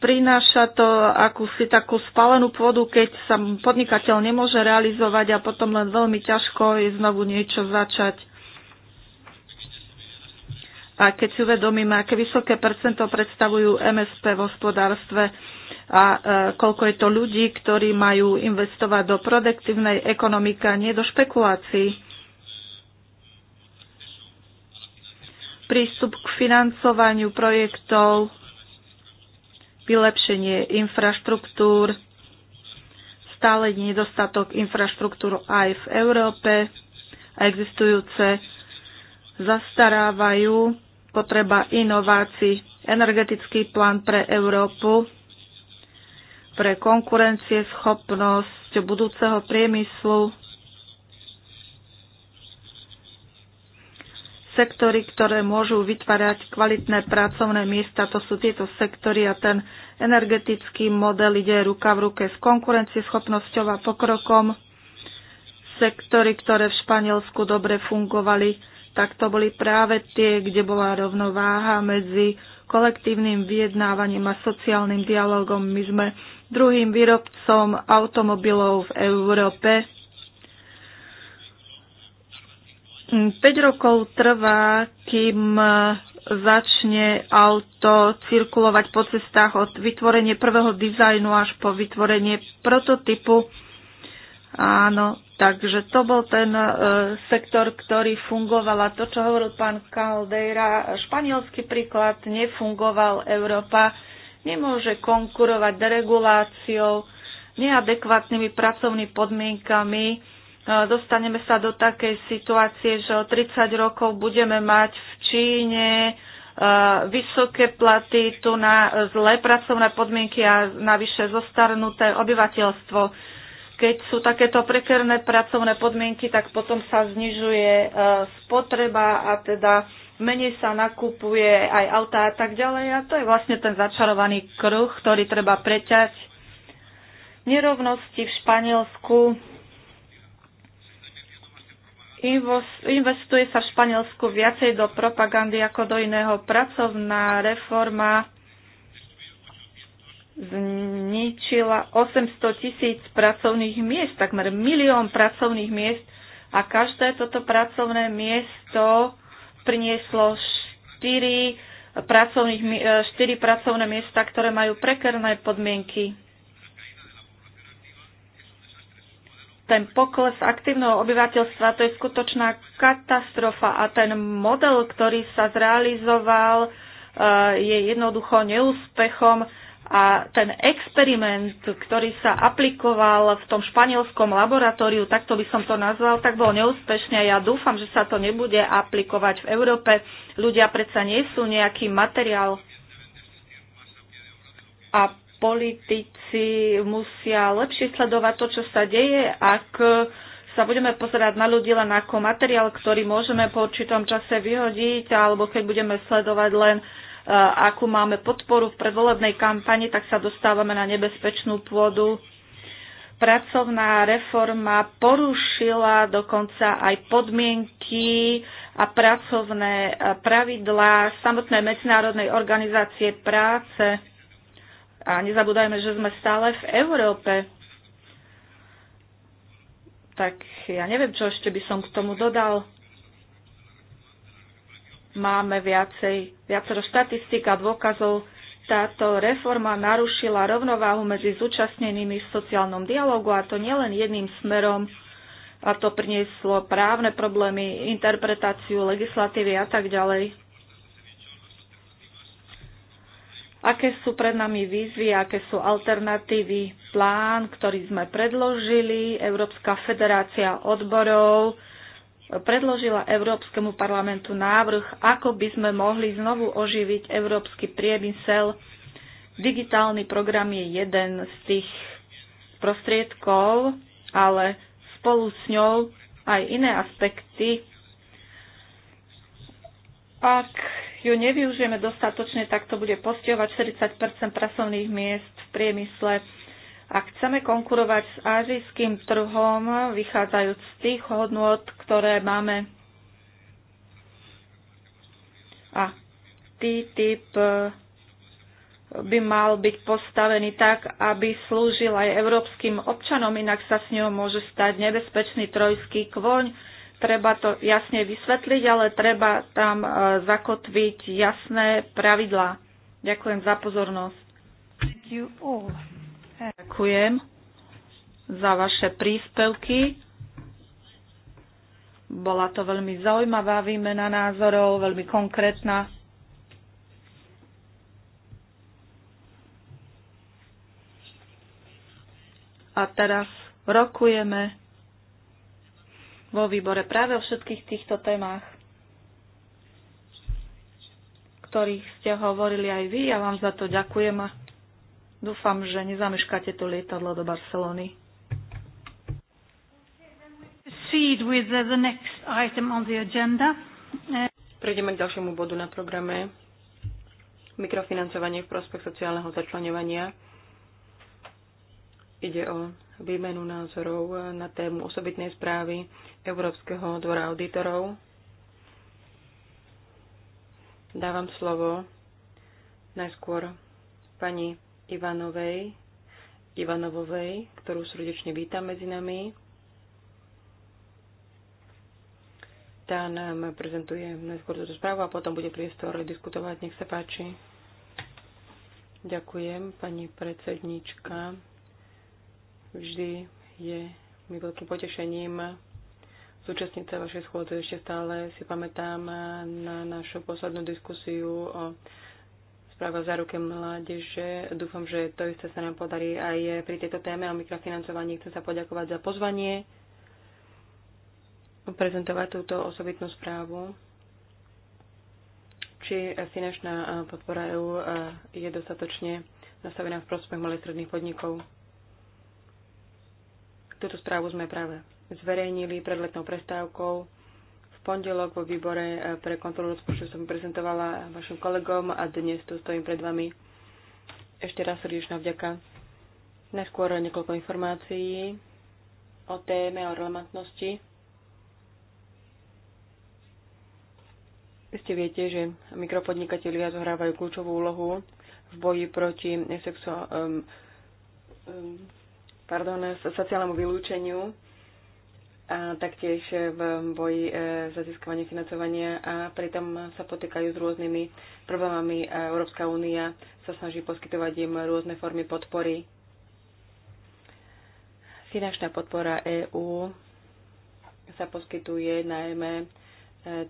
S3: prináša to akúsi takú spalenú pôdu, keď sa podnikateľ nemôže realizovať a potom len veľmi ťažko je znovu niečo začať. A keď si uvedomíme, aké vysoké percento predstavujú MSP v hospodárstve a e, koľko je to ľudí, ktorí majú investovať do produktívnej ekonomiky a nie do špekulácií. prístup k financovaniu projektov, vylepšenie infraštruktúr, stále nedostatok infraštruktúr aj v Európe a existujúce zastarávajú potreba inovácií, energetický plán pre Európu, pre konkurencie, schopnosť budúceho priemyslu, sektory, ktoré môžu vytvárať kvalitné pracovné miesta, to sú tieto sektory a ten energetický model ide ruka v ruke s konkurencieschopnosťou a pokrokom. Sektory, ktoré v Španielsku dobre fungovali, tak to boli práve tie, kde bola rovnováha medzi kolektívnym vyjednávaním a sociálnym dialogom. My sme druhým výrobcom automobilov v Európe. 5 rokov trvá, kým začne auto cirkulovať po cestách od vytvorenie prvého dizajnu až po vytvorenie prototypu. Áno, takže to bol ten e, sektor, ktorý fungoval. A to, čo hovoril pán Caldeira, španielský príklad, nefungoval Európa, nemôže konkurovať dereguláciou, neadekvátnymi pracovnými podmienkami. E, dostaneme sa do takej situácie, že o 30 rokov budeme mať v Číne e, vysoké platy, tu na zlé pracovné podmienky a navyše zostarnuté obyvateľstvo keď sú takéto prekerné pracovné podmienky, tak potom sa znižuje e, spotreba a teda menej sa nakupuje aj auta a tak ďalej. A to je vlastne ten začarovaný kruh, ktorý treba preťať. Nerovnosti v Španielsku. Investuje sa v Španielsku viacej do propagandy ako do iného. Pracovná reforma zničila 800 tisíc pracovných miest, takmer milión pracovných miest a každé toto pracovné miesto prinieslo 4, pracovných, 4 e, pracovné miesta, ktoré majú prekerné podmienky. Ten pokles aktívneho obyvateľstva to je skutočná katastrofa a ten model, ktorý sa zrealizoval, e, je jednoducho neúspechom a ten experiment, ktorý sa aplikoval v tom španielskom laboratóriu, takto by som to nazval, tak bol neúspešný a ja dúfam, že sa to nebude aplikovať v Európe. Ľudia predsa nie sú nejaký materiál a politici musia lepšie sledovať to, čo sa deje, ak sa budeme pozerať na ľudí len ako materiál, ktorý môžeme po určitom čase vyhodiť, alebo keď budeme sledovať len akú máme podporu v predvolebnej kampani, tak sa dostávame na nebezpečnú pôdu. Pracovná reforma porušila dokonca aj podmienky a pracovné pravidlá samotnej Medzinárodnej organizácie práce. A nezabúdajme, že sme stále v Európe. Tak ja neviem, čo ešte by som k tomu dodal máme viacej, viacero štatistik a dôkazov. Táto reforma narušila rovnováhu medzi zúčastnenými v sociálnom dialogu a to nielen jedným smerom, a to prinieslo právne problémy, interpretáciu legislatívy a tak ďalej. Aké sú pred nami výzvy, aké sú alternatívy? Plán, ktorý sme predložili, Európska federácia odborov, predložila Európskemu parlamentu návrh, ako by sme mohli znovu oživiť európsky priemysel. Digitálny program je jeden z tých prostriedkov, ale spolu s ňou aj iné aspekty. Ak ju nevyužijeme dostatočne, tak to bude postihovať 40 pracovných miest v priemysle ak chceme konkurovať s ázijským trhom, vychádzajúc z tých hodnot, ktoré máme a TTIP eh, by mal byť postavený tak, aby slúžil aj európskym občanom, inak sa s ňou môže stať nebezpečný trojský kvoň. Treba to jasne vysvetliť, ale treba tam eh, zakotviť jasné pravidlá. Ďakujem za pozornosť.
S1: Thank you all.
S3: Ďakujem za vaše príspevky. Bola to veľmi zaujímavá výmena názorov, veľmi konkrétna. A teraz rokujeme vo výbore práve o všetkých týchto témach, ktorých ste hovorili aj vy. Ja vám za to ďakujem a Dúfam, že nezameškáte to lietadlo do Barcelony.
S2: Prejdeme k ďalšiemu bodu na programe. Mikrofinancovanie v prospech sociálneho začlenovania. Ide o výmenu názorov na tému osobitnej správy Európskeho dvora auditorov. Dávam slovo najskôr pani Ivanovej, Ivanovovej, ktorú srdečne vítam medzi nami. Tá nám prezentuje najskôr túto správu a potom bude priestor diskutovať. Nech sa páči. Ďakujem, pani predsednička. Vždy je mi veľkým potešením zúčastniť sa vašej schôdze. Ešte stále si pamätám na našu poslednú diskusiu o správa za ruke mládeže. Dúfam, že to isté sa nám podarí aj pri tejto téme o mikrofinancovaní. Chcem sa poďakovať za pozvanie prezentovať túto osobitnú správu. Či finančná podpora EU e, je dostatočne nastavená v prospech malých stredných podnikov. Túto správu sme práve zverejnili pred letnou prestávkou pondelok vo výbore eh, pre kontrolu rozpočtu som prezentovala vašim kolegom a dnes tu stojím pred vami. Ešte raz srdečná vďaka. Najskôr niekoľko informácií o téme, o relevantnosti. Ste viete, že mikropodnikatelia zohrávajú kľúčovú úlohu v boji proti sexu, um, um, pardon, sociálnemu vylúčeniu a taktiež v boji e, za získavanie financovania a pritom sa potýkajú s rôznymi problémami. Európska únia sa snaží poskytovať im rôzne formy podpory. Finančná podpora
S1: EÚ
S2: sa poskytuje najmä e,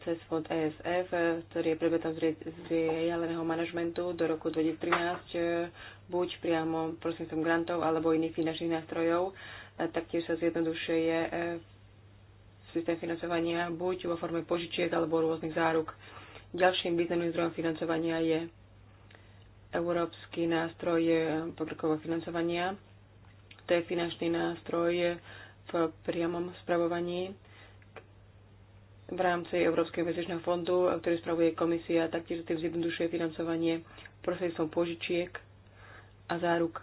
S2: cez fond ESF, ktorý je predmetom zriadeného manažmentu do roku 2013, e, buď priamo prosím som grantov alebo iných finančných nástrojov. Taktiež sa zjednodušuje systém financovania buď vo forme požičiek alebo rôznych záruk. Ďalším významným zdrojom financovania je európsky nástroj eh, pokrokového financovania. To je finančný nástroj eh, v priamom spravovaní v rámci Európskeho investičného fondu, ktorý spravuje komisia, taktiež tým zjednodušuje financovanie prostredníctvom požičiek a záruk.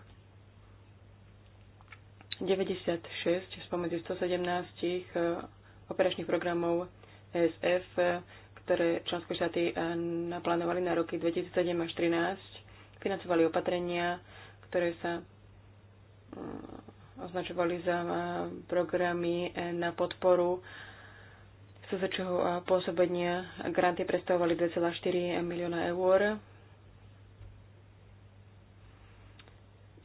S2: 96 spomedzi 117 operačných programov ESF, ktoré členské štáty eh, naplánovali na roky 2007 až 2013, financovali opatrenia, ktoré sa eh, označovali za eh, programy na podporu SZČho pôsobenia. Granty predstavovali 2,4 milióna eur.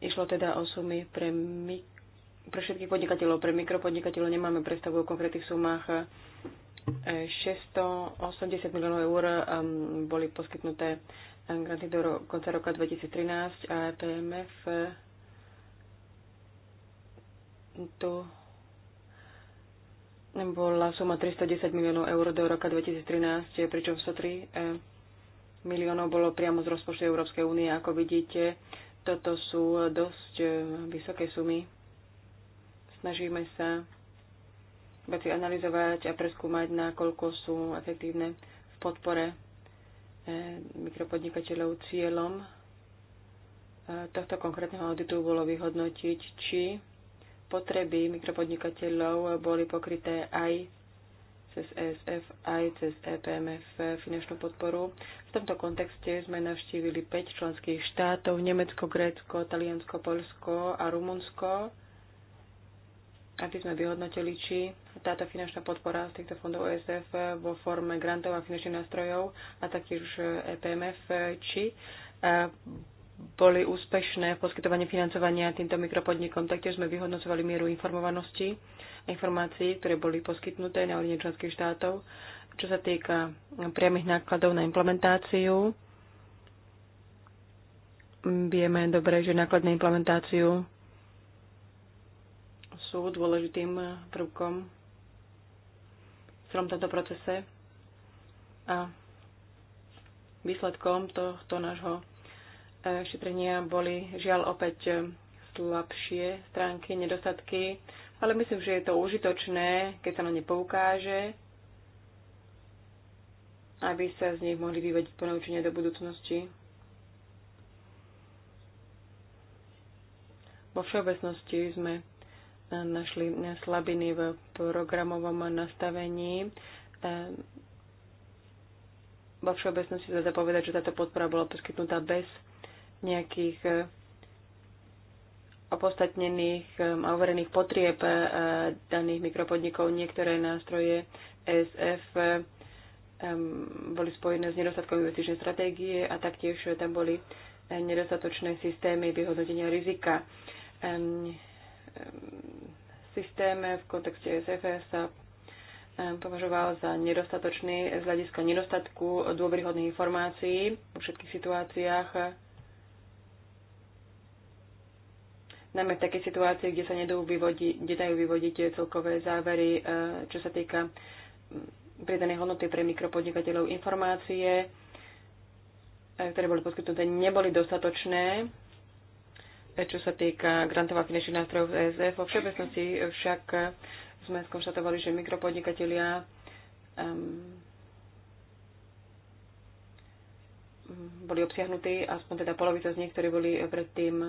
S2: Išlo teda o sumy pre mik- pre všetkých podnikateľov, pre mikropodnikateľov nemáme predstavu o konkrétnych sumách. 680 miliónov eur um, boli poskytnuté um, granty do konca roka 2013 a TMF tu bola suma 310 miliónov eur do roka 2013, pričom 103 eh, miliónov bolo priamo z rozpočtu Európskej únie. Ako vidíte, toto sú dosť eh, vysoké sumy Snažíme sa veci analyzovať a preskúmať, nakoľko sú efektívne v podpore eh, mikropodnikateľov cieľom eh, tohto konkrétneho auditu bolo vyhodnotiť, či potreby mikropodnikateľov boli pokryté aj cez ESF, aj cez EPMF finančnú podporu. V tomto kontexte sme navštívili 5 členských štátov, Nemecko, Grécko, Taliansko, Polsko a Rumunsko aby sme vyhodnotili, či táto finančná podpora z týchto fondov OSF vo forme grantov a finančných nástrojov a taktiež EPMF, či e, boli úspešné v poskytovaní financovania týmto mikropodnikom. Taktiež sme vyhodnocovali mieru informovanosti a informácií, ktoré boli poskytnuté na úrovni členských štátov, čo sa týka priamých nákladov na implementáciu. Vieme dobre, že náklad na implementáciu sú dôležitým prvkom v celom tomto procese a výsledkom tohto nášho e, šetrenia boli žiaľ opäť slabšie stránky, nedostatky, ale myslím, že je to užitočné, keď sa na ne poukáže, aby sa z nich mohli vyvedieť ponaučenia do budúcnosti. Vo všeobecnosti sme našli slabiny v programovom nastavení. E, vo všeobecnosti sa dá povedať, že táto podpora bola poskytnutá bez nejakých e, opodstatnených e, a overených potrieb daných mikropodnikov. Niektoré nástroje SF boli spojené s nedostatkom investičnej stratégie a taktiež tam boli nedostatočné systémy vyhodnotenia rizika systéme v kontexte SFS sa považoval za nedostatočný z hľadiska nedostatku dôveryhodných informácií vo všetkých situáciách, najmä v takej situácii, kde sa nedajú vyvodiť, kde dajú vyvodiť celkové závery, eh, čo sa týka mm, pridanej hodnoty pre mikropodnikateľov informácie, eh, ktoré boli poskytnuté, neboli dostatočné E, čo sa týka grantov a finančných nástrojov z ESF. Vo všeobecnosti však e, sme skonštatovali, že mikropodnikatelia um, boli obsiahnutí, aspoň teda polovica z nich, ktorí boli predtým e,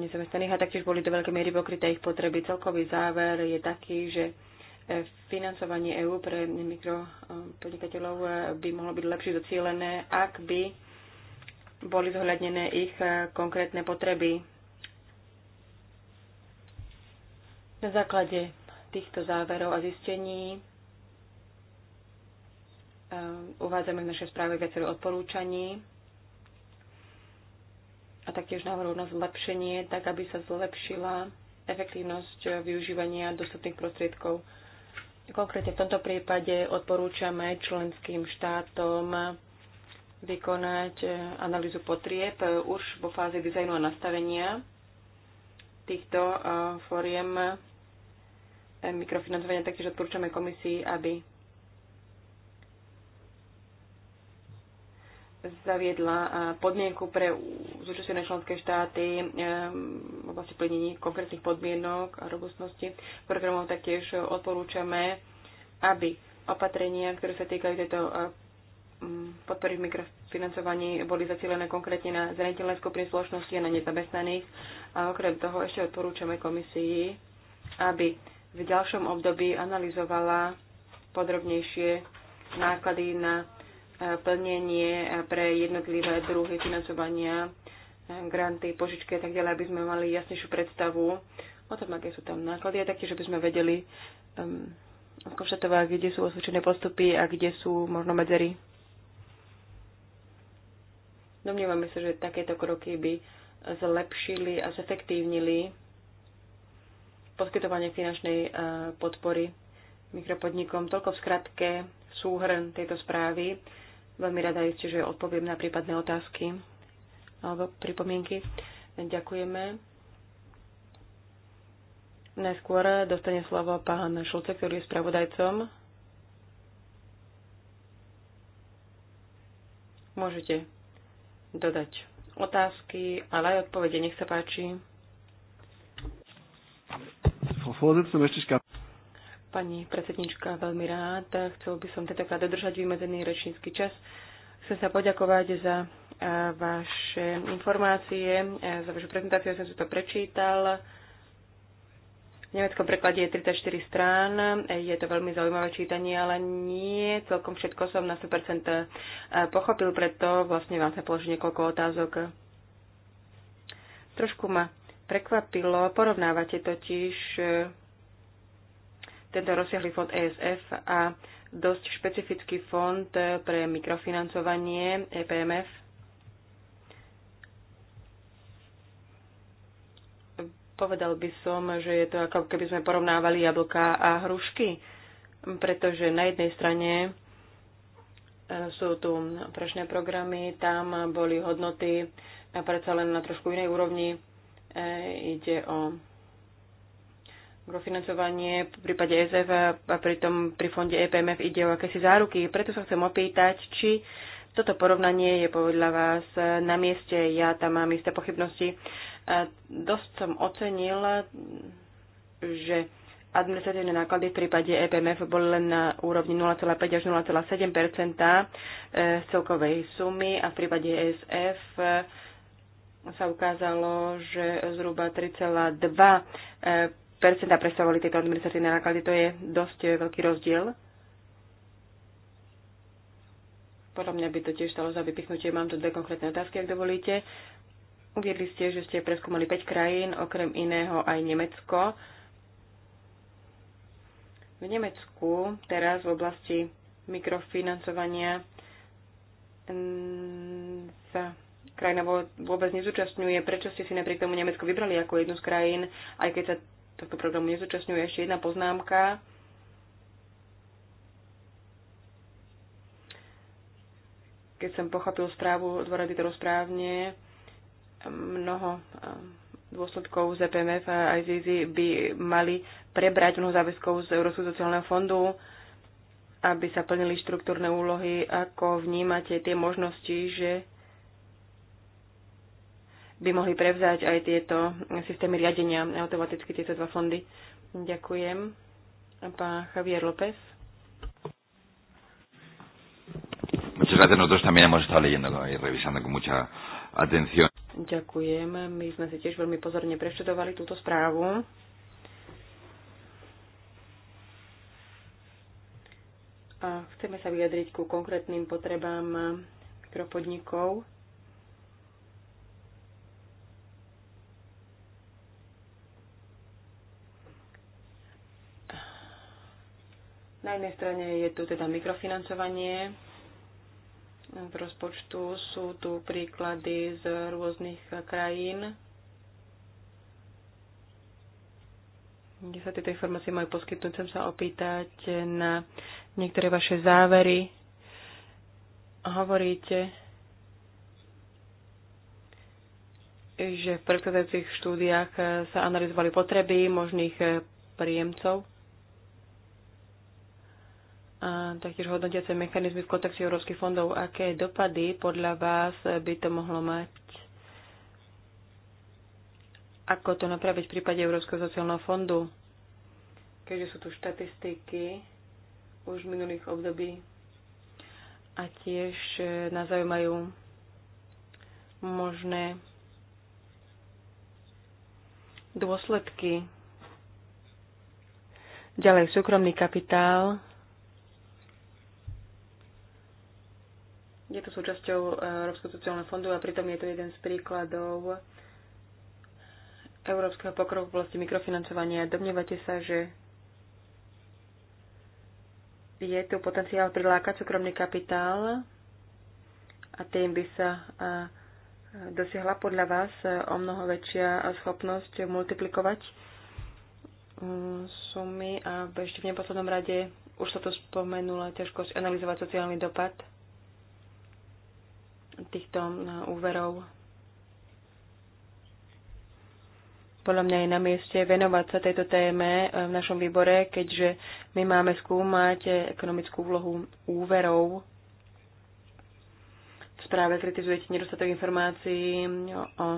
S2: nezamestnaných a taktiež boli do veľkej miery pokryté ich potreby. Celkový záver je taký, že financovanie EÚ pre mikropodnikateľov by mohlo byť lepšie docielené, ak by boli zohľadnené ich e, konkrétne potreby. Na základe týchto záverov a zistení e, uvádzame v našej správe viacero odporúčaní a taktiež návrhu na zlepšenie, tak aby sa zlepšila efektívnosť využívania dostupných prostriedkov. Konkrétne v tomto prípade odporúčame členským štátom vykonať eh, analýzu potrieb eh, už vo fáze dizajnu a nastavenia týchto eh, fóriem mikrofinancovania, taktiež odporúčame komisii, aby zaviedla podmienku pre zúčastnené členské štáty v oblasti plnení konkrétnych podmienok a robustnosti programov taktiež odporúčame, aby opatrenia, ktoré sa týkajú tejto podpory v mikrofinancovaní boli zacielené konkrétne na zraniteľné skupiny spoločnosti a na nezamestnaných. A okrem toho ešte odporúčame komisii, aby v ďalšom období analyzovala podrobnejšie náklady na e, plnenie e, pre jednotlivé druhy financovania, e, granty, požičky a tak ďalej, aby sme mali jasnejšiu predstavu o tom, aké sú tam náklady a taktiež, aby sme vedeli um, skonštatovať, kde sú osvedčené postupy a kde sú možno medzery. Domnievame sa, že takéto kroky by zlepšili a zefektívnili poskytovanie finančnej eh, podpory mikropodnikom. Toľko v skratke súhrn tejto správy. Veľmi rada ešte, že odpoviem na prípadné otázky alebo pripomienky. Ďakujeme. Najskôr dostane slovo pán Šulce, ktorý je spravodajcom. Môžete dodať otázky, ale aj odpovede. Nech sa páči. Pani predsednička, veľmi rád. Chcel by som teda dodržať vymedzený rečnícky čas. Chcem sa poďakovať za eh, vaše informácie, eh, za vašu prezentáciu. Ja som si to prečítal v nemeckom preklade je 34 strán, je to veľmi zaujímavé čítanie, ale nie celkom všetko som na 100% eh, pochopil, preto vlastne vám sa položí niekoľko otázok. Trošku ma prekvapilo, porovnávate totiž eh, tento rozsiahly fond ESF a dosť špecifický fond eh, pre mikrofinancovanie EPMF. Povedal by som, že je to ako keby sme porovnávali jablka a hrušky, pretože na jednej strane e, sú tu prešné programy, tam boli hodnoty e, predsa len na trošku inej úrovni. E, ide o financovanie v prípade SF a pritom pri fonde EPMF ide o akési záruky. Preto sa chcem opýtať, či toto porovnanie je podľa vás na mieste. Ja tam mám isté pochybnosti. Dosť som ocenil, že administratívne náklady v prípade EPMF boli len na úrovni 0,5 až 0,7 e, z celkovej sumy a v prípade ESF e, sa ukázalo, že zhruba 3,2 predstavovali tieto administratívne náklady. To je dosť veľký rozdiel. Podľa mňa by to tiež stalo za vypichnutie. Mám tu dve konkrétne otázky, ak dovolíte. Uviedli ste, že ste preskúmali 5 krajín, okrem iného aj Nemecko. V Nemecku teraz v oblasti mikrofinancovania mm, sa krajina vôbec nezúčastňuje. Prečo ste si napriek tomu Nemecko vybrali ako jednu z krajín, aj keď sa tohto programu nezúčastňuje? Ešte jedna poznámka. Keď som pochopil správu dvora to správne, mnoho eh, dôsledkov z EPMF a IZZ by mali prebrať mnoho záväzkov z Európskeho sociálneho fondu, aby sa plnili štruktúrne úlohy. Ako vnímate tie možnosti, že by mohli prevzať aj tieto systémy riadenia automaticky tieto dva fondy. Ďakujem. A pán Javier López.
S1: Muchas gracias. Nosotros también hemos estado leyendo y revisando con mucha atención.
S2: Ďakujem. My sme si tiež veľmi pozorne preštudovali túto správu. A chceme sa vyjadriť ku konkrétnym potrebám mikropodnikov. Na jednej strane je tu teda mikrofinancovanie, v rozpočtu. Sú tu príklady z rôznych krajín, kde sa tieto informácie majú poskytnúť. Chcem sa opýtať na niektoré vaše závery. Hovoríte, že v predchádzajúcich štúdiách sa analyzovali potreby možných príjemcov taktiež hodnotiace mechanizmy v kontexte európskych fondov. Aké dopady podľa vás by to mohlo mať? Ako to napraviť v prípade Európskeho sociálneho fondu? Keďže sú tu štatistiky už minulých období a tiež e, nás zaujímajú možné dôsledky. Ďalej súkromný kapitál Je to súčasťou eh, Európskeho sociálneho fondu a pritom je to jeden z príkladov európskeho pokroku v oblasti mikrofinancovania. Domnievate sa, že je tu potenciál prilákať súkromný kapitál a tým by sa eh, dosiahla podľa vás eh, o mnoho väčšia schopnosť multiplikovať mm, sumy a ešte v neposlednom rade už sa to spomenula ťažkosť analyzovať sociálny dopad týchto eh, úverov. Podľa mňa je na mieste venovať sa tejto téme eh, v našom výbore, keďže my máme skúmať eh, ekonomickú vlohu úverov. V správe kritizujete nedostatok informácií mm, o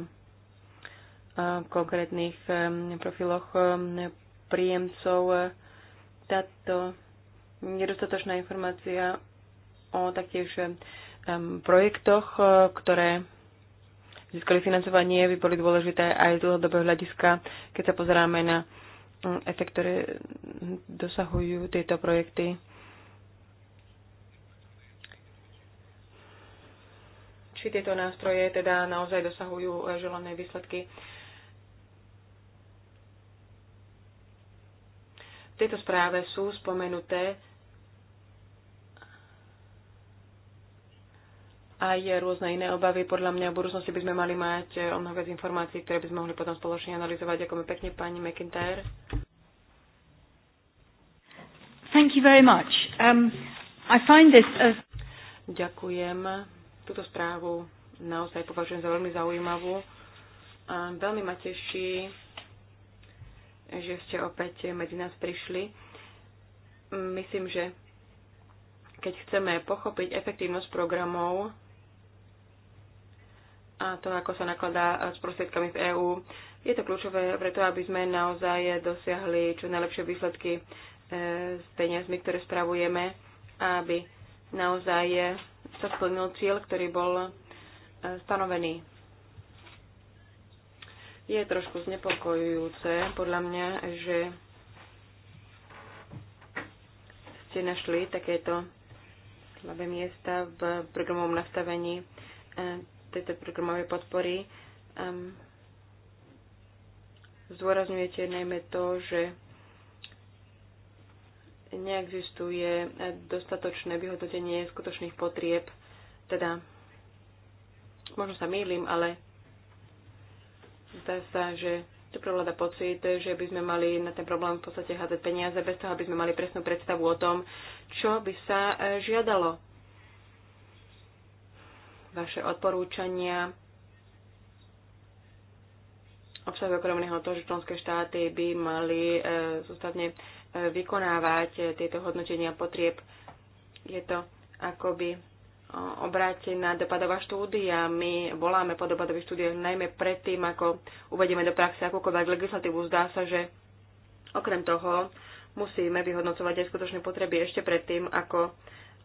S2: konkrétnych mm, profiloch mm, príjemcov. Táto nedostatočná informácia o taktiež projektoch, e, ktoré získali financovanie, by boli dôležité aj z dlhodobého hľadiska, keď sa pozeráme na mm, efekt, ktoré dosahujú tieto projekty. Či tieto nástroje teda naozaj dosahujú e, želané výsledky. V tejto správe sú spomenuté aj rôzne iné obavy. Podľa mňa v budúcnosti by sme mali mať eh, o mnoho viac informácií, ktoré by sme mohli potom spoločne analyzovať. Ďakujeme pekne pani McIntyre.
S1: Thank you very much. Um, I find this as...
S2: Ďakujem. Túto správu naozaj považujem za veľmi zaujímavú. A veľmi ma teší, že ste opäť medzi nás prišli. Myslím, že keď chceme pochopiť efektívnosť programov, a to, ako sa nakladá s prostriedkami v EÚ. Je to kľúčové preto, aby sme naozaj dosiahli čo najlepšie výsledky e, s peniazmi, ktoré spravujeme, aby naozaj sa splnil cieľ, ktorý bol e, stanovený. Je trošku znepokojujúce podľa mňa, že ste našli takéto slabé miesta v programovom nastavení e, tejto programovej podpory um, zdôrazňujete najmä to, že neexistuje dostatočné vyhodnotenie skutočných potrieb. Teda, možno sa mýlim, ale zdá sa, že tu prevláda pocit, že by sme mali na ten problém v podstate hádzať peniaze bez toho, aby sme mali presnú predstavu o tom, čo by sa eh, žiadalo vaše odporúčania obsahujú okrem iného to, že členské štáty by mali e, zústavne e, vykonávať e, tieto hodnotenia potrieb. Je to akoby e, obrátená dopadová štúdia. My voláme po dopadových štúdiách najmä predtým, ako uvedieme do praxe akúkoľvek legislatívu. Zdá sa, že okrem toho musíme vyhodnocovať aj skutočné potreby ešte predtým, ako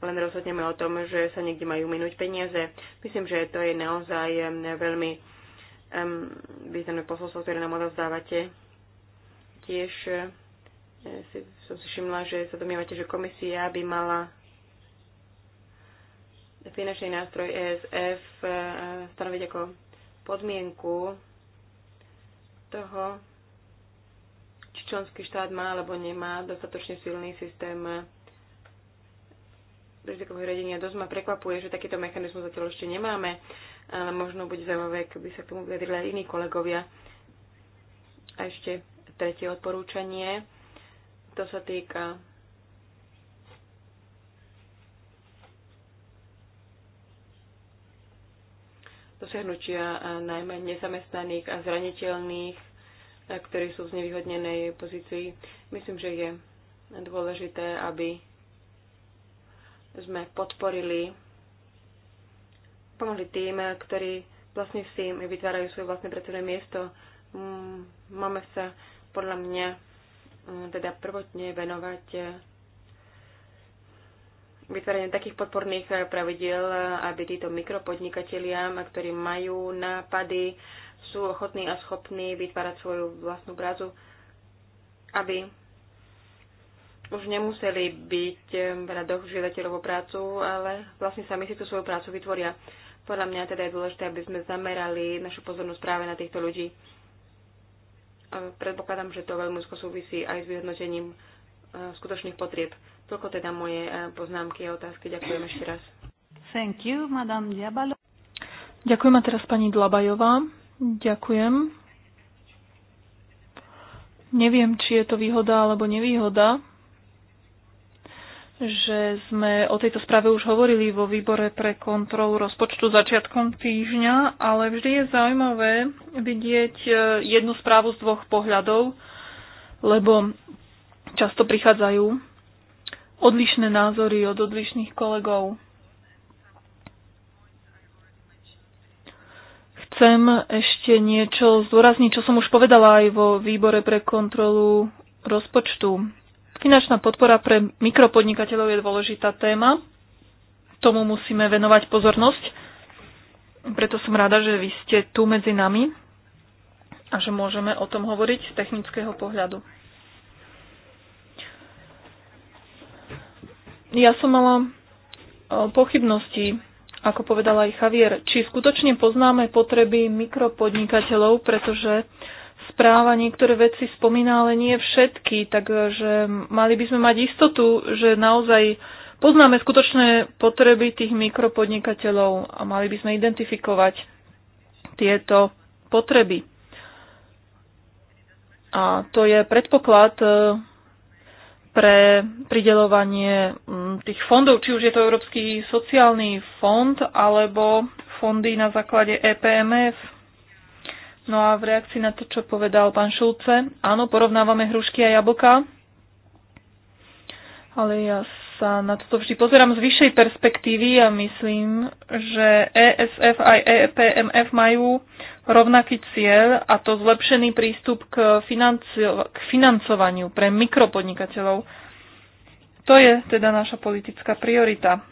S2: len rozhodneme o tom, že sa niekde majú minúť peniaze. Myslím, že to je naozaj veľmi um, významné posolstvo, ktoré nám odovzdávate. Tiež uh, si, som si všimla, že sa domnievate, že komisia by mala finančný nástroj ESF uh, e, stanoviť ako podmienku toho, či členský štát má alebo nemá dostatočne silný systém rizikových riadenia. Dosť ma prekvapuje, že takýto mechanizmus zatiaľ ešte nemáme, ale možno bude zaujímavé, keby sa k tomu vyjadrili aj iní kolegovia. A ešte tretie odporúčanie. To sa týka dosiahnutia eh, najmä nezamestnaných a zraniteľných, eh, ktorí sú v znevýhodnenej pozícii. Myslím, že je dôležité, aby sme podporili, pomohli tým, ktorí vlastne si vytvárajú svoje vlastné pracovné miesto. Mm, máme sa podľa mňa mm, teda prvotne venovať e, vytvárenie takých podporných e, pravidiel, aby títo mikropodnikatelia, ktorí majú nápady, sú ochotní a schopní vytvárať svoju vlastnú prácu, aby už nemuseli byť ehm, v radoch žiadateľov o prácu, ale vlastne sami si tú svoju prácu vytvoria. Podľa mňa teda je dôležité, aby sme zamerali našu pozornosť práve na týchto ľudí. Predpokladám, že to veľmi úzko súvisí aj s vyhodnotením e, skutočných potrieb. Toľko teda moje e, poznámky a otázky. Ďakujem ešte
S1: raz. Thank you, Madame Diabalo.
S3: Ďakujem a teraz pani Dlabajová. Ďakujem. Neviem, či je to výhoda alebo nevýhoda, že sme o tejto správe už hovorili vo výbore pre kontrolu rozpočtu začiatkom týždňa, ale vždy je zaujímavé vidieť e, jednu správu z dvoch pohľadov, lebo často prichádzajú odlišné názory od odlišných kolegov. Chcem ešte niečo zdôrazniť, čo som už povedala aj vo výbore pre kontrolu rozpočtu Finančná podpora pre mikropodnikateľov je dôležitá téma. Tomu musíme venovať pozornosť. Preto som rada, že vy ste tu medzi nami a že môžeme o tom hovoriť z technického pohľadu. Ja som mala pochybnosti, ako povedala aj Javier, či skutočne poznáme potreby mikropodnikateľov, pretože uh, správa niektoré veci spomína, ale nie všetky, takže mali by sme mať istotu, že naozaj poznáme skutočné potreby tých mikropodnikateľov a mali by sme identifikovať tieto potreby. A to je predpoklad e, pre pridelovanie tých fondov, či už je to Európsky sociálny fond alebo fondy na základe EPMF. No a v reakcii na to, čo povedal pán Šulce, áno, porovnávame hrušky a jablka, ale ja sa na toto vždy pozerám z vyššej perspektívy a myslím, že ESF aj EPMF majú rovnaký cieľ a to zlepšený prístup k, financio- k financovaniu pre mikropodnikateľov. To je teda naša politická priorita.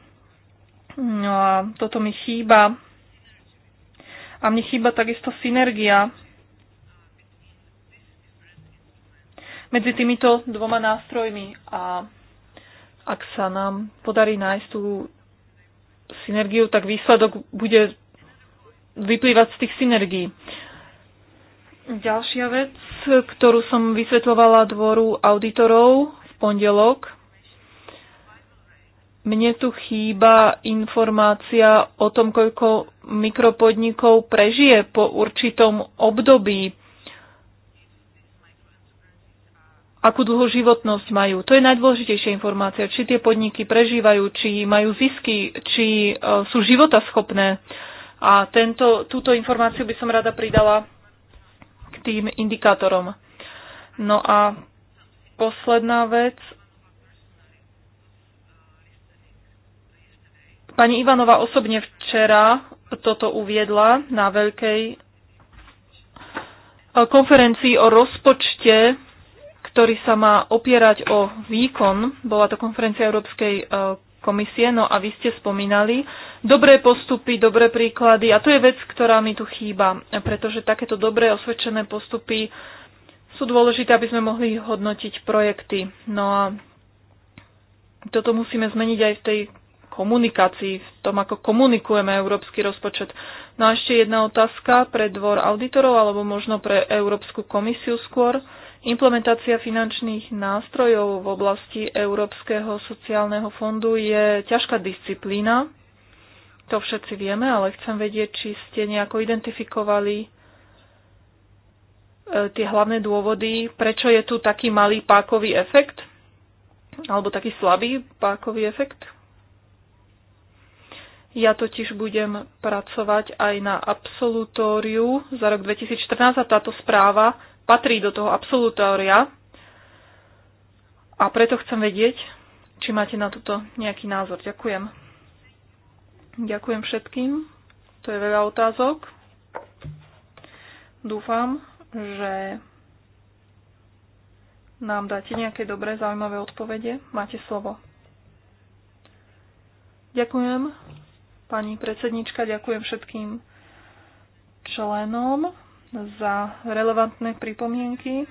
S3: No a toto mi chýba a mne chýba takisto synergia medzi týmito dvoma nástrojmi. A ak sa nám podarí nájsť tú synergiu, tak výsledok bude vyplývať z tých synergií. Ďalšia vec, ktorú som vysvetľovala dvoru auditorov v pondelok, mne tu chýba informácia o tom, koľko mikropodnikov prežije po určitom období. Akú dlhú životnosť majú. To je najdôležitejšia informácia. Či tie podniky prežívajú, či majú zisky, či e, sú životaschopné. A tento, túto informáciu by som rada pridala k tým indikátorom. No a posledná vec, Pani Ivanova osobne včera toto uviedla na veľkej eh, konferencii o rozpočte, ktorý sa má opierať o výkon. Bola to konferencia Európskej eh, komisie, no a vy ste spomínali dobré postupy, dobré príklady a to je vec, ktorá mi tu chýba, pretože takéto dobré osvedčené postupy sú dôležité, aby sme mohli hodnotiť projekty. No a toto musíme zmeniť aj v tej komunikácii, v tom, ako komunikujeme európsky rozpočet. No a ešte jedna otázka pre dvor auditorov alebo možno pre Európsku komisiu skôr. Implementácia finančných nástrojov v oblasti Európskeho sociálneho fondu je ťažká disciplína. To všetci vieme, ale chcem vedieť, či ste nejako identifikovali e, tie hlavné dôvody, prečo je tu taký malý pákový efekt alebo taký slabý pákový efekt? Ja totiž budem pracovať aj na absolutóriu za rok 2014 a táto správa patrí do toho absolutória. A preto chcem vedieť, či máte na toto nejaký názor. Ďakujem. Ďakujem všetkým. To je veľa otázok. Dúfam, že nám dáte nejaké dobré, zaujímavé odpovede. Máte slovo. Ďakujem pani predsednička. Ďakujem všetkým členom za relevantné pripomienky.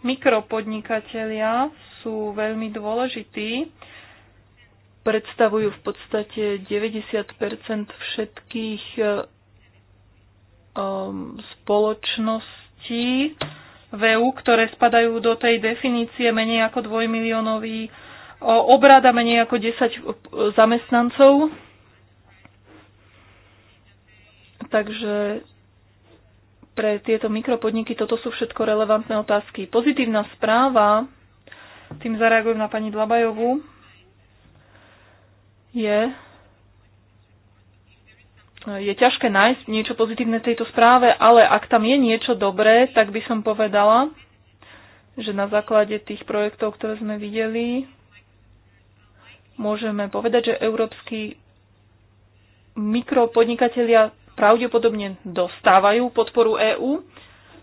S3: Mikropodnikatelia sú veľmi dôležití. Predstavujú v podstate 90 všetkých um, spoločností v EU, ktoré spadajú do tej definície menej ako dvojmiliónový obrada menej ako 10 e,
S1: zamestnancov
S3: Takže pre tieto mikropodniky toto sú všetko relevantné otázky. Pozitívna správa, tým zareagujem na pani Dlabajovú, je, je ťažké nájsť niečo pozitívne v tejto správe, ale ak tam je niečo dobré, tak by som povedala, že na základe tých projektov, ktoré sme videli, môžeme povedať, že európsky mikropodnikatelia pravdepodobne dostávajú podporu EÚ.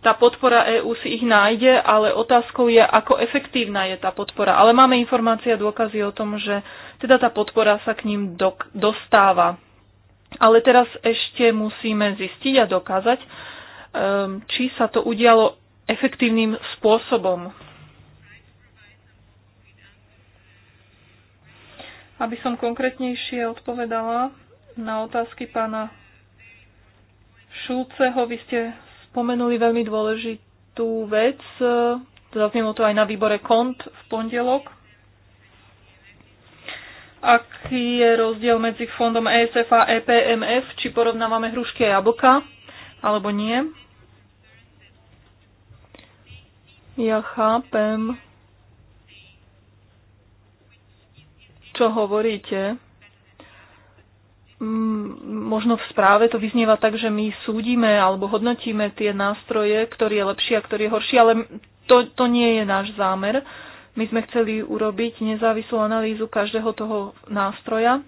S3: Tá podpora EÚ si ich nájde, ale otázkou je, ako efektívna je tá podpora. Ale máme informácie a dôkazy o tom, že teda tá podpora sa k ním do- dostáva. Ale teraz ešte musíme zistiť a dokázať, ehm, či sa to udialo efektívnym spôsobom. Aby som konkrétnejšie odpovedala na otázky pána Šulceho, vy ste spomenuli veľmi dôležitú vec. Zaznelo to aj na výbore KONT v pondelok. Aký je rozdiel medzi fondom ESF a EPMF? Či porovnávame hrušky a jablka, alebo nie? Ja chápem, čo hovoríte. Mm, možno v správe to vyznieva tak, že my súdime alebo hodnotíme tie nástroje, ktorý je lepší a ktorý je horší, ale to, to nie je náš zámer. My sme chceli urobiť nezávislú analýzu každého toho nástroja.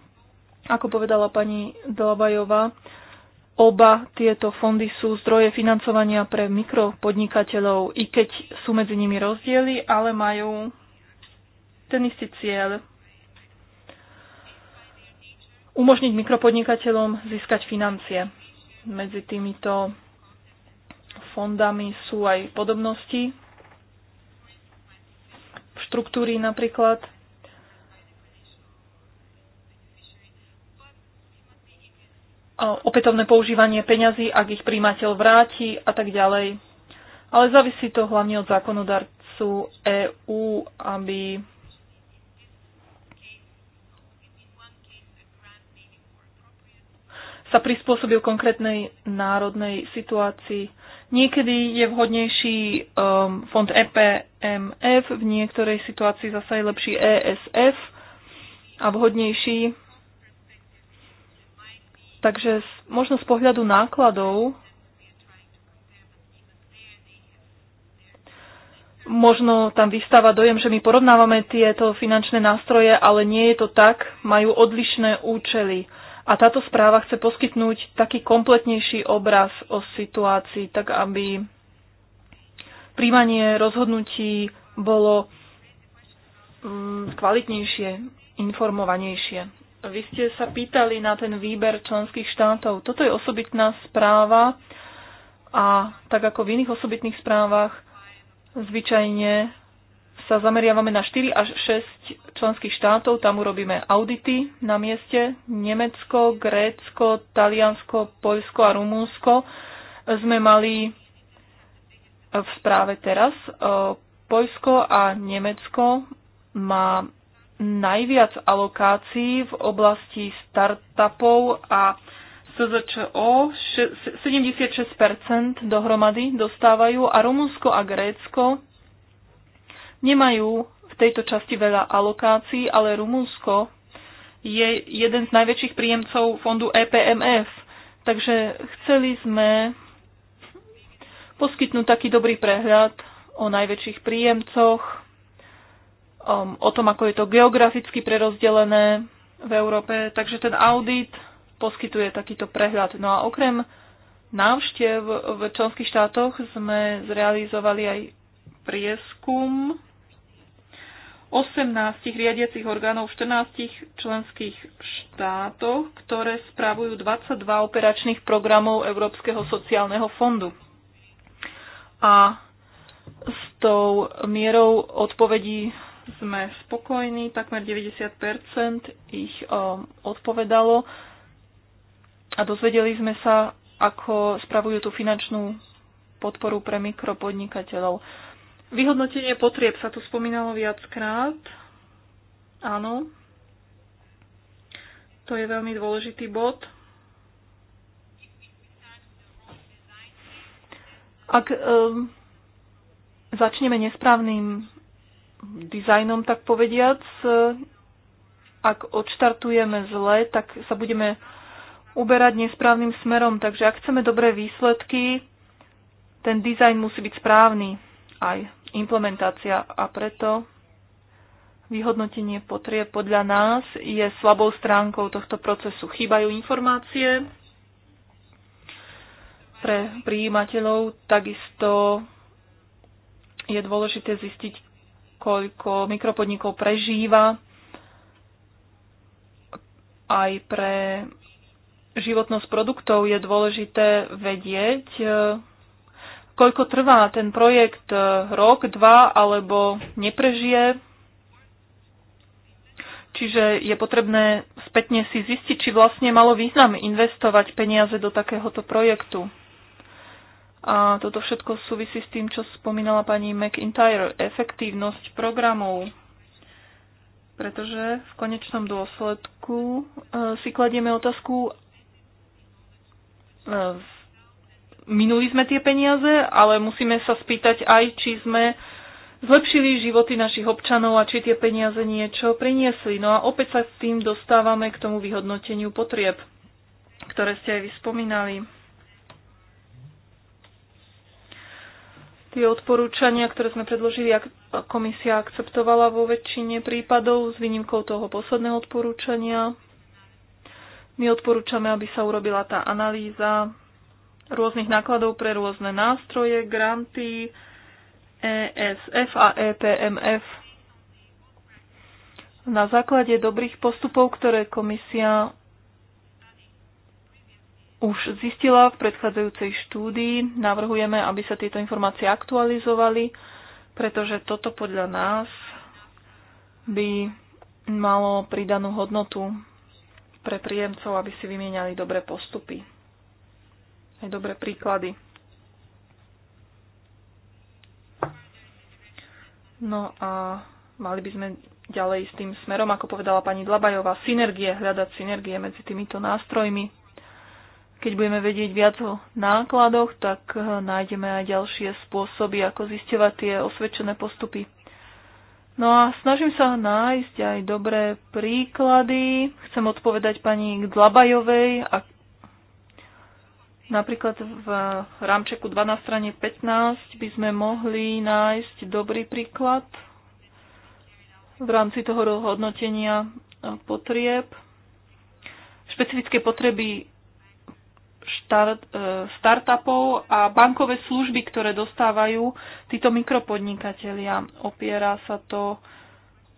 S3: Ako povedala pani Delabajová, oba tieto fondy sú zdroje financovania pre mikropodnikateľov, i keď sú medzi nimi rozdiely, ale majú ten istý cieľ umožniť mikropodnikateľom získať financie. Medzi týmito fondami sú aj podobnosti v štruktúry napríklad. opätovné používanie peňazí, ak ich príjmateľ vráti a tak ďalej. Ale závisí to hlavne od zákonodarcu EÚ, aby sa prispôsobil konkrétnej národnej situácii. Niekedy je vhodnejší um, fond EPMF, v niektorej situácii zasa je lepší ESF a vhodnejší. Takže možno z pohľadu nákladov možno tam vystáva dojem, že my porovnávame tieto finančné nástroje, ale nie je to tak, majú odlišné účely. A táto správa chce poskytnúť taký kompletnejší obraz o situácii, tak aby príjmanie rozhodnutí bolo mm, kvalitnejšie, informovanejšie. Vy ste sa pýtali na ten výber členských štátov. Toto je osobitná správa a tak ako v iných osobitných správach zvyčajne sa zameriavame na 4 až 6 členských štátov, tam urobíme audity na mieste. Nemecko, Grécko, Taliansko, Poľsko a Rumúnsko sme mali v správe teraz. E, Poľsko a Nemecko má najviac alokácií v oblasti startupov a SZČO 76% dohromady dostávajú a Rumunsko a Grécko nemajú v tejto časti veľa alokácií, ale Rumunsko je jeden z najväčších príjemcov fondu EPMF. Takže chceli sme poskytnúť taký dobrý prehľad o najväčších príjemcoch, um, o tom, ako je to geograficky prerozdelené v Európe. Takže ten audit poskytuje takýto prehľad. No a okrem návštev v členských štátoch sme zrealizovali aj prieskum 18 riadiacich orgánov v 14 členských štátoch, ktoré spravujú 22 operačných programov Európskeho sociálneho fondu. A s tou mierou odpovedí sme spokojní, takmer 90 ich um, odpovedalo a dozvedeli sme sa, ako spravujú tú finančnú podporu pre mikropodnikateľov. Vyhodnotenie potrieb sa tu spomínalo viackrát. Áno. To je veľmi dôležitý bod. Ak um, začneme nesprávnym dizajnom, tak povediac, eh, ak odštartujeme zle, tak sa budeme uberať nesprávnym smerom. Takže ak chceme dobré výsledky, ten dizajn musí byť správny aj implementácia a preto vyhodnotenie potrieb podľa nás je slabou stránkou tohto procesu. Chýbajú informácie pre prijímateľov, takisto je dôležité zistiť, koľko mikropodnikov prežíva aj pre životnosť produktov je dôležité vedieť, koľko trvá ten projekt, e, rok, dva, alebo neprežije. Čiže je potrebné spätne si zistiť, či vlastne malo význam investovať peniaze do takéhoto projektu. A toto všetko súvisí s tým, čo spomínala pani McIntyre, efektívnosť programov. Pretože v konečnom dôsledku e, si kladieme otázku, e, minuli sme tie peniaze, ale musíme sa spýtať aj, či sme zlepšili životy našich občanov a či tie peniaze niečo priniesli. No a opäť sa tým dostávame k tomu vyhodnoteniu potrieb, ktoré ste aj vyspomínali. Tie odporúčania, ktoré sme predložili, komisia akceptovala vo väčšine prípadov, s výnimkou toho posledného odporúčania. My odporúčame, aby sa urobila tá analýza rôznych nákladov pre rôzne nástroje, granty, ESF a EPMF. Na základe dobrých postupov, ktoré komisia už zistila v predchádzajúcej štúdii, navrhujeme, aby sa tieto informácie aktualizovali, pretože toto podľa nás by malo pridanú hodnotu pre príjemcov, aby si vymieniali dobré postupy aj dobré príklady. No a mali by sme ďalej s tým smerom, ako povedala pani Dlabajová, synergie, hľadať synergie medzi týmito nástrojmi. Keď budeme vedieť viac o nákladoch, tak eh, nájdeme aj ďalšie spôsoby, ako zistovať tie osvedčené postupy. No a snažím sa nájsť aj dobré príklady. Chcem odpovedať pani Dlabajovej, ak Napríklad v rámčeku 2 na strane 15 by sme mohli nájsť dobrý príklad v rámci toho hodnotenia potrieb. Špecifické potreby štart, e, startupov a bankové služby, ktoré dostávajú títo mikropodnikatelia. Opiera sa to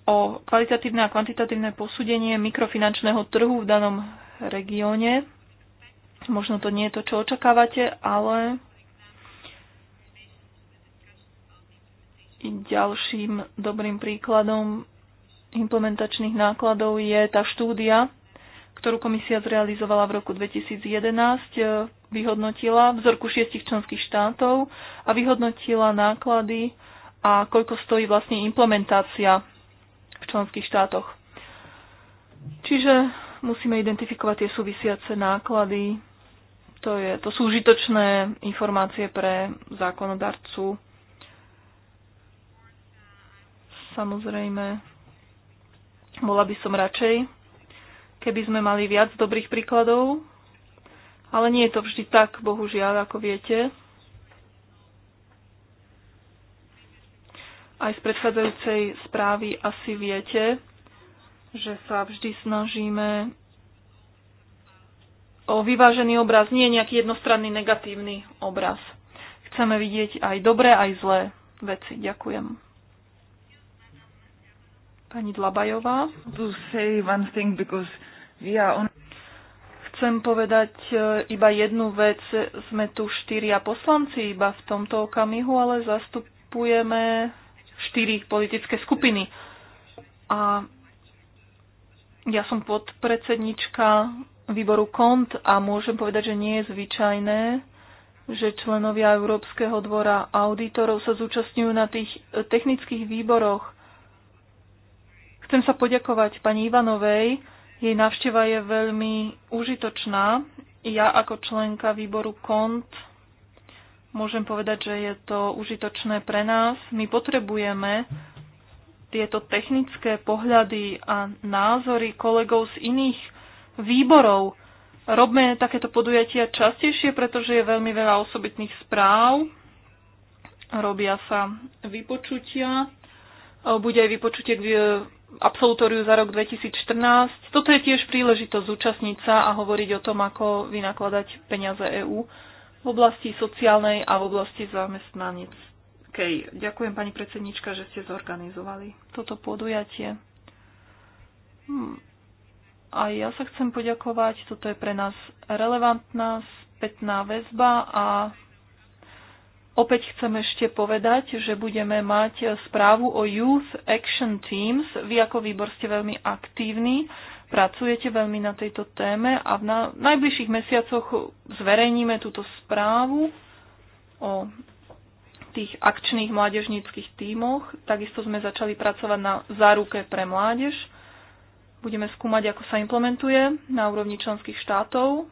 S3: o kvalitatívne a kvantitatívne posúdenie mikrofinančného trhu v danom regióne Možno to nie je to, čo očakávate, ale ďalším dobrým príkladom implementačných nákladov je tá štúdia, ktorú komisia zrealizovala v roku 2011, e, vyhodnotila vzorku šiestich členských štátov a vyhodnotila náklady a koľko stojí vlastne implementácia v členských štátoch. Čiže musíme identifikovať tie súvisiace náklady to, je, to sú užitočné informácie pre zákonodarcu. Samozrejme, bola by som radšej, keby sme mali viac dobrých príkladov, ale nie je to vždy tak, bohužiaľ, ako viete. Aj z predchádzajúcej správy asi viete, že sa vždy snažíme o vyvážený obraz, nie nejaký jednostranný negatívny obraz. Chceme vidieť aj dobré, aj zlé veci. Ďakujem. Pani Dlabajová. Chcem povedať e, iba jednu vec. Sme tu štyria poslanci iba v tomto okamihu, ale zastupujeme štyri politické skupiny. A ja som podpredsednička výboru KONT a môžem povedať, že nie je zvyčajné, že členovia Európskeho dvora auditorov sa zúčastňujú na tých eh, technických výboroch. Chcem sa poďakovať pani Ivanovej. Jej návšteva je veľmi užitočná. Ja ako členka výboru KONT môžem povedať, že je to užitočné pre nás. My potrebujeme tieto technické pohľady a názory kolegov z iných výborov. Robme takéto podujatia častejšie, pretože je veľmi veľa osobitných správ. Robia sa vypočutia. Bude aj vypočutie k e, absolutóriu za rok 2014. Toto je tiež príležitosť zúčastniť sa a hovoriť o tom, ako vynakladať peniaze EÚ v oblasti sociálnej a v oblasti Okay. Ďakujem pani predsednička, že ste zorganizovali toto podujatie. Hmm. A ja sa chcem poďakovať, toto je pre nás relevantná spätná väzba a opäť chcem ešte povedať, že budeme mať správu o Youth Action Teams. Vy ako výbor ste veľmi aktívni, pracujete veľmi na tejto téme a v najbližších mesiacoch zverejníme túto správu o tých akčných mládežníckých tímoch. Takisto sme začali pracovať na záruke pre mládež Budeme skúmať, ako sa implementuje na úrovni členských štátov.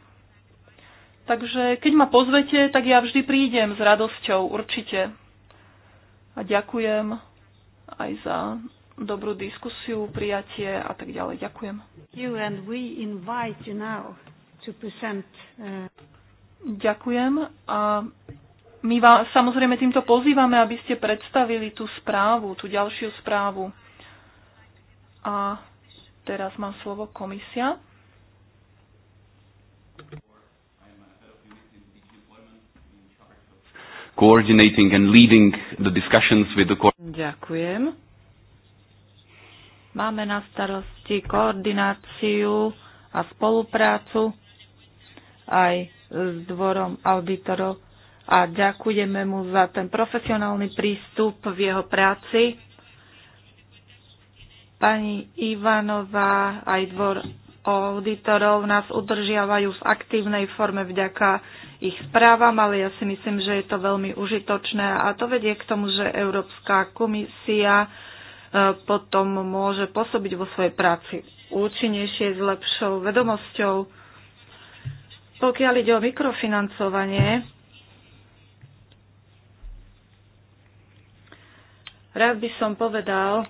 S3: Takže keď ma pozvete, tak ja vždy prídem s radosťou, určite. A ďakujem aj za dobrú diskusiu, prijatie a tak ďalej. Ďakujem.
S1: Uh, ďakujem a
S3: my vám samozrejme týmto pozývame, aby ste predstavili tú správu, tú ďalšiu správu. A Teraz mám slovo komisia.
S1: coordinating and leading the discussions with the
S3: Ďakujem. Máme na starosti koordináciu a spoluprácu aj s dvorom auditorov a ďakujeme mu za ten profesionálny prístup v jeho práci pani Ivanová aj dvor auditorov nás udržiavajú v aktívnej forme vďaka ich správam, ale ja si myslím, že je to veľmi užitočné a to vedie k tomu, že Európska komisia e, potom môže pôsobiť vo svojej práci účinnejšie, s lepšou vedomosťou. Pokiaľ ide o mikrofinancovanie, rád by som povedal,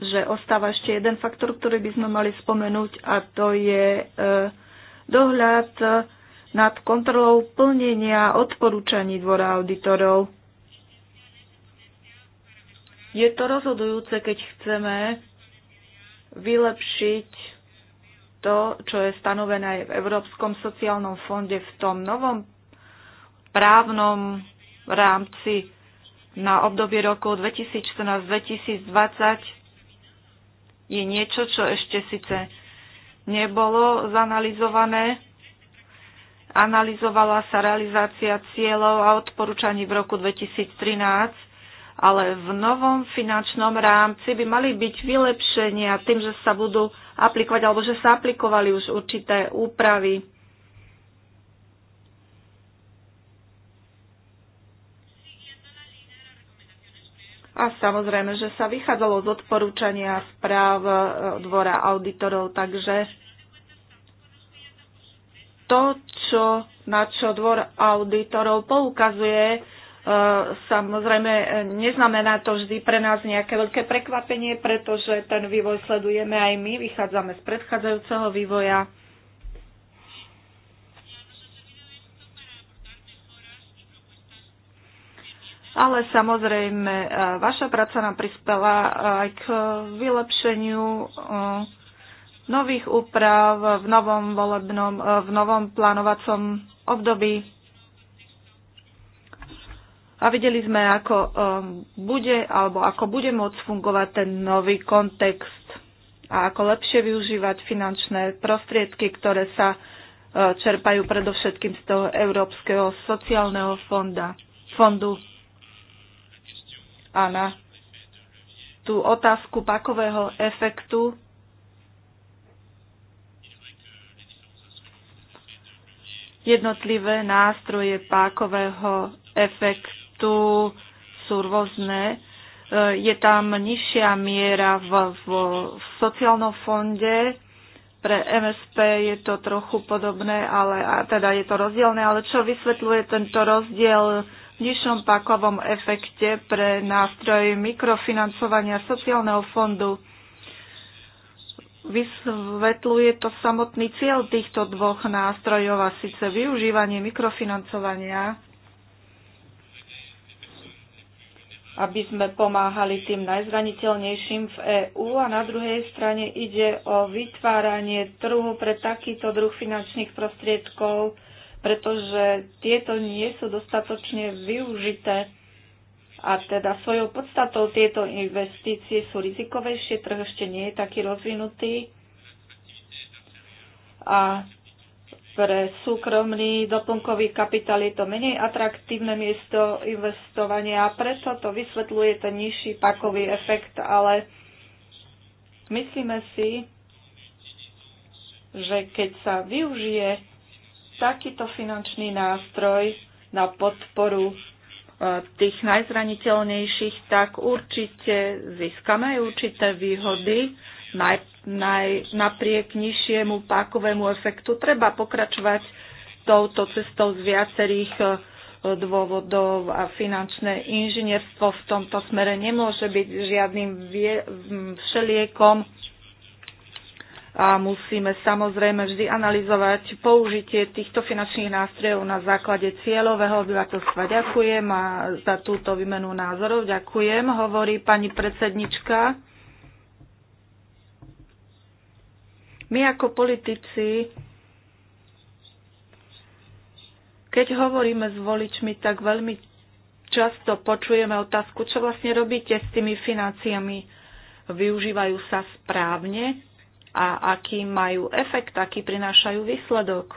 S3: že ostáva ešte jeden faktor, ktorý by sme mali spomenúť a to je e, dohľad e, nad kontrolou plnenia odporúčaní dvora auditorov. Je to rozhodujúce, keď chceme vylepšiť to, čo je stanovené aj v Európskom sociálnom fonde v tom novom právnom rámci na obdobie rokov 2014-2020 je niečo, čo ešte síce nebolo zanalizované. Analizovala sa realizácia cieľov a odporúčaní v roku 2013, ale v novom finančnom rámci by mali byť vylepšenia tým, že sa budú aplikovať alebo že sa aplikovali už určité úpravy A samozrejme, že sa vychádzalo z odporúčania správ e, dvora auditorov, takže to, čo, na čo dvor auditorov poukazuje, e, samozrejme e, neznamená to vždy pre nás nejaké veľké prekvapenie, pretože ten vývoj sledujeme aj my, vychádzame z predchádzajúceho vývoja. ale samozrejme e, vaša práca nám prispela aj k vylepšeniu e, nových úprav v novom volebnom, e, v novom plánovacom období. A videli sme, ako bude alebo ako bude môcť fungovať ten nový kontext a ako lepšie využívať finančné prostriedky, ktoré sa čerpajú predovšetkým z toho Európskeho sociálneho fonda, fondu a na tú otázku pakového efektu jednotlivé nástroje pákového efektu sú rôzne. E, je tam nižšia miera v, v, v sociálnom fonde, pre MSP je to trochu podobné, ale a teda je to rozdielne, ale čo vysvetľuje tento rozdiel nižšom pakovom efekte pre nástroj mikrofinancovania sociálneho fondu. Vysvetľuje to samotný cieľ týchto dvoch nástrojov a síce využívanie mikrofinancovania, aby sme pomáhali tým najzraniteľnejším v EÚ a na druhej strane ide o vytváranie trhu pre takýto druh finančných prostriedkov, pretože tieto nie sú dostatočne využité a teda svojou podstatou tieto investície sú rizikovejšie, trh ešte nie je taký rozvinutý a pre súkromný doplnkový kapitál je to menej atraktívne miesto investovania a preto to vysvetľuje ten nižší pakový efekt, ale myslíme si, že keď sa využije takýto finančný nástroj na podporu e, tých najzraniteľnejších, tak určite získame aj určité výhody. Naj, naj, napriek nižšiemu pákovému efektu treba pokračovať touto cestou z viacerých e, dôvodov a finančné inžinierstvo v tomto smere nemôže byť žiadnym vie, všeliekom a musíme samozrejme vždy analyzovať použitie týchto finančných nástrojov na základe cieľového obyvateľstva. Ďakujem a za túto výmenu názorov. Ďakujem, hovorí pani predsednička. My ako politici, keď hovoríme s voličmi, tak veľmi často počujeme otázku, čo vlastne robíte s tými financiami. Využívajú sa správne? a aký majú efekt, aký prinášajú výsledok.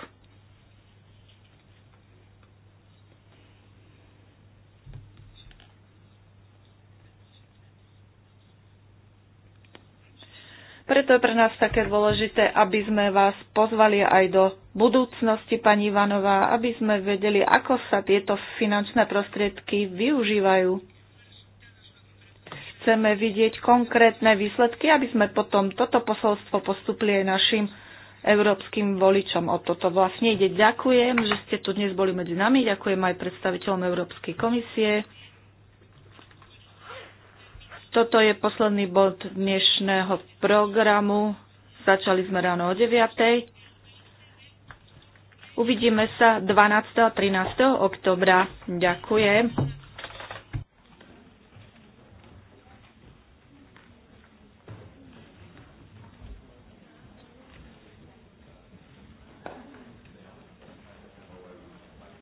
S3: Preto je pre nás také dôležité, aby sme vás pozvali aj do budúcnosti, pani Ivanová, aby sme vedeli, ako sa tieto finančné prostriedky využívajú chceme vidieť konkrétne výsledky, aby sme potom toto posolstvo postupili aj našim európskym voličom. O toto vlastne ide. Ďakujem, že ste tu dnes boli medzi nami. Ďakujem aj predstaviteľom Európskej komisie. Toto je posledný bod dnešného programu. Začali sme ráno o 9. Uvidíme sa 12. a 13. oktobra. Ďakujem.